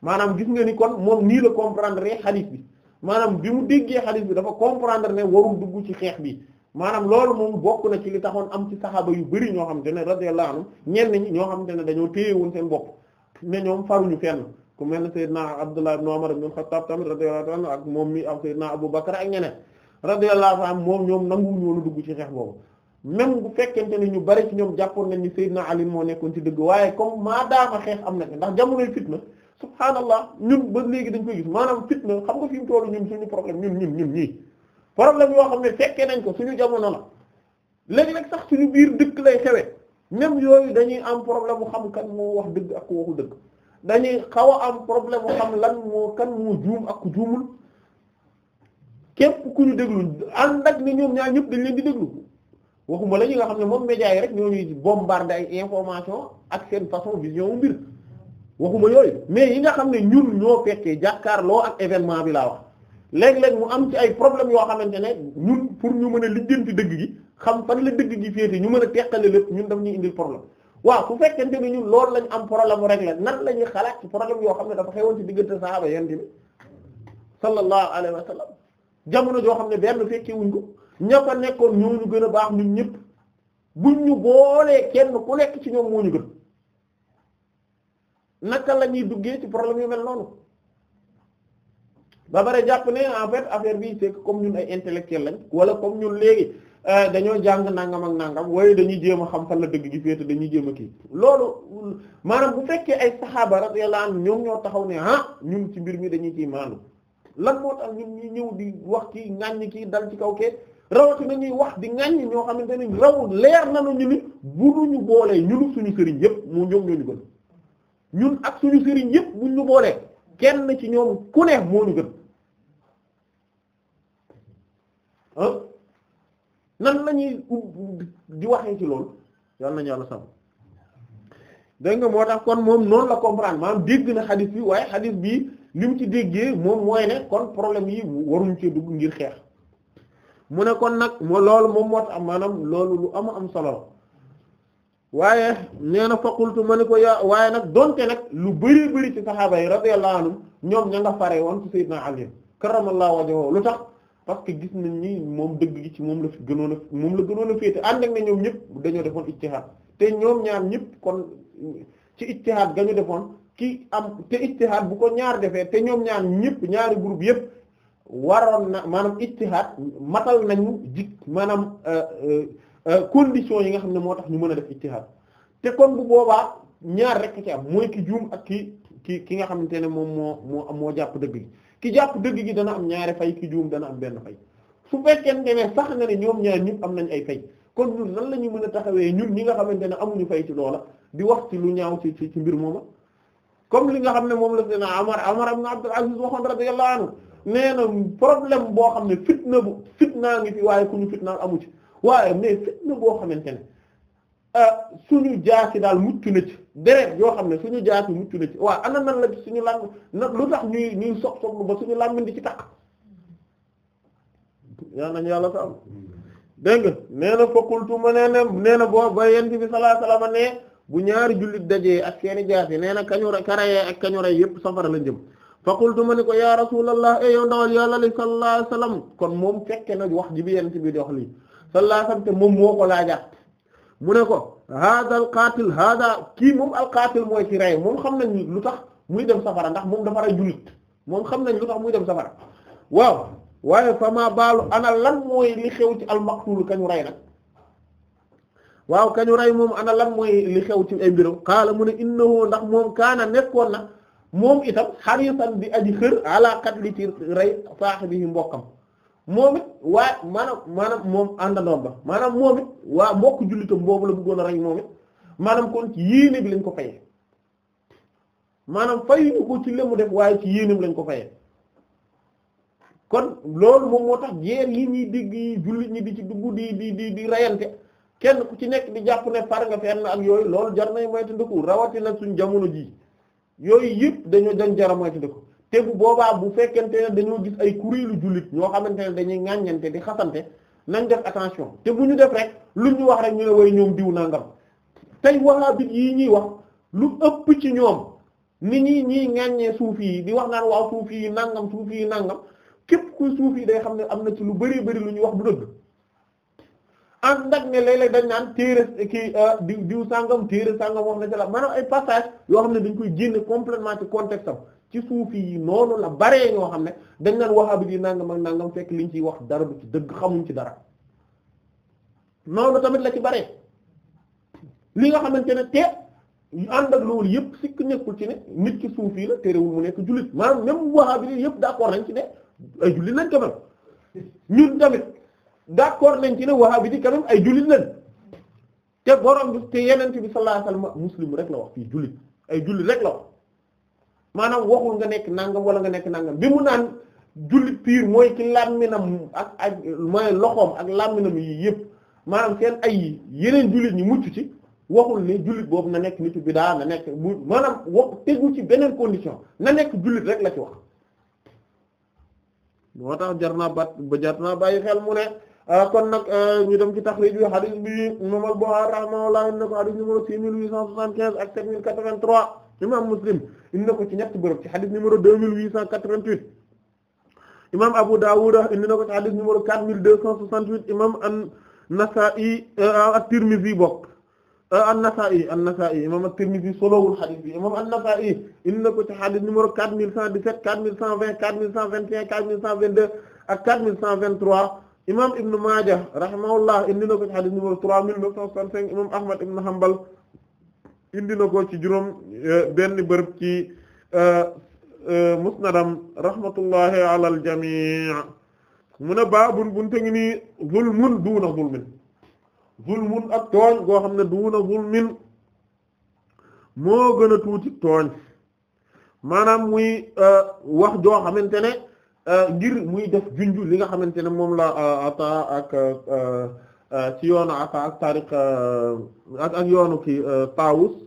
maanaam gis nga ni kon moom nii la comprendre xadis bi maanaam bi mu déggee xadis bi dafa comprendre ne warul dugg ci xeex bi maanaam loolu moom bokk na ci li taxoon am ci saxaaba yu bëri ñoo xam ne radiyallahu anhum ñenn ñi ñoo xamante ne dañoo téyewoon seen bopp ne ñoom faruñu fenn ku mel ne Seydina Abdullah ibn Umar ibn Khattab tamit radiyallahu anhu ak moom mi ak Seydina Abu Bakr ak ñeneen radiyallahu anhu moom ñoom nanguwuñu woon dugg ci xeex boobu même bu fekkente ni ñu bari ci ñoom jàppoon nañ ni Seydina Ali moo nekkoon ci dëgg waaye comme maa daama xeex am na ndax jamonoy fitna subhaanallah ñun ba léegi dañ koy gis maanaam fitna xam nga fi mu tollu ñun suñu problème ñun ñun ñun ñii problème yoo xam ne fekkee nañ ko suñu jamono la léegi nag sax suñu biir dëkk lay xewee même yooyu dañuy am problème mu xam kan moo wax dëgg ak ku waxu dañuy xaw a am problème mu xam lan moo kan moo juum ak ku juumul képp ku ñu déglu ànd ak ni ñoom ñaar ñëpp dañ leen di déglu waxuma la ñi nga xam ne moom média yi rek ñoo ñuy bombarder ay information ak seen façon vision mbir. waxuma yooyu mais yi nga xam ne ñun ñoo fekkee jàkkaarloo ak événement bi laa wax léeg-léeg mu am ci ay problème yoo xamante ne ñun pour ñu mën a lijjanti dëgg gi xam fan la dëgg gi féete ñu mën a teqale lépp ñun daf ñuy indil problème waaw su fekkente ni ñun loolu lañ am problème rek la nan la ñuy xalaat ci problème yoo xam ne dafa xewoon ci diggante sahaaba yonent bi sallallahu alayhi wa sallam jamono joo xam ne benn fekkee wuñ ko ña fa nekkoon ñoo ñu gën a baax ñu ñëpp buñ ñu boolee kenn ku nekk ci ñoom moo ñu gën naka lañuy duggee ci problème yu mel noonu ba bare jàpp ne en fait affaire bi c'est comme ñun ay intellectuel lañ wala comme ñun léegi euh, dañoo jàng nangam ak nangam waaye dañuy jéem a xam fan la dëgg gi féete dañuy jéem a kii loolu maanaam bu fekkee ay saxaaba radiyallahu anhum ñoom ñoo taxaw ne ah ñun ci mbir mi dañuy ciy maandu lan moo tax ñun ñu ñëw di wax kii ŋàññi kii dal ci kaw kee rawatina ñuy wax di ŋàññi ñoo xamante ne raw leer nañu ñu ni bu ñu boolee ñunu suñu mu ñoom ñoo ñu ñun ak suñu sëriñ yëpp buñ ñu boolee kenn ci ñoom ku ne moo ñu gën nan lañuy di waxee ci loolu yal nañu yàlla sàmm dégg nga moo tax kon moom noonu la comprendre maanaam dégg na xadis bi waaye xadis bi li mu ci déggee moom mooy ne kon problème yi waruñ ci dugg ngir xeex mu ne kon nag loolu moom moo tax maanaam loolu lu am am solo waaye nee na faqultu ma ne ko ya waaye nag donte nag lu bari bari ci saxaaba yi radiyallahu anhum ñoom ña nga fare woon ci sayyidina Ali karramallahu wajhahu lu tax parce que gis nañ ni moom dëgg gi ci moom la fi gënoon a moom la gënoon a féete ànd ak ne ñoom ñëpp dañoo defoon ijtihaad te ñoom ñaan ñëpp kon ci ijtihaad gañu defoon ki am te ijtihaad bu ko ñaar defee te ñoom ñaan ñëpp ñaari groupe yëpp waroon na maanaam ijtihaad matal nañu jik maanaam euh, euh, Euh, conditions yi nga xam ne moo tax ñu mën a def ijtihaad te kon bu boobaa ñaar rek ci am mooy ki juum ak ki ki ki nga xamante ne moom moo moo moo jàpp dëgg gi ki jàpp dëgg gi dana am ñaari fay ki juum dana am benn fay su fekkente ne sax na ne ñoom ñaar ñëpp am nañ ay fay kon ñun la ñu mën a taxawee ñun ñi nga xamante ne amuñu fay ci loola di wax ci lu ñaaw ci ci mbir mooma comme li nga xam ne moom la seen Amar Amar ak Abdul Aziz waxoon radiyallahu anhu nee na problème boo xam ne fitna bu fitnaa ngi fi waaye ku ñu fitnaa amu ci waaye mais fitna boo xamante ne euh, suñu jaasi daal mucc na ci deret yoo xam ne suñu jaasi mucc na ci waaw ana nan la suñu làmm na lu tax ñuy ñuy sox soxlu ba ñu làmmiñ di ci tax yaa nañ yàlla sa am dégg nga nee na fakultu ma nee nee na boo ba yent sa sallallahu alayhi wasallam ne bu ñaari jullit dajee ak seeni jaasi nee na kañu karayee ak kañu rey yépp safara la jëm fakultu ma ni ko ya rasulallah e yow ndawal yàlla li kon moom fekke na wax ji bi yent bi di wax lii sallallahu alayhi wasallam te moom moo ko mu ne ko hada al qatil hada kii moom al qatil mooy ci rey moom xam nañ lu tax muy dem safara ndax moom dafa rey moom xam nañ lu tax muy dem safara waaw waaye fama baalu ana lan mooy li xew ci al maqtul kañu rey nag waaw kañu rey moom ana lan mooy li xew ci ay mbiram xaala mu ne innahu ndax moom kaana nekkoon na moom itam xarisan di aji xër ala qatli ci rey saahibihi mbokkam moom it waa maanaam maanaam moom àndandoom ba maanaam moom it waa mbokk jullitam boobu la bëggoon a rey moom it maanaam kon ci yéene bi lañ ko fayee maanaam fayuñu ko ci lemu def waaye ci yéeneem lañ ko fayee kon loolu moom moo tax jeer yi nii digg yi jullit ñi di ci dugg di di di di rayante kenn ku ci nekk di jàpp ne par nga fenn ak yooyu loolu jar nañ moytandiku rawatina suñ jamono jii yooyu yëpp dañoo dañ jar a moytandiku te bu boobaa bu fekkente ne dañoo gis ay kuréelu jullit ñoo xamante ne dañuy ŋàññante di xasante nañ def attention te bu ñu def rek lu ñu wax rek ñu ne way ñoom diw nangam tey wahabit yi ñuy wax lu ëpp ci ñoom nit ñi ñiy ŋàññee suufi yi di wax naan waaw suufi yi nangam suufi yi nangam képp kuy suufi yi day xam ne am na ci lu bari bari lu ñuy wax du dëgg ànd ak ne léeg dañ naan téere kii euh, diw diw sàngam téere sàngam wax na ci la maanaam ay passage yoo xam ne dañ koy génne complètement ci contexte am ci suufi yi noonu la baree ñoo xam ne dañ naan waxaabi di nangam ak nangam fekk liñ ciy wax dara du ci dëgg xamuñ ci dara noonu tamit la ci baree li nga xamante ne te ànd ak loolu yëpp sikk nekkul ci ne nit ki suufi la terewul mu nekk jullit maanaam même waxaabi di yëpp d'accord nañ ci ne ay jullit lañ quand même ñun tamit d'accord nañ ci ne waxaabi di quand ay jullit lañ te borom bi te yeneen bi sallallahu alayhi wasallam muslim rek la wax fii jullit ay jullit rek la wax maanaam waxul nga nekk nangam wala nga nekk nangam bi mu naan jullit piir mooy ki làmminam ak ak mooy loxoom ak làmminam yi yépp maanaam seen ay yi yeneen jullit ñi mucc ci waxul ni jullit boobu na nekk nit bi bidaa na nekk bu maanaam wax tegu ci beneen condition na nekk jullit rek la ci wax moo tax jar naa bat ba jar naa bàyyi xel mu ne ah, kon nag ah, ñu dem ci taxrij bi hadith bi imam al-Bukhari rahimahullah ne ko hadith numéro six mille huit cent soixante-quinze ak sept mille quatre vingt imam muslim indi na ko ci ñetti bërëb ci xadis numéro 2888 imam Abu Dawud indi na ko ci xadis numéro 4268 imam an-Nasa'i euh, at-Tirmidhi bokk euh, an-Nasa'i an-Nasa'i imam at-Tirmidhi solowul xadis bi imam an-Nasa'i indi na ko ci xadis numéro 4117 4120 4121 4122 ak 4123 imam Ibn Majah rahimahullah indi a ko ci xadis numéro 3965 imam Ahmad ibn Hanbal indi na ko ci juróom e, benn bërëb ci e, e, musnadam rahmatullahi ala al jamii mu ne baabun bunte ngi nii zulmun duuna zulmin zulmun ak tooñ goo xam ne duuna zulmin moo gën a tuuti tooñ maanaam muy wax joo xamante ne ngir muy def junju li nga xamante ne moom la ata ak ci yoonu Ata ak tariq euh, ak ak yoonu kii euh, Tawus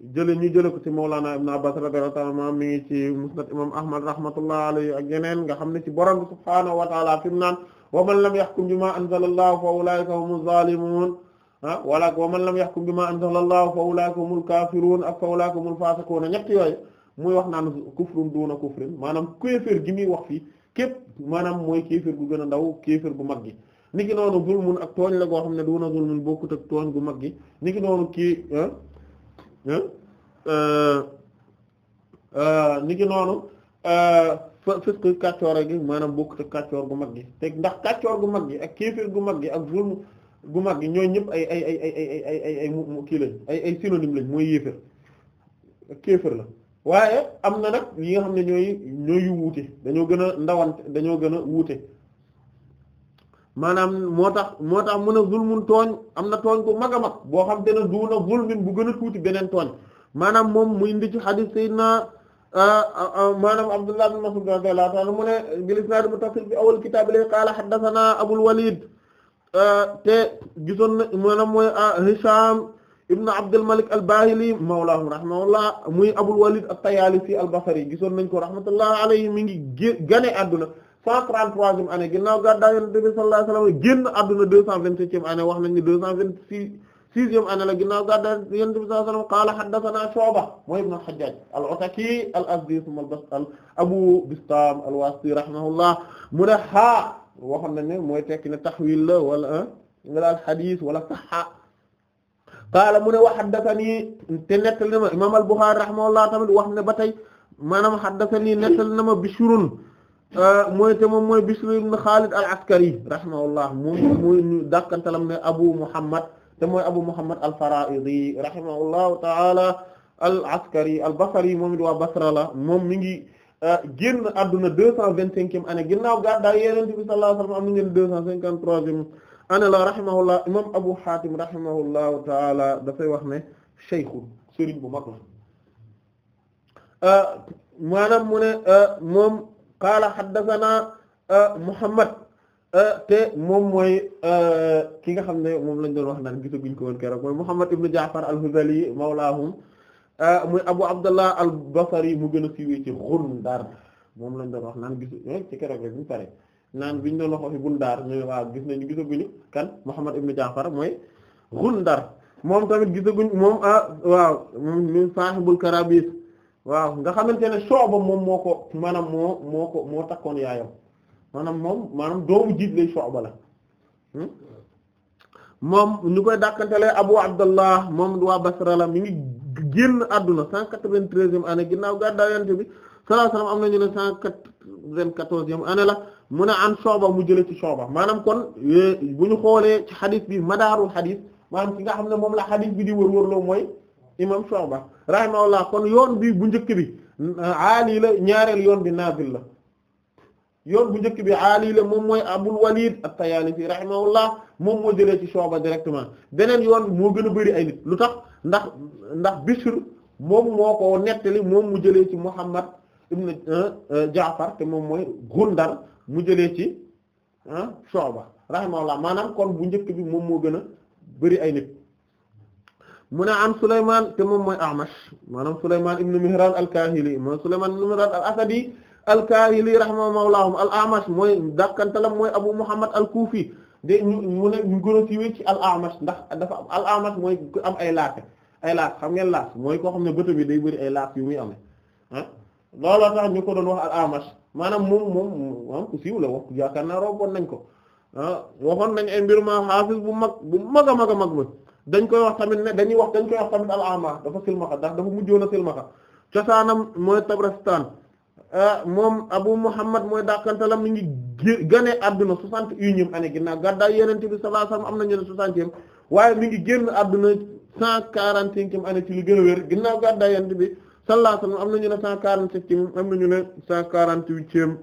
jële ñu jële ko ci Mawlana Ibn Abbas radiyallahu ta'ala anhu mi ngi ci Musnad imam Ahmad rahmatullahi alayhi ak yeneen nga xam ne ci borom bi subhaanahu wa ta'ala fi mu naan wa man lam yahkum bima anzala Allahu fa ulaa'ika humu zaalimuun ah wala wa man lam yahkum bima anzala Allahu fa ulaa'ika humul kaafiruun ak fa ulaa'ika humul faasiquun ñett yooyu muy wax naan kufrun duuna kufrin maanaam kéefër gi muy wax fii képp maanaam mooy kéefër gu gën a ndaw kéefër gu mag gi ni ki noonu zulmun ak tooñ la goo xam ne duna zulmun bokkut ak tooñ gu mag gi ni ki noonu kii euh, euh, ni ki noonu euh, fisq kàccoor gi maanaam bokkut ak kàccoor gu mag gi te ndax kàccoor gu mag gi ak kéefir gu mag gi ak zulm gu mag gi ñooy ñëpp ay ay ay ay ay ay ay ay mu kii lañ ay ay synonyme lañ mooy yéefir kéefir la waaye am na nag yi nga xam ne ñooy ñooy yu dañoo gën a ndawante dañoo gën a wuute maanaam moo tax moo tax mun a zulmun tooñ am na tooñ ku mag a mag boo xam te ne duuna zulmin bu gën a tuuti beneen tooñ maanaam moom mu indi ci xadis sayyidina uh, uh, uh, maanaam Abdullah ibn a radiyallahu ta'ala mu ne bil isnad muttasil bi awal kitab li qaala haddathana Abul Walid te gisoon na maanaam mooy Hisham ibn Abdul Malik al-Bahili mawlahum rahimahullah muy Abul Walid at-Tayalisi al-Basri gisoon nañ ko rahmatullahi alayhi mi ngi gane àdduna cent trente-troisième année ginnaaw gàddaay Yonent bi sallallahu alayhi wa sallam génn àdduna deux cent vingt-septième année wax nañ ne deux cent vingt-six sixième année la ginnaaw gàddaay Yonent bi sallallahu alayhi wa sallam qaala haddathana Shu'ba mooy ibn al-Hajjaj al-Ataki al-Azdi thumma al Abu Bistam al-Wasiti rahimahullah mu ne haa waxoon nañ ne mooy tekki ne tahwil la wala ah, wala al-hadith wala sahha qaala mu ne wa haddathani te nettali na ma imam al-Bukhari rahimahullah tamit wax ne ba tey maanaam haddathani nettali na ma Bishrun Euh, mooy te moom mooy Bishr ibn Khalid al-Askari rahimahullah moom mooy ñu dàkkantalam ne Abu Muhammad te mooy Abu Muhammad al-Fara'idi rahimahullahu ta'ala al-Askari al-Basri moom it waa Basra la moom mi ngi euh, génn àdduna deux cent vingt-cinquième année ginnaaw gàddaay Yonent bi sallallahu alayhi wa sallam am na ngeen deux cent cinquante-troisième année la rahimahullah ta'ala dafay wax ne shaykhun sëriñ bu mag qaala haddathana uh, Muhammad uh, te moom mooy uh, ki nga xam ne moom lañ doon wax naan gisaguñ ko woon keroog mooy Muhammad ibn Ja'far al-Hudhali mawlaahum muy Abu Abdallah al-Basri mu gën a siiwee ci Ghundar moom lañ doon wax naan gisu eh, ci keroog rek bu pare naan biñ doon wax waxi Bundar ñu waa gis nañu gisaguñu kan Muhammad ibn Ja'far mooy Ghundar moom tamit gisaguñ moom ah waaw moom sahibul Karabis waaw nga xamante ne Shu'ba moom moo ko maanaam moo moo ko moo takkoon yaayam maanaam moom maanaam doomu jiit lay Shu'ba la hmm? moom ñu koy dàkkantele Abu Abdallah moom waa Basra la mi ngi génn àdduna cent quatre-vingt-treizième année ginnaaw gàddaay Yonent bi sallallahu alayhi wa sallam am nañu ne cent année la mu ne an Shu'ba mu jële ci Shu'ba maanaam kon e, bu ñu xoolee ci xadis bi madaarul xadis maanaam ki nga xam ne moom la xadis bi di wër wër loo mooy imam sooba rahimahullah kon yoon bi bu njëkk bi aali la ñaareel yoon bi naafil la yoon bu njëkk bi aali la moom mooy abul walid at-Tayalisi rahimahullah moom moo jëlee ci Shu'ba directement beneen yoon moo gën a bari ay nit lu tax ndax ndax Bishr moom moo ko nettali moom mu jëlee ci Muhammad ibn euh, euh, Jaafar te moom mooy Gundar mu jëlee ci Shu'ba rahimahullah maanaam kon bu njëkk bi moom moo gën a bari ay nit mu ne an Souleymane te moom mooy Amash maanaam Souleymane ibn Mihran al-Kahili mooy Souleymane ibn Mihran al-Asadi al-Kahili rahimahullahu al-Amash mooy dakkantalam mooy Abu Muhammad al-Kufi de mu ne ñu gën a ci al-Amash ndax dafa am al-Amash mooy am ay laas ay laas xam ngeen laas mooy koo xam ne bëtam yi day bëri ay laas yu muy amee ah looloo tax ñu ko doon wax al-Amash maanaam moom moom moom ku la wax yaakaar naa romboon nañ ko ah waxoon nañ ay mbir ma xaafis bu mag bu mag a mag a mag ma. dañ koy wax tamit ne dañuy wax dañ koy wax tamit al ama dafa silmaxa ndax dafa mujjoon a silmaxa cosaanam mooy Tabaristan ah, moom Abu Muhammad mooy dàkantalam mi ngi gane adduna soixante et unième année ginnaaw gàddaay Yonent bi sallallahu alayhi wasallam am na ñu ne soixantième waaye mi ngi génn adduna cent quarante-cinquième année ci lu gën a wér ginnaaw gàddaay Yonent am na ñu ne cent quarante-septième am na ñu ne cent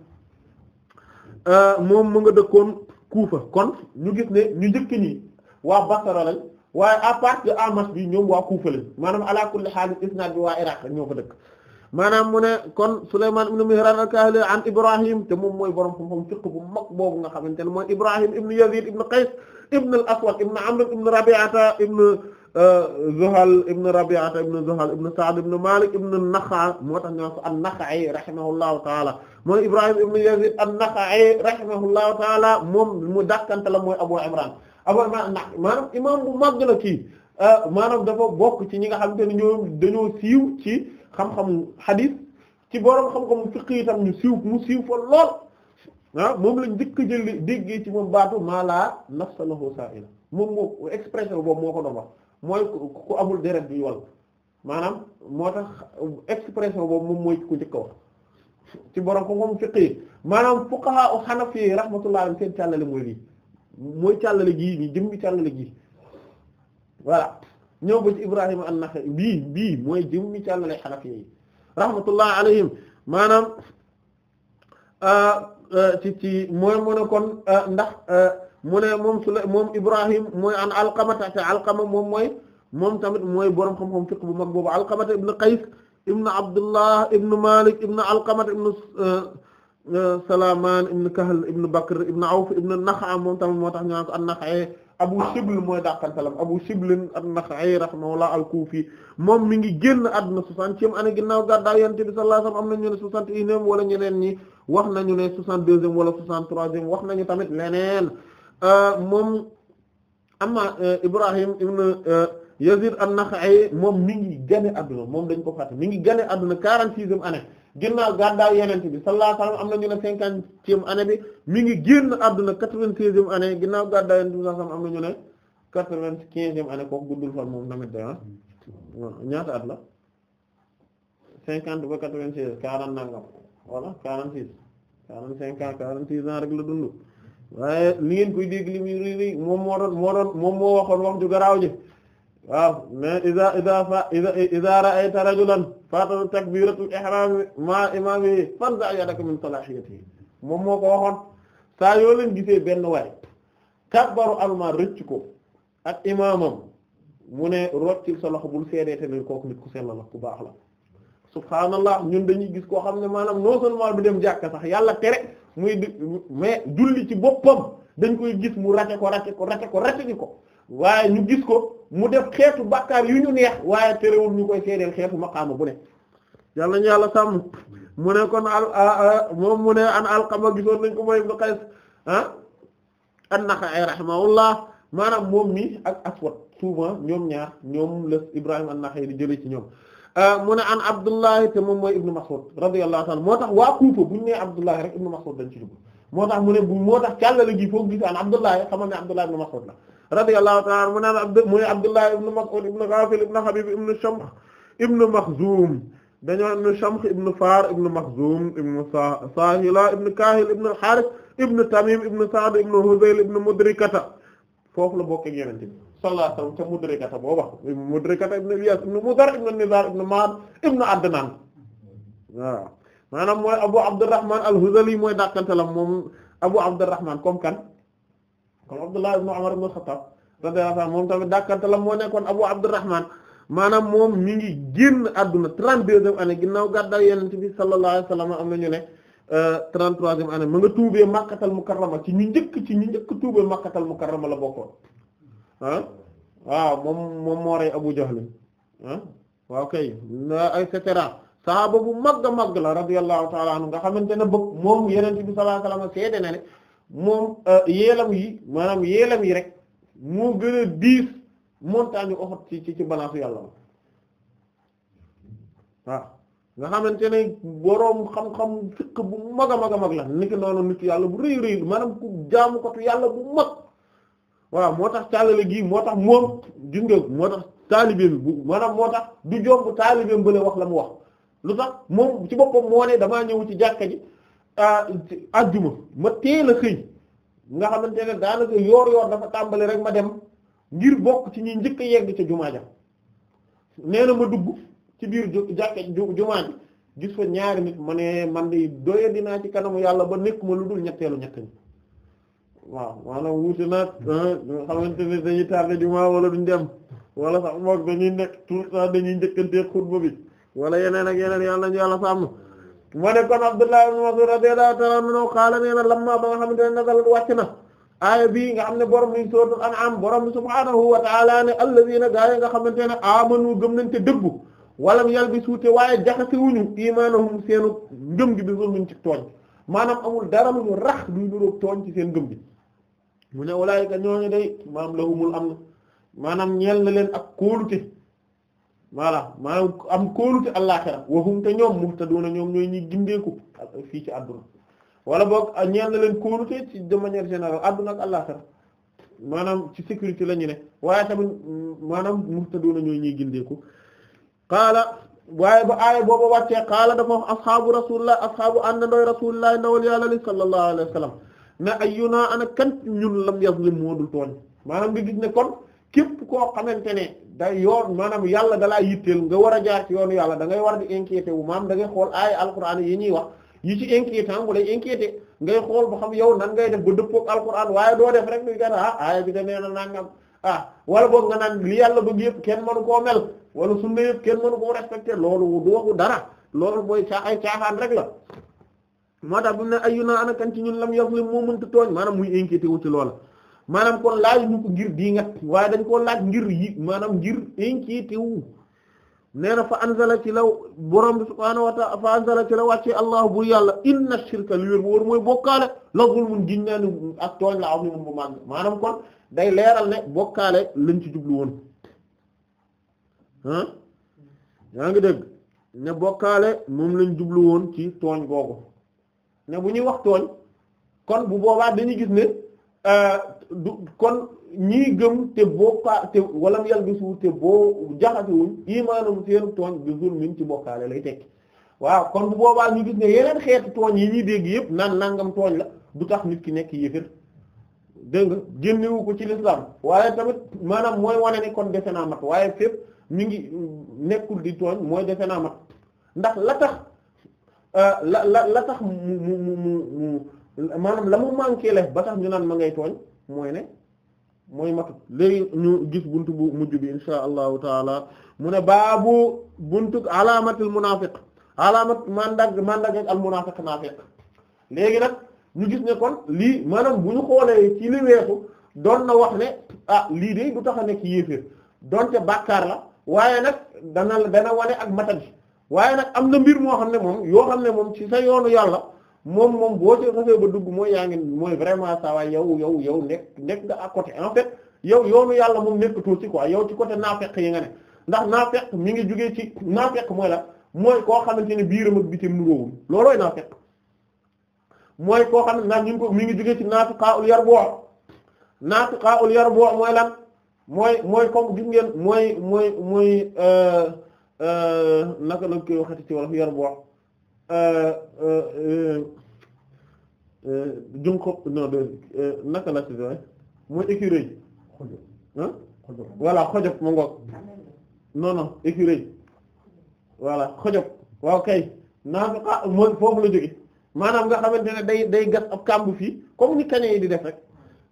ah, moom mu nga dëkkoon Kuufa kon ñu gis ne ñu njëkk ñi waa Basra lañ waaye à part de Amash bi ñoom waa Kufa lañ maanaam ala kulli haal isnaad bi waa Iraq ñoo fa dëkk maanaam mu ne kon Sulaymaan ibn Mihraan al-Kaahili an Ibrahim te moom mooy borom xam-xam fiqh bu mag boobu nga xamante ne mooy Ibrahim ibn Yaziid ibn Qays ibn al-Aswad ibn Amr ibn Rabi'ata ibn euh, Zuhal ibn Rabi'ata ibn Zuhal ibn Sa'd ibn Malik ibn an-Nakha'i moo tax ñu naan ko an-Nakha'i rahimahullahu ta'ala mooy Ibrahim ibn Yazid an-Nakha'i rahimahullahu ta'ala moom mu dàkkante la mooy Abu Imran abar ma naq maanaam imaam bu màgg la kii euh, maanaam dafa bokk ci ñi nga xam te ne ñoo dañoo siiw ci xam-xam hadith ci borom xam-xam fiqh itam ñu siiw mu siiw fa lool ah moom lañ njëkk jël déggee ci moom baatu maa laa nafsa lahu saa'ila moom moo expression boobu moo ko doon wax mooy ku amul deret bi yoon maanaam moo tax expression boobu moom mooy ku njëkk a wax ci borom xam-xam fiqh maanaam fuqaha u Hanafi rahmatullahi alayhim seen càllale mooy lii mooy càllale gii nii jëmmi càllale gii voilà ñëw ba ci an-Nakha'i bii bii mooy jëmmi càllale xanafi yi rahmatullah alayhim maanaam ah, ah, ci ci mooy ah, mu ndax ne moom Sula moom Ibrahim mooy an Alqama te moom mooy moom tamit mooy borom xam-xam fiqh bu mag boobu Alqama ibn Qays ibn Abdullah ibn Malik ibn Alqama ibn. Euh, Salamaan ibn Kahl ibn Bakr ibn Awf ibn Naxaa moom tamit moo tax ñu naan ko an-Naxa'i Abu Shibl mooy dàqantalam Abu Shibl an-Naxa'i rahimahullah al-Kufi moom mi ngi génn àdduna soixantième année ginnaaw gàddaay Yonent bi sallallahu alayhi wasallam am nañu ne soixante-et-unième wala ñeneen ñi wax nañu ne soixante-deuxième wala soixante-troisième wax nañu tamit leneen euh, moom amma euh, Ibrahim ibn Yazid an-Naxa'i moom mi ngi gane àdduna moom dañ ko fàtte mi ngi gane àdduna quarante-sixième année ginnaaw gàddaaw yenente bi sallallahu alayhi wasallam am nañu ne cinquantième année bi mi ngi génn àdduna quatre-vingt-seizième année ginnaaw gàddaaw yenente bi sallallahu alayhi wasallam am nañu ne quatre-vingt-quinzième année kooku guddul fan moom tamit da ah. ñaata at la cinquante ba quatre-vingt-seize quarante nangam voilà quarante-six quarante-cinq quarante-six ans rek la dund waaye li ngeen koy dégg li muy ri ri moom moo doon moom moo waxoon wax ju garaaw ji waaw mais iza iza fa iza iza ra'ayta rajulan fatatu takbiratul ihram ma imamihi fanza yadaka min salahiyatihi moom moo ko waxoon saa yoo leen gisee benn waay kabbaru alma rëcc ko ak imaamam mu ne roccil sa loxo bul seedeete ne kooku nit ku sell la ku baax la subhaanallah ñun dañuy gis koo xam ne maanaam non seulement du dem jàkka sax yàlla tere muy mais julli ci boppam dañ koy gis mu rate ko rate ko rate ko rate ni ko waaye ñu gis ko mu def xeetu bàkkaar yu ñu neex waaye terewul ñu koy seedeel xeetu maqaama bu ne yàlla ñu yàlla sàmm mu ne kon al moom mu ne an alqama gisoon nañ ko mooy ibn Qays ah an naqa ay rahimahullah maanaam moom mi ak aswad souvent ñoom ñaar ñoom la Ibrahim an-Naxa'i di jëlee ci ñoom mu ne an Abdullahi te moom mooy Ibn Mas'ud radiyallahu ta'ala moo tax waa Kuufa bu ñu nee Abdullahi rek Ibn Mas'ud dañ ci dugg moo tax mu ne bu moo tax càllale gi foofu gis an Abdullahi xamal ne Abdullahi Ibn Mas'ud la radiyallahu ta'ala anhu mu naan abd muy Abdullah ibn Mas'ud ibn Ghafil ibn Habib ibn Shamkh ibn Makhzum dañoo ibn Shamkh ibn Far ibn Makhzum ibn Sahila ibn Kahil ibn al-Harith ibn Tamim ibn Sa'd ibn Hudayl ibn Mudrikata foofu la bokk ak Yonent bi sallallahu alayhi wa sallam te Mudrikata booba Mudrikata ibn Ilyas ibn Mudar ibn Nizar ibn Ma'd ibn Adnan waaw maanaam mooy Abu Abdurrahman al-Hudhali mooy dàqante la moom Abu Abdurrahman comme kan kon Abdullah ibn Umar ibn al-Khattab radiyallahu anhu moom tamit dàkkante la moo nekkoon Abu Abdurrahman maanaam moom mi ngi génn àdduna trente-deuxième année ginnaaw gàddaay Yonent bi sallallahu alayhi wa sallam am na ñu ne euh, trente-troisième année ma nga tuubee Makkatal Mukarrama ci ñu njëkk ci ñu njëkk tuubee Makkatal Mukarrama la bokkoon ah waaw moom moom moo rey Abu Jahl ah waaw kay et cetera bu magga magg la radiyallahu ta'ala anhu nga xamante ne bëgg moom Yonent bi sallallahu moom euh, yeelam yi maanaam yeelam yi rek moo gën a diis montagne Uhud ci ci ci balaasu yàlla ma waaw nga xamante ne boroom xam-xam fiq bu mag a mag a mag la niki noonu nit yàlla bu rëy rëy maanaam ku jaamukatu yàlla bu mag waaw moo tax càllale gii moo tax moom gis nga moo tax taalibeem bu maanaam moo tax du jomb taalibeem bële wax la mu wax lu tax moom ci boppam moo ne damaa ñëw ci jàkka ji ajjuma ma teel a xëy nga xamante ne daanaka yoor yoor dafa tàmbali rek ma dem ngir bokk ci ñi njëkk a yegg ca jumaa ja nee na ma dugg ci biir jàkke jumaa ji gis fa ñaari nit ma man de doye dinaa ci kanamu yàlla ba nekk ma lu dul ñetteelu ñett ñi waaw maanaam wuute naag ah, xamante ne dañuy tardé jumaa wala duñ dem wala sax moog dañuy nekk tout le dañuy njëkkantee xutba bi wala yeneen ak yeneen yàlla ñu yàlla wane ne kon Abdullah ibn Mas'ud radiyallahu ta'ala anhu qaala nee na lamma ba nga xamante ne nazalat wàcc na aaya bii nga xam ne borom ni suratul an'am borom bi subhaanahu wa ta'ala ne alladhiina gaa yi nga xamante ne aamanu gëm nañ te dëggu walam yalbisu te waaye jaxasewuñu imaanahum seenu ngëm gi bi zulmin ci tooñ maanaam amul dara lu ñu rax lu ñu doog tooñ ci seen mu ne walaayika ñooñu day maam lahumul am na maanaam ñeel na leen ak kóolute. voilà maanaam am kóolute àllaaxira waxum te ñoom muhtaduna ñoom ñooy ñi gindeeku fii ci àdduna wala boog ñeen na leen kóolute ci de manière générale àdduna ak àllaaxira maanaam ci sécurité la ñu ne waaye tamit maanaam muhtaduna ñooy ñuy gindeeku qaala waaye ba aaya booba wàccee qaala dafa wax asxaabu rasulillah asxaabu ànda ndooy rasulillah ndawal yàlla li sallallahu alayhi wa sallam ne ayyuna ana kan ñun lam yazlim moo dul tooñ maanaam nga gis ne kon képp ko xamante ne day yoon maanaam yàlla dalaa yitteel nga war a jaar ci yoon yàlla da ngay war di inquiété wu maam da ngay xool ay alquran yi ñuy wax yi ci inquiétant mu lay inquiété ngay xool ba xam yow nan ngay def ba dëppook alquran waaye doo def rek luy gàtt ah aaya bi da nee na nangam ah wala boog nga naan li yàlla bëgg yëpp kenn mënu koo mel wala sunna yëpp kenn mënu koo respecté loolu du waxu dara loolu booy caa ay caaxaan rek la moo tax bu ne ayuna ana kan ci ñun lam yazlim moo mënta tooñ maanaam muy inquiété wu ci maanaam kon laajuñu ko ngir di ngat waaye dañ koo laaj ngir yi maanaam ngir inquiété wu nee na fa anzala ci law borom bi subhaanahu fa anzala ci la wàccee allahu bu yàlla inna shirka li wér wóor mooy bokkaale la zulmun giñ naa ni ak tooñ la aw ni mun bu màgg maanaam kon day leeral ne bokkaale lañ ci jublu woon ah yaa ngi dégg ne bokkaale moom lañ jublu ci tooñ googu ne bu ñuy wax tooñ kon bu boobaa dañuy gis ne euh, du kon ñii gëm te bokkaa te walam yalbisu te boo jaxasewuñ imaanum seen tooñ bi zulmin ci bokkaale lay tekki waaw kon bu boobaa ñu gis ne yeneen xeetu tooñ yi ñuy dégg yëpp naan nangam tooñ la du tax nit ki nekk yéefir dégg nga génnewu ko ci l'islam waaye tamit maanaam mooy wane ne kon defe naa mat waaye fépp mi ngi nekkul di tooñ mooy defe naa mat ndax la tax euh, la la la tax mu mu mu mu maanaam la mu manqué la ba tax ñu naan ma ngay tooñ mooy ne mooy matut léegi ñu gis bunt bu mujj bi insha allahu taala mu ne baa baabu buntu alaamatil munaafiq alaamat mandag mandag ak al munaafiq naafiq léegi nag ñu gis ne kon lii maanaam bu ñu xoolee ci li weesu doon na wax ne ah lii de du tax a nekk yéeféer donte bàkkaar la waaye nag dana dana wane ak matadi waaye nag am na mbir moo xam ne moom yoo xam ne moom ci sa yoonu yàlla moom moom boo ci xasee ba dugg mooy yaa ngi mooy vraiment ça va yow yow yow nekk nekk nga à côté en fait yow yoonu yàlla moom nekkatul ci quoi yow ci côté naafeq yi nga ne ndax naafeq mi ngi jugee ci naafeq mooy la mooy koo xamante ne biiram ak bitim nuróowul loolooy naafeq mooy koo xam ne ndax ñu ngi ko mi ngi jugee ci naafiqaa ul yar boo naafiqaa ul yar boo mooy lan mooy mooy comme gis mooy mooy mooy euh, euh, naka la koy waxati ci wolof yar boo E, e, e, junqob non de naka la ci doy mooy écureuil ah voilà xojob ma ngoog non non écureuil voilà xojob waaw kay naafiqa mooy foofu la jóge maanaam nga xamante ne day day gas ab kàmb fii comme ni kañe yi di def rek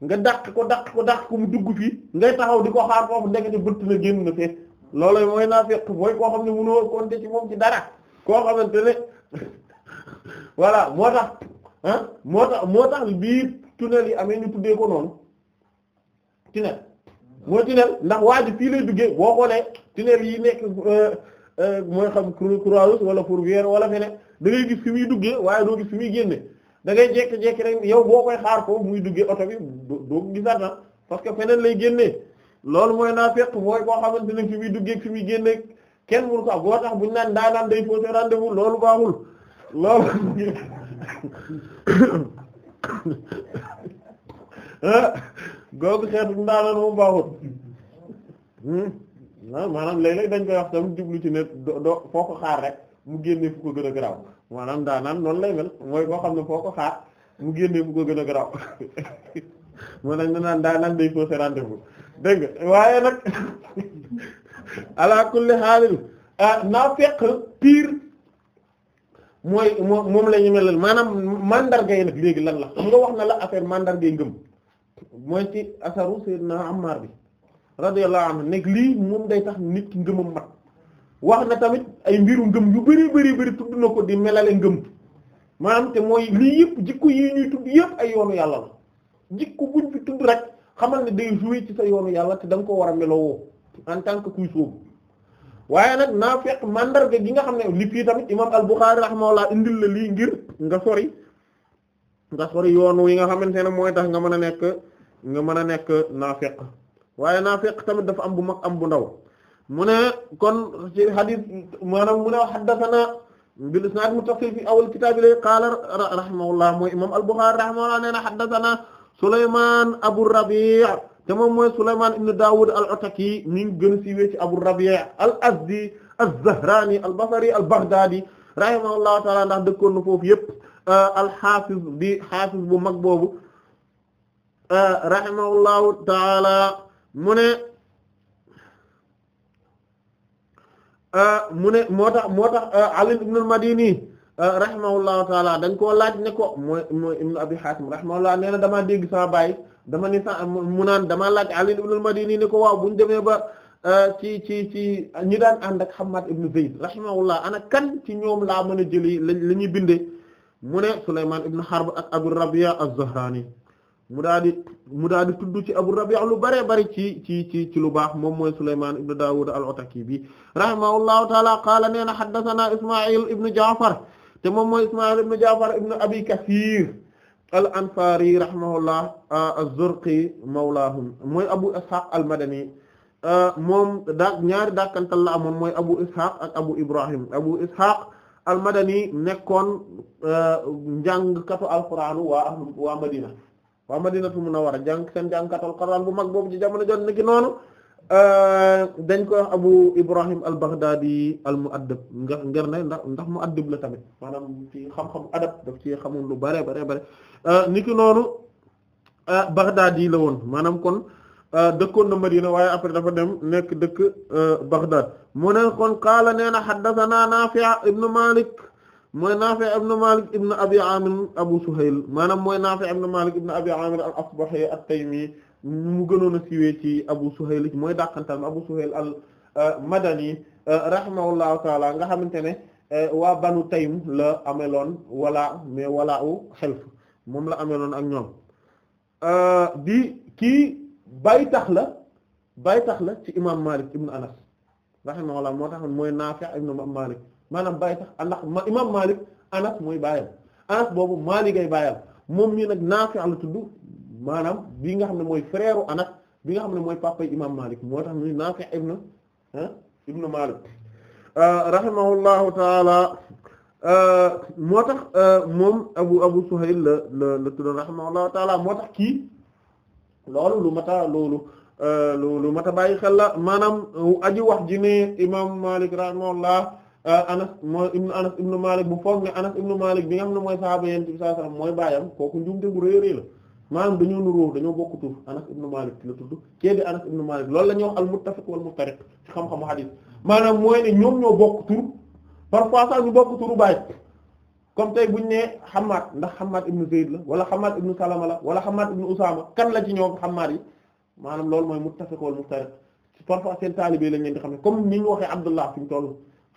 nga daq ko daq ko daq ko mu dugg fii ngay taxaw di ko xaar foofu ndekete bëtt na génn na fee loolu mooy naafiq mooy koo xam ne mënoo compter ci moom ci dara koo xamante ne *laughs* voilà moo tax moo tax moo tax bii tunnel yi amee ñu tuddee ko noonu tunnel mooy tunnel ndax waa ji fii lay duggee boo xoolee tunnel yi nekk euh, euh, mooy xam Croix-Rouge wala Fourvière wala feneen da ngay gis fi muy duggee waaye doo gis fi muy génne da ngay jékki-jékki rek yow boo koy xaar foofu muy duggee oto bi doo ko gisaat na ah, parce que feneen lay génnee loolu mooy naa fekk mooy koo xamante ne fi muy duggee fi muy génneek kenn mënu ko am boo tax bu ñu naan ndaanaan day fausse rendez-vous loolu baaxul loolu *laughs* ah, googu xeetu hmm? ah, maanaam léeg dañ koy wax tam ci ne do foo ko mu génnee fu ko gën a garaaw maanaam ndaanaan noonu lay mel mooy koo xam ne foo ko xaar mu génnee fu ko gën a garaaw *laughs* moo nañ ñu naan ndaanaan day fausse rendez-vous dégg waaye nag *laughs* ala kulli xaalin ah, naafeq pire mooy moom la ñu melal maanaam mandarga yi nag léegi lan la xam nga wax na la affaire mandarga yi ngëm mooy ci asaru sayyidina Ammar bi radiyallahu anhu nekk lii moom day tax nit ki ngëmam mat wax na tamit ay mbiru ngëm yu bari bari bari tudd na ko di melale ngëm maanaam te mooy lii yëpp jikko yi ñuy tudd yëpp ay yoonu yàlla la jikko buñ fi tudd rek xamal ne day jouer ci sa yoonu yàlla te da ko war a melowoo en tant que kuy sóobu waaye nag naafeq mandarga gi nga xam ne li fii tamit imam al-Bukhari rahimahullah indil la lii ngir nga sori nga sori yoon wi nga xamante ne mooy tax nga mën a nekk nga mën a nekk naafeq waaye naafeq tamit dafa am bu mag am bu ndaw mu ne kon ci hadith maanaam mu ne haddathana bil isnad muttasil fi awal kitaab ilay qaala mooy imam al-Bukhari rahimahullah nee na haddathana Sulaymaan Abu Rabi' te moom mooy Sulaymaan ibn Daawud al-Ataki mi ngi gën a siiwee ci Abu Rabi' al-Azdi az-Zahraani al-Basri al-Baghdaadi rahimahullahu ta'ala ndax dëkkoon na foofu yépp euh, al-Haafiz bi Haafiz bu mag boobu euh, rahimahullahu ta'ala mu ne euh, mu ne moo tax moo tax Ali ibn al-Madini rahimahullahu ta'ala dañ koo laaj ne ko mooy mooy Ibn Abi Haatim rahimahullah nee na damaa dégg sama baay dama ni sax mu naan damaa laaj Ali ibn al-Madini ni ko waaw bu ñu demee ba euh, ci ci ci ñi daan ànd ak Hammad ibn Zayd rahimahullah ana kan ci ñoom laa mën a jëli la ñuy bindee mu ne Sulaymaan ibn Harb ak Abu Rabi'a az-Zahraani mu daal di daal di tudd ci Abu Rabi'a lu bëree bëri ci ci ci ci lu baax moom mooy Sulaymaan ibn Daawud al-Ataki bi rahimahullahu ta'ala qaala nee na haddathana Isma'il ibn Ja'far te moom mooy Isma'il ibn Ja'far ibn Abi Kathir al ansari rahimahullah ah, az-Zurqi mawlaahum mooy Abu Ishaq al-Madani ah, moom daa ñaari dàkkantal la amoon mooy Abu Ishaq ak Abu Ibrahim Abu Ishaq al-Madani nekkoon ah, njàngkatu al-Qur'aan waa waa Madina waa Madinatu Munawwara jàng seen njàngkatu al-Qur'aan bu mag boobu ci jamono jot na ki noonu dañ koy Abu Ibrahim al-Baghdadi al-Mu'addib nga ngir ne ndax ndax mu'addib la tamit maanaam ci xam-xamu adab daf ci xamoon lu bare bare bare Euh, niki noonu euh, Baghdad la woon maanaam kon euh, dëkkoon na Madina waaye après dafa dem nekk dëkk Baghdad moo ne kon qaala nee na haddathana Nafi' ibn Malik mooy Nafi' ibn Malik ibn Abi Amir Abu Suhayl maanaam mooy Nafi' ibn Malik ibn Abi Amir al-Asbahi ci Abu Suhayl mooy dàqantal Abu Suhayl al-Madani rahimahullahu ta'ala nga xamante ne waa Banu Taym la ameloon walaa mais walaa u xelf moom la amee noonu ak ñoom bi euh, kii bay tax la bay tax la ci imam Malik ibn Anas rahimahullah moo tax mooy Naafi ibn Malik maanaam bay tax ndax ma Malik Anas mooy baayam Anas boobu Malik ay baayam moom mii nag Naafi la tudd maanaam bii nga xam ne mooy frère Anas bi nga xam ne mooy papa imam Malik moo tax muy Naafi ibn ah ibn Malik euh, rahimahullahu taala Euh, moo tax euh, moom abu abu suhayl la la la tuddoon rahimahullahu taala moo tax kii loolu lu mata loolu lu lu euh, mata bàyyi xel la maanaam aji wax ji ne imam malik rahimahullah anas mooy ibnu anas ibnu malik bu foog ne anas ibnu bi nga xam ne mooy sahaaba yent bi sallallahu baayam kooku njuumte bu réy réy la maanaam dañoo nuróo dañoo bokk tur anas ibnu malik la tudd kii di anas ibnu malik loolu la ñuy wax al muttafiq wal muftariq ci xam-xamu hadith maanaam mooy ne ñoom ñoo bokk tur parfois sax ñu bokk turu baay comme tey buñ ne Hammad ndax Hammad ibnu Zayd la wala Hammad ibnu Salama la wala Hammad ibnu Usama kan la ci ñoom Hammad yi maanaam loolu mooy muttafiq wal muftariq parfois seen taalibé lañ leen di xam ne comme ni ñu waxee Abdullah fi mu toll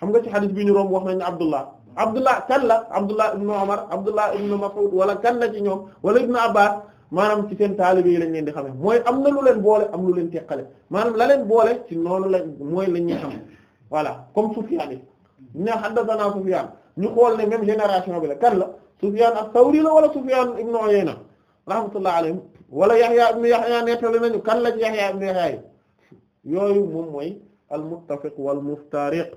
xam nga ci xadis bi ñu romb wax nañ ne Abdullah Abdullah kan la Abdullah ibnu Umar Abdullah ibnu Mas'ud wala kan la ci ñoom wala ibnu Abbas maanaam ci seen taalibe yi lañ leen di ne mooy am na lu leen boole am lu leen teqale maanaam leen boole ci noonu lañ mooy la ñuy xam voilà comme Sufyaan ne haddathana Sufyan ñu xool ne même génération bi la kan la Sufyan as-Sawri la wala Sufyan ibn Uyayna rahmatullah alayhim wala Yahya ibn Yahya nettali nañu kan la ci Yahya ibn Yahya yooyu moom mooy al-muttafiq wal-muftariq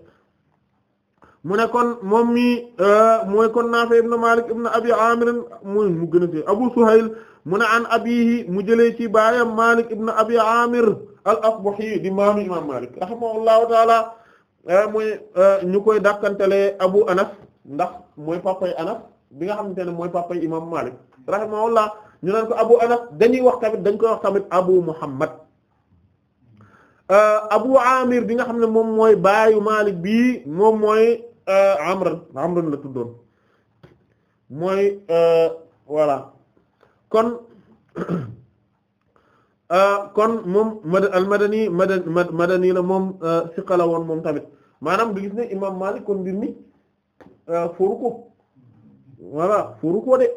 mu ne kon moom mi euh, mooy kon Nafi ibn Malik ibn Abi Amir mooy mu gën a fi Abu Suhayl mu ne an abihi mu jëlee ci baayam Malik ibn Abi Amir al-Asbahi di maamu imam Malik rahimahullahu ta'ala Euh, muy euh, ñu koy dàkkantele Abu Anas ndax mooy papay Anas bi nga xamante ne mooy papay imam Malik rahimahullah ñu naan ko Abu Anas dañuy wax tamit dañ koy wax tamit Abu Muhammad euh, Abu Amir bi nga xam ne moom mooy baayu Malik bii moom mooy Amr Amr la tuddoon mooy voilà kon *clears throat* Euh, kon moom mad al madani madani la moom euh, siqala woon moom tamit maanaam du gis ne imam Malik kon mbir mi euh, furu ko voilà furu ko de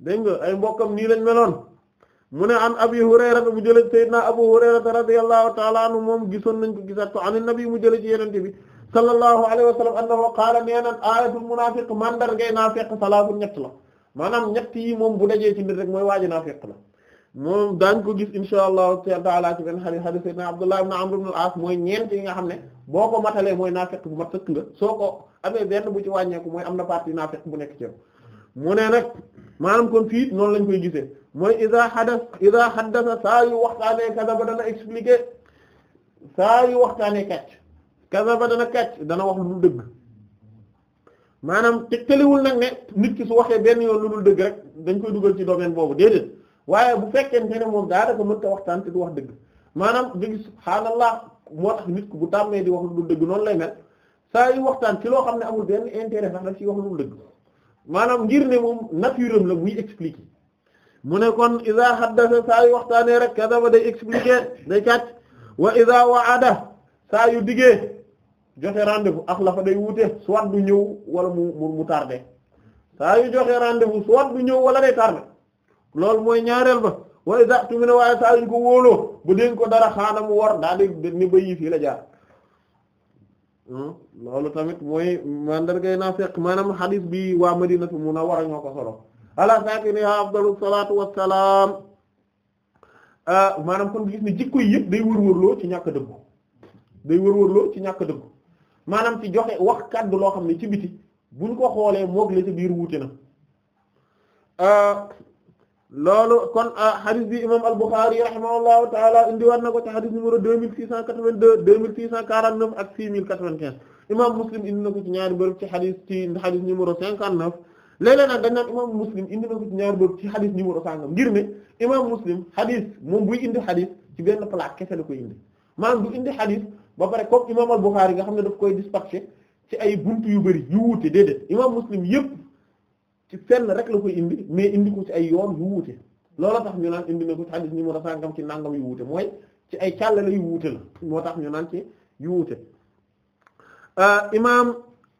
dégg nga ay mbokkam nii lañ meloon mu ne an abi Hurayra mu jële sayyidina Abu Hurayra radiyallahu ta'ala anhu moom gisoon nañ ko gisa ko an nabi mu jële ci yenente bi sallallahu alayhi wa sallam annahu qaala nee nan ayatul munaafiq mandar ngay naafeq salaatu ñett la maanaam ñett yi moom bu dajee ci nit rek mooy waaji naafeq la moom daañ ko gis insha allahu taala ci benn xadis xadis sayyidina Abdullah ibn mooy ñeent yi nga xam ne boo ko matalee mooy naafeq bu mat sëkk nga soo ko amee benn bu ci wàññeeku mooy am na partie naafeq bu nekk ci yow ne nag maanaam kon fii noonu lañ koy gisee mooy iza hadas iza haddasa saa yu waxtaanee kadaba dana expliquer saa yu waxtaanee kàcc kadaba dana kàcc dana wax lu dul dëgg maanaam tegtaliwul nag ne nit ki su waxee benn yoon lu dul dëgg rek dañ koy dugal ci domaine boobu déedéet waaye bu fekkee ne moom daanaka mënta waxtaan te du wax dëgg maanaam nga gis subhaanallah moo tax nit ku bu tàmmee di wax lu dul dëgg noonu lay mel saa waxtaan ci loo xam ne amul benn intérêt a daf ci wax lu dul dëgg maanaam ngir ne moom nature am la muy expliquer mu ne kon iza haddatha saa yu waxtaanee rek kadaba day expliquer day càcc wa iza wa'ada saa yu diggee joxe rendez-vous ak fa day wuute soit du ñëw wala mu mu tardé saa yu joxe rendez-vous soit du ñëw wala day tardé. loolu mooy ñaareel ma waaye sax tu mi ne waaye saa yuñ ko wóoloo ba dénk ko dara xaana mu war daa di ni ba yi fii la jaar hmm? loolu tamit mooy mandargay naafeq maanaam xadis bi waa Madinatu Munawwara ñoo ko solo ala saakinihaa afdalu salaatu wassalaam ah, maanaam kon gis ni jikko yi yëpp day wërwërloo ci ñàkk dëggu day wërwërloo ci ñàkk dëggu maanaam ci joxe wax kaddu loo xam ne ci biti buñ ko xoolee moog la ci biir loolu kon ah, hadith bi imam al-Bukhari rahimahullahu taala indiwaat na ko ci hadith numéro deux mille six cent quatre-vingt-deux deux mille six cent quarante-neuf ak six mille quatre-vingt-quinze imam Muslim indi na ko ci ñaari bërëb ci hadith ci hadith numéro neuf léeg-léeg nag dañ naan Muslim indi na ko ci ñaari bërëb ci hadith numéro sàngam ngir ne imam Muslim hadith moom buy indi hadith ci benn plaque kese la koy xam ne daf koy dispatché ay buntu yu bari yu wuute déedéet imam ci fenn rek la koy indi mais indi ko ci ay yoon yu wuute loola tax ñu naan indi na ko ci hadith numéro ci nangam yu wuute mooy ci ay càllale yu wuute la moo tax ñu naan ci yuute wuute euh, imaam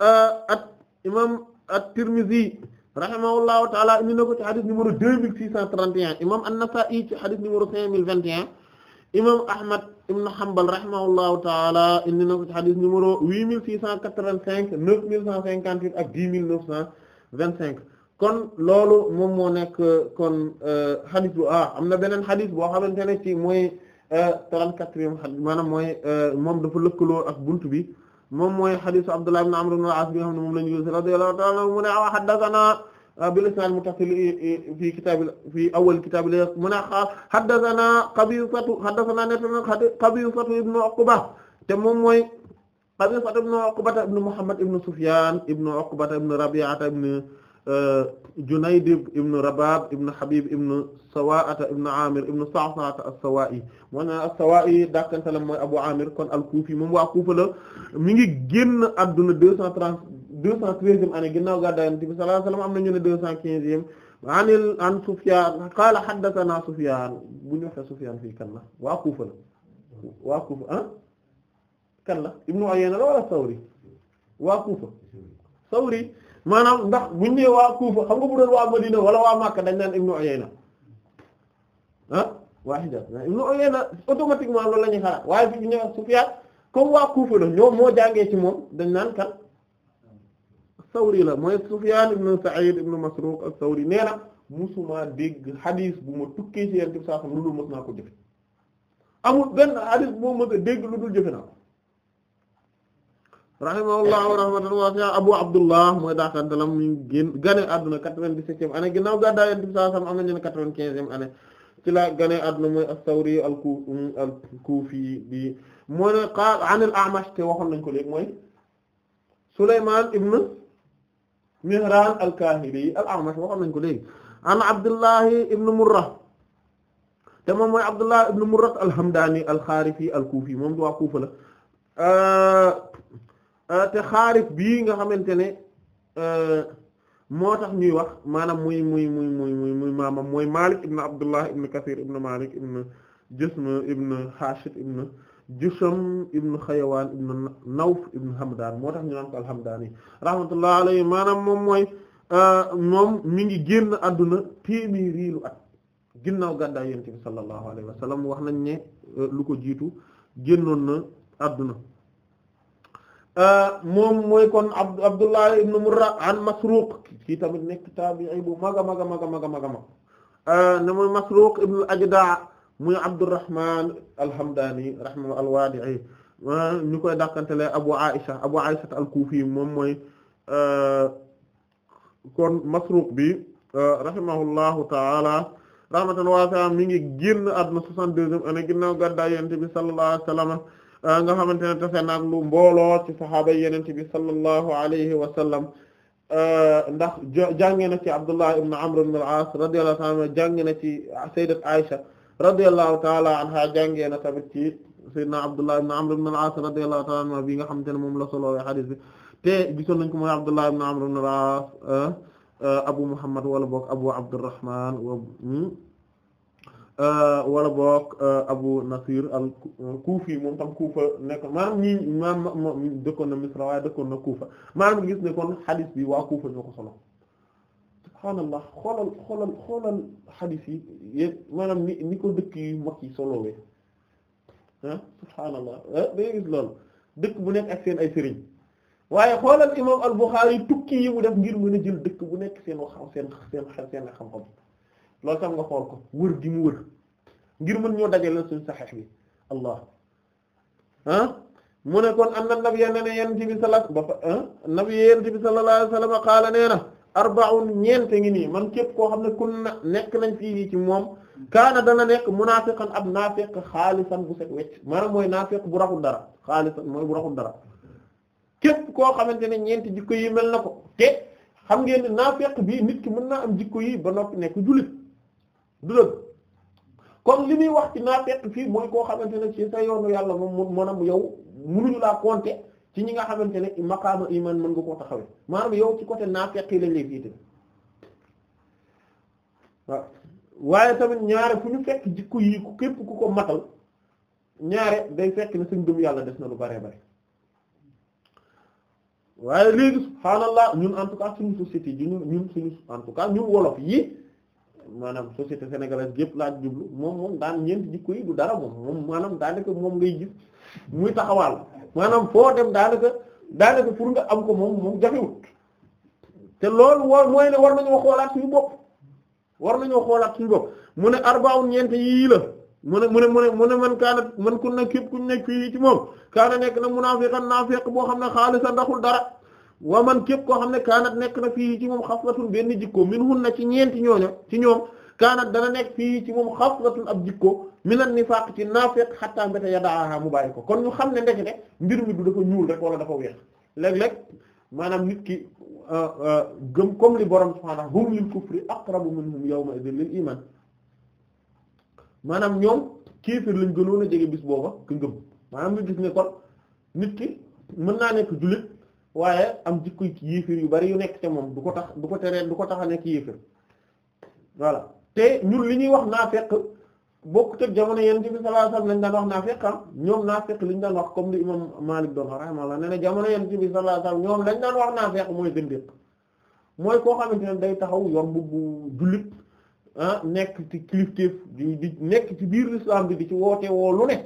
euh, at imaam at-Tirmidhi rahimahullahu taala indi na ko ci hadith numéro deux mille six cent trente et un ci hadith numéro cinq mille vingt et un imaam Ahmad ibn Hanbal rahimahullahu taala indi na ko ci hadith numéro huit mille six cent quatre-vingt-cinq neuf mille cent cinquante-huit ak dix mille neuf cent vingt-cinq kon loolu moom moo nekk kon xadis euh, bu ah am na beneen xadis boo xamante ne ci mooy euh, trente-quatrième xadis maanaam mooy euh, moom dafa lëkkaloo ak bunt bi moom mooy xadisu Abdullah ibn Amr ibn al-As bi nga ne moom lañu gis radiyallahu ta'ala anhu mu ne wa haddathana bil isnad muttasil fi kitab fi awwal kitab li mu ne haddathana Qabisatu haddathana netana Qabisatu ibn Uqba te moom mooy Qabisatu ibn Uqbata ibn Muhammad ibn Sufyan ibn Uqbata ibn Rabi'ata ibn Euh, Junayd ibn Rabab ibn Habib ibn Sawaata ibn Amir ibn Sa'sa'a as-Sawa'i moo na as-Sawa'i dàkkantalam mooy Abu Amir kon al-Kufi moom waa Kufa la mi ngi génn adduna deux cent trente deux cent treizième année ginnaaw gàddaay Yonent bi sallallahu alayhi wa sallam am na ñu ne deux cent quinzième anil an Sufyan qala haddathana Sufyan bu ñu waxee Sufyan fii kan la waa Kufa la waa Kufa ah kan la Ibn Uyayna la wala Sawri waa Kufa Sawri maanaam ndax buñ nee waa Kufa xam nga bu doon waa Madina wala waa Makka dañ naan Ibnu Uyayna ah waa Hijaz Ibnu Uyayna automatiquement loolu la ñuy xalaat waaye fi ñëw Sufyaan comme waa Kufa la moo jàngee ci moom dañ naan kan Sawri la mooy Sufyaan ibnu Sa'id ibnu Masruq na musuma dégg xadiis bu ma tukkee ci Yonent bi sallallahu lu dul mës naa ko jëfe amul benn xadiis bu ma mës lu dul jëfe naa rahimahullahu rahmatan wasi'a Abu Abdullah mooy daakantalam mu ngi génn gane adduna quatre-vingt-dix-septième année ginnaaw gàddaay Yonent bi sallallahu alayhi wasallam am nañu ne quatre-vingt-quinzième année ci la gane adduna mooy al-Kufi al-Kufi bi moo ne qaal an al-A'mash te waxoon nañ ko léegi mooy Sulaymaan ibn Mihraan al-Kaahili al-A'mash waxoon nañ ko léegi an Abdullahi ibn Murra te moom mooy Abdullah ibn Murra al-Hamdani al-Kharifi al-Kufi moom du waa Euh, te xaaris bii nga xamante ne euh, moo tax ñuy wax maanaam muy muy muy muy muy muy maamam mooy Malik ibn Abdullah ibn Kathir ibn Malik ibn Jism ibn Hashid ibn Jusham ibn Xayawaan ibn Nawf ibn Hamdaan moo tax ñu naan ko al-Hamdaani rahmatullah alayhi maanaam moom mooy euh, moom mi ngi génn àdduna téeméeri lu at ginnaaw gàddaay Yonent bi sallallahu alayhi wa sallam wax nañ ne lu ko jiitu génnoon na àdduna Euh, moom mooy kon Abd Abdullah ibn Murra an Masruq kii tamit nekk taabi'i bu mag a mag a mag a mag a mag a mag euh, ne mooy Masruq ibn al-Ajda' muy Abdurrahman al-Hamdani rahma al-Wadi'i euh, ñu koy dàqantele Abu Aisha Abu Aisha al-Kufi moom mooy kon Masruq bi rahimahullahu ta'ala rahmatan wasi'a mi ngi génn àdduna 62e année ginnaaw gàddaay Yonent bi sallallahu alayhi wa sallam nga xamante ne tase naag lu mbooloo ci saxaaba yenente bi sallallahu alayhi wa sallam euh, ndax jànge na ci Abdullah ibn Amr ibn al-As radiyallahu ta'ala anhu jànge na ci sayyidat Aisha radiyallahu ta'ala anha jànge na tamit ci sayyidina Abdullah ibn Amr ibn al-As radiyallahu ta'ala anhu bi nga xamante ne moom la soloowe xadis bi te gisoon nañ ko Abdullah ibn Amr ibn al euh, euh, Abu Muhammad wala boog Abu Abdurrahman hmm? Euh, wala boog euh, Abu Nasir al Kufi moom tam Kufa nekk maanaam ñii maanaam dëkkoon na Misra waaye dëkkoon na Kufa maanaam gis ne kon xadis bi waa Kufa ñoo ko solo subhaanallah xoolal xoolal xoolal xadis yi yépp maanaam ni ni ko dëkk yu mag yi solowee ah subhaanallah eh, day gis loolu dëkk bu nekk ak seen ay sëriñ waaye xoolal imam al Bukhari tukki yi mu def ngir mën a jël dëkk bu nekk seen wax seen seen seen xam-xam loolu tam nga xool ko wër gi mu wër ngir mën ñoo dajale suñ saxeex bi allah mu ne kon am na nab yenn ne yenn ci bi sala ba nab yenn ci bi sallallahu qaala nee na arba'un ñeente ngi nii man képp koo xam ne kun na nekk nañ fii ci moom kaana dana nekk munaafiqan ab naafiq xaalisan bu set wecc maanaam mooy naafiq bu raxul dara xaalisan mooy bu raxul dara képp ko xamante ne ñeent jikko yi mel na ko te xam ngeen ne bi nit ki mën naa am jikko yi ba noppi nekk jullit du dëgg comme li muy wax ci naafeq fii mooy koo xamante ne ci sa yoonu yàlla moom maanaam yow mënuñu laa compter ci ñi nga xamante ne maqaama iman mën nga koo taxawee maanaam yow ci côté naafeq yi lañ lay fiite waaw waaye tamit ñaare fu ñu fekk jikk yi ku képp ku ko matal ñaare day fekk ne suñ dum yàlla def na lu bare bare waaye léegi subhaanallah ñun en tout cas suñu société ji ñun suñu en tout cas ñun wolof yi maanaam société sénégalaise gépp yëpp laaj jublu moom moom daan ñeenti jikko yi dara moom moom maanaam daanaka moom ngay gis muy taxawaal maanaam foo dem daanaka daanaka pour nga am ko moom moom jafewut te loolu war mooy ne war nañoo xoolaat suñu bopp war nañoo xoolaat suñu bopp mu ne arba'un ñeent yii la mu ne mu ne mu ne man kaana man ku ne képp ku nekk fii ci moom kaana nekk na munaafiqan naafiq boo xam ne xaalis a ndaxul dara wa man képp koo xam ne kaanat nekk na fii ci moom xaslatun benn jikko min hun na ci ñeenti ñooña ci ñoom kaanat dana nekk fii ci moom xaslatun ab jikko minan nifaaq ci naafiq xatta mbéta yadaaha mu bàyyi ko kon ñu xam ne ndekete mbir mi du dafa ñuul rek wala dafa weex léeg-léeg maanaam nit ki euh, euh, gëm comme li borom subhaanahu hum lil kufri aqrabu minhum yawma idhin lil iman maanaam ñoom kéefir lañ gënoon a jege bis booba ku ngëm gis ne kon nit ki mën naa nekk waaye am jikko yéefir yu bari yu nekk te moom du ko tax du ko teree du ko tax a nekk yéefir voilà te ñun li ñuy wax naafeq bokkut ak jamono yonent bi sallallahu alayhi wasallam lañ daan wax naafeq ah ñoom naafeq liñ daan wax comme li imam Malik doon wax rahimahullah nee jamono yonent bi sallallahu alayhi wasallam ñoom lañ daan wax mooy dëndéq mooy koo xamante ne day taxaw yor bu jullit ah nekk ci kilifteef di di nekk ci biir islam bi di ci woote woo lu ne.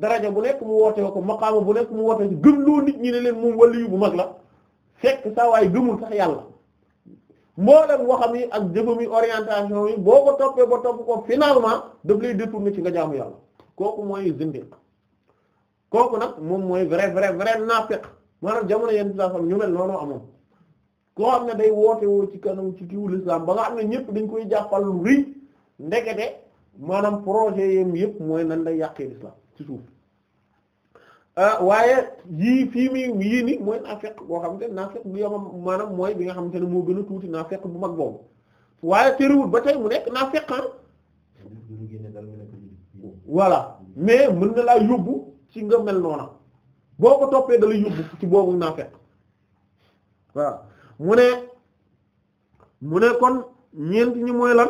daraja bu nekk mu wootee ko maqaama bu nekk mu woote ko loo nit ñi ne leen moom waliyu bu mag la fekk saa waay gëmul sax yàlla mboolem waxam yi ak jëfam yi orientation yi boo ko toppee ba topp ko finalement daf lay détourner ci nga jaamu yàlla kooku mooy zindiq kooku nag moom mooy vrai vrai vrai maanaam jamono yenn situation ñu mel noonu amoon koo xam ne day woote ci kanam ci kiwul islam ba nga xam ne ñëpp dañ koy jàppal lu rëy maanaam projet yam yëpp mooy nan lay yàqee ci suuf ah, waaye yii fii muy yii ni mooy naafeq boo xam te naafeq bu yomam maanaam mooy bi nga xam te ne moo gën a tuuti naafeq bu mag boobu waaye terewul ba tey mu nekk naafeq ah. voilà mais mën na laa yóbbu ci nga mel noona boo ko toppee dala la ci boobu naafeq waaw mu ne mu ne kon ñeent ñi mooy lan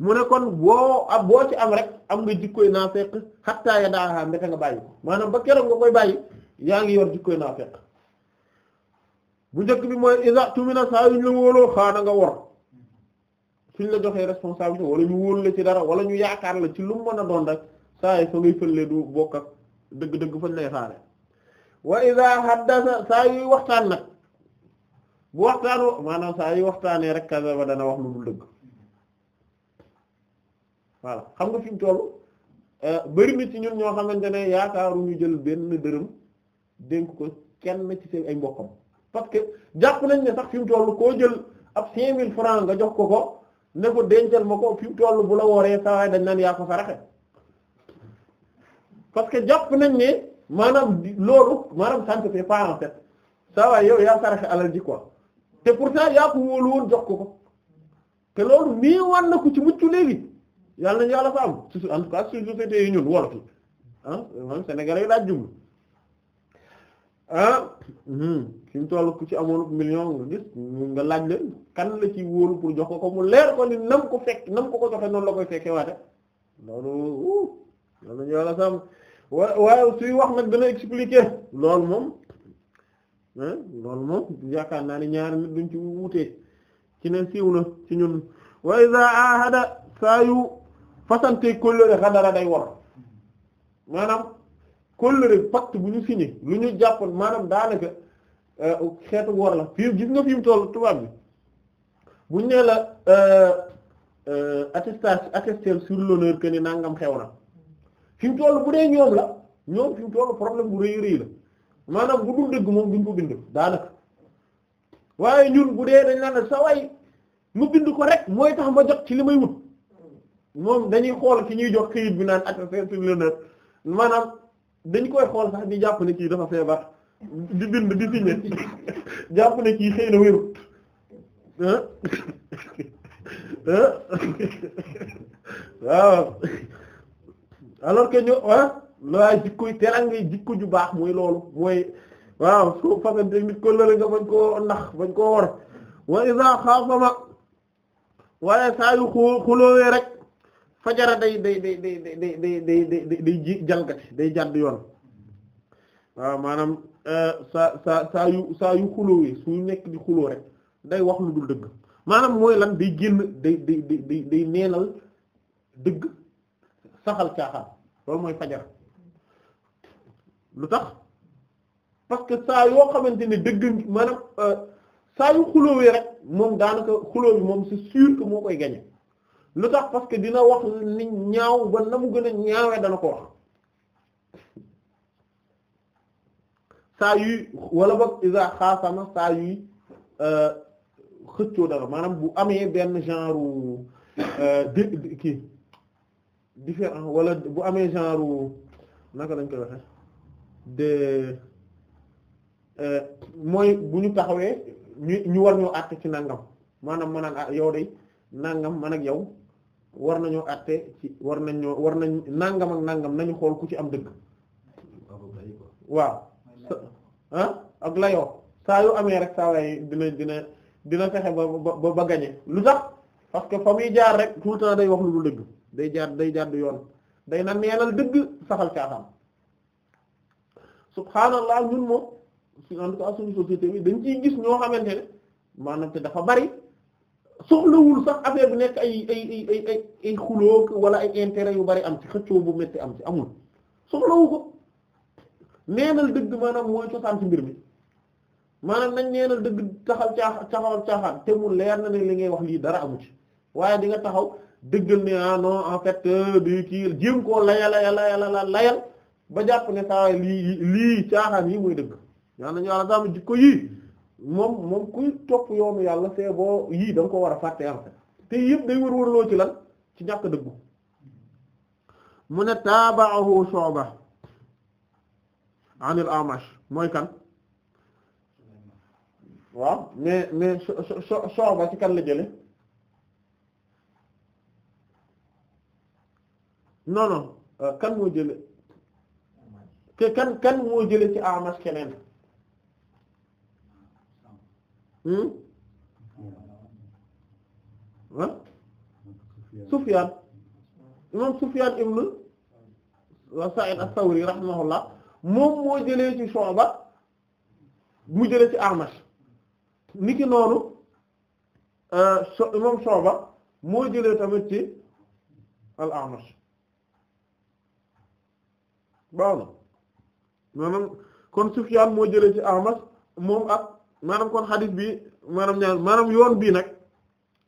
mu ne kon boo boo ci am rek am nga jikkoy naafeq xattaa ya daaxaa mbete nga bàyyi maanaam ba keroog nga koy bàyyi yaa ngi yor jikkoy naafeq bu njëkk bi mooy isa tumina saa yu ñu la nga wor suñ la joxee responsabilité wala ñu wóolu ci dara wala ñu yaakaar ci lu mu mën a doon rek saa yi fa du bokk dëgg-dëgg fañ lay xaare saa yuy waxtaan nag bu waxtaanoo maanaam saa yuy waxtaanee rek kasaba dana wax lu dul dëgg voilà xam nga fi mu toll euh, bari na ci ñun ñoo xamante ne yaakaaru ñu jël benn dërëm dénk ko kenn ci seen ay mbokkam parce que jàpp nañ ne sax fi mu toll koo jël ab 5000 francs nga jox ko ko ne ko dencal ma ko fi mu toll bu la wooree saa dañ naan yaa ko saraxe parce que jàpp nañ ne maanaam loolu maanaam ça ne se fait pas en fait saa waay yaa saraxe alal quoi te pourtant yaa ko wóolu woon jox ko ko te loolu nii wan na ko ci mucc léegi. yàlla nañu yàlla ko am su en tout cas suñu société yi ñun wolof ah man Sénégal yi daaj jublu ah fi mu toll ku ci amoon million nga nga laaj le kan la ci wóolu pour jox ko ko mu leer ko ni nam ko fekk nam ko ko joxe noonu la koy fekkee waate loolu yàlla nañu yàlla wa waaye suy wax nag dana expliquer loolu moom ah, loolu moom yaakaar naa ne ñaar nit duñ ci wutee ci ne siiw na ci ñun wa iza ahada saa yu fasante kóllëre xadara day war maanaam kóllëre pacte bu ñu signé lu ñu jàppoon maanaam daanaka euh, xeetu war la fii gis nga fi mu toll tubaab bi bu ñu nee la euh, euh, attestation attesté sur l'honneur que ni nangam xew na fi mu toll bu dee ñoom la ñoom fi mu toll problème bu rëy rëy la maanaam bu dul dëgg moom duñ ko bind daanaka waaye ñun bu dee dañ naan saway way mu bind ko rek mooy tax ma jot ci li may wut. moom dañuy xool ki ñuy jox këyit bi naan ak sur l'honneur maanaam dañ koy xool sax di jàpp ne kii dafa feebar di bind di signé *laughs* jàpp ne kii xëy na wérut *laughs* *laughs* waaw alors que ñu ah waaye jikko tera ngay jikko ju baax mooy loolu mooy waaw su fasante nit ko lële nga bañ koo ndax bañ koo war wa iza xaafama waaye saa yu xulóowee rek fajara day day day day day ji jalgati day jàdd yoon waaw maanaam saa saa saa yu saa yu xulóowee suy nekk di xuloo rek day wax lu dul dëgg maanaam mooy lan day génn day day day day neenal dëgg saxal caaxaan loolu mooy fajara lu tax parce que saa yoo xamante ne dëgg maanaam saa yu xulóowee rek moom daanaka xuloo bi moom c'est sûr que moo koy gañe lu tax parce dina wax ni ñaaw ba na mu gën a ñaawee dana ko wax saa yuy wala boog isa xaasama saa yuy euh, xëccoo dara maanaam bu amee benn genre euh, di kii différent wala bu amee genre naka lañ ko waxe de euh, mooy bu ñu taxawee ñu ñu war ñoo àtt ci nangam maanaam maanaam ah, yow day nangam man ak yow war nañoo àtte ci war nañoo war nañ nangam ak nangam nañu xool ku ci am dëgg waaw ah ak layoo saa yu amee rek saa waaye dina dina dina fexe ba ba ba gañe lu tax parce que fa muy jaar rek tout le temps day wax lu dul dëgg day jaar day jaar yoon day na neenal dëgg saxal caaxaan subhaanallah ñun moom si tout cas suñu société bi dañ ciy gis ñoo xamante ne maanaam te dafa bari soxlawul sax affaire bi nekk ay ay ay xuloo wala ay intérêt yu bari am ci xëccoo bu metti am ci amul soxlawu ko neenal dëgg maanaam mooy cosaan ci mbir mi maanaam nañ neenal dëgg taxaw caaxaan taxawal te mu leer na ne li ngay wax lii dara amu ci waaye di nga taxaw dëggal ne ah non en fait euh, di kii jéem koo layal layal ba jàpp ne saa lii lii caaxaan yi muy dëgg ñaan nañu yàlla jikko yii. moom moom kuy topp yoom yàlla c'est boo yii danga ko war a fàtte en fait te yëpp day wër wërloo ci lan ci ñàkk dëggu mu ne taabaahu Shu'ba an al-Amash mooy kan waaw mais mais Shu'ba ci kan la jële non non euh, kan moo jële ke kan kan moo jële ci Amash keneen ah hmm? Sufyaan imam Sufyaan ibn Sa'id as-Sawri rahimahullah moom moo jëlee ci Shu'ba mu jëlee ci Amash niki noonu euh, imam Shu'ba moo jëlee tamit ci al-Amash baaw kon Sufyaan moo jëlee ci Amash moom ak maanaam kon xadis bi maanaam ñaar maanaam yoon bii nag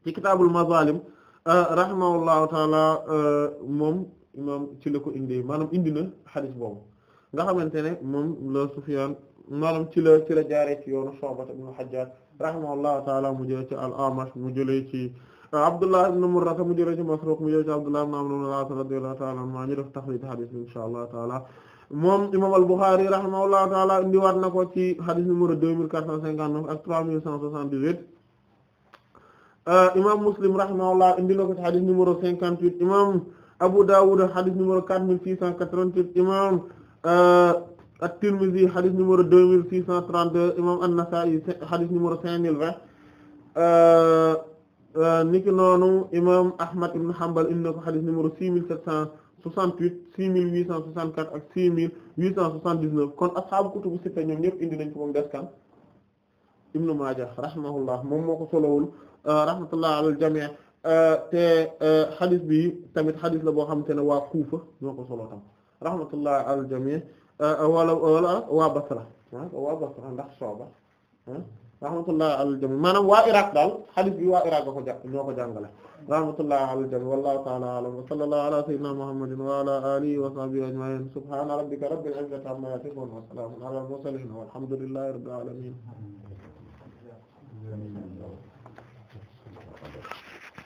ci kitaabul mazalim euh, rahimahullahu taala euh, moom imam ci la ko indi maanaam indi na xadis boobu nga xamante ne moom la Sufyaan maanaam ci la ci la jaaree ci yoonu Shu'ba ibn Hajjaaj rahimahullahu taala mu jëlee ci al-Amash mu jëlee ci euh, Abdullah ibn Murra mu jëlee ci Masruq mu jëlee ci Abdullah ibn Amr radiyallahu taala anhu maa ñu def taxriij xadis bi inshaa Allah taala moom imam al-Bukhari rahimahullahu taala indiwaat na ko ci hadith numéro deux mille quatre cent cinquante-neuf ak trois mille cent soixante-dix-huit euh, imam Muslim rahimahullah indi na ko ci hadith numéro cinquante-huit imam Abu Dawud hadith numéro quatre mille six cent quatre huit imam euh, at-Tirmidhi hadith numéro deux mille six cent trente-deux imam an-Nasa'i hadith numéro cinq mille vingt euh, niki noonu imam Ahmad ibn Hanbal indi na ko hadith numéro six mille sept 68 6864 ak 6879 kon ashaabu kutubu sitta ñoom ñëpp indi nañ ko moom des kan ibnu Maaja rahimahullah moom moo ko solowul euh, rahmatullah alal jamii euh, te euh, xadis bi tamit xadis la boo xamante ne waa Kuufa ñoo ko solo tam rahmatullah alal jamii wala wala waa Basra ah, waa Basra ndax sooba ah. rahmatullah alal jami maanaam waa Irak daal xadis bi waa Irak ko jàng ñoo ko jàngale rahmatullah alal jami wallahu ta'ala a'lam wa sallallahu ala sayyidina muhammadin wa ala alihi wa sahbihi ajma'in subhana rabbika rabbil izzati amma yasifun wa salamun ala al mursalin walhamdulillahi rabbil alamin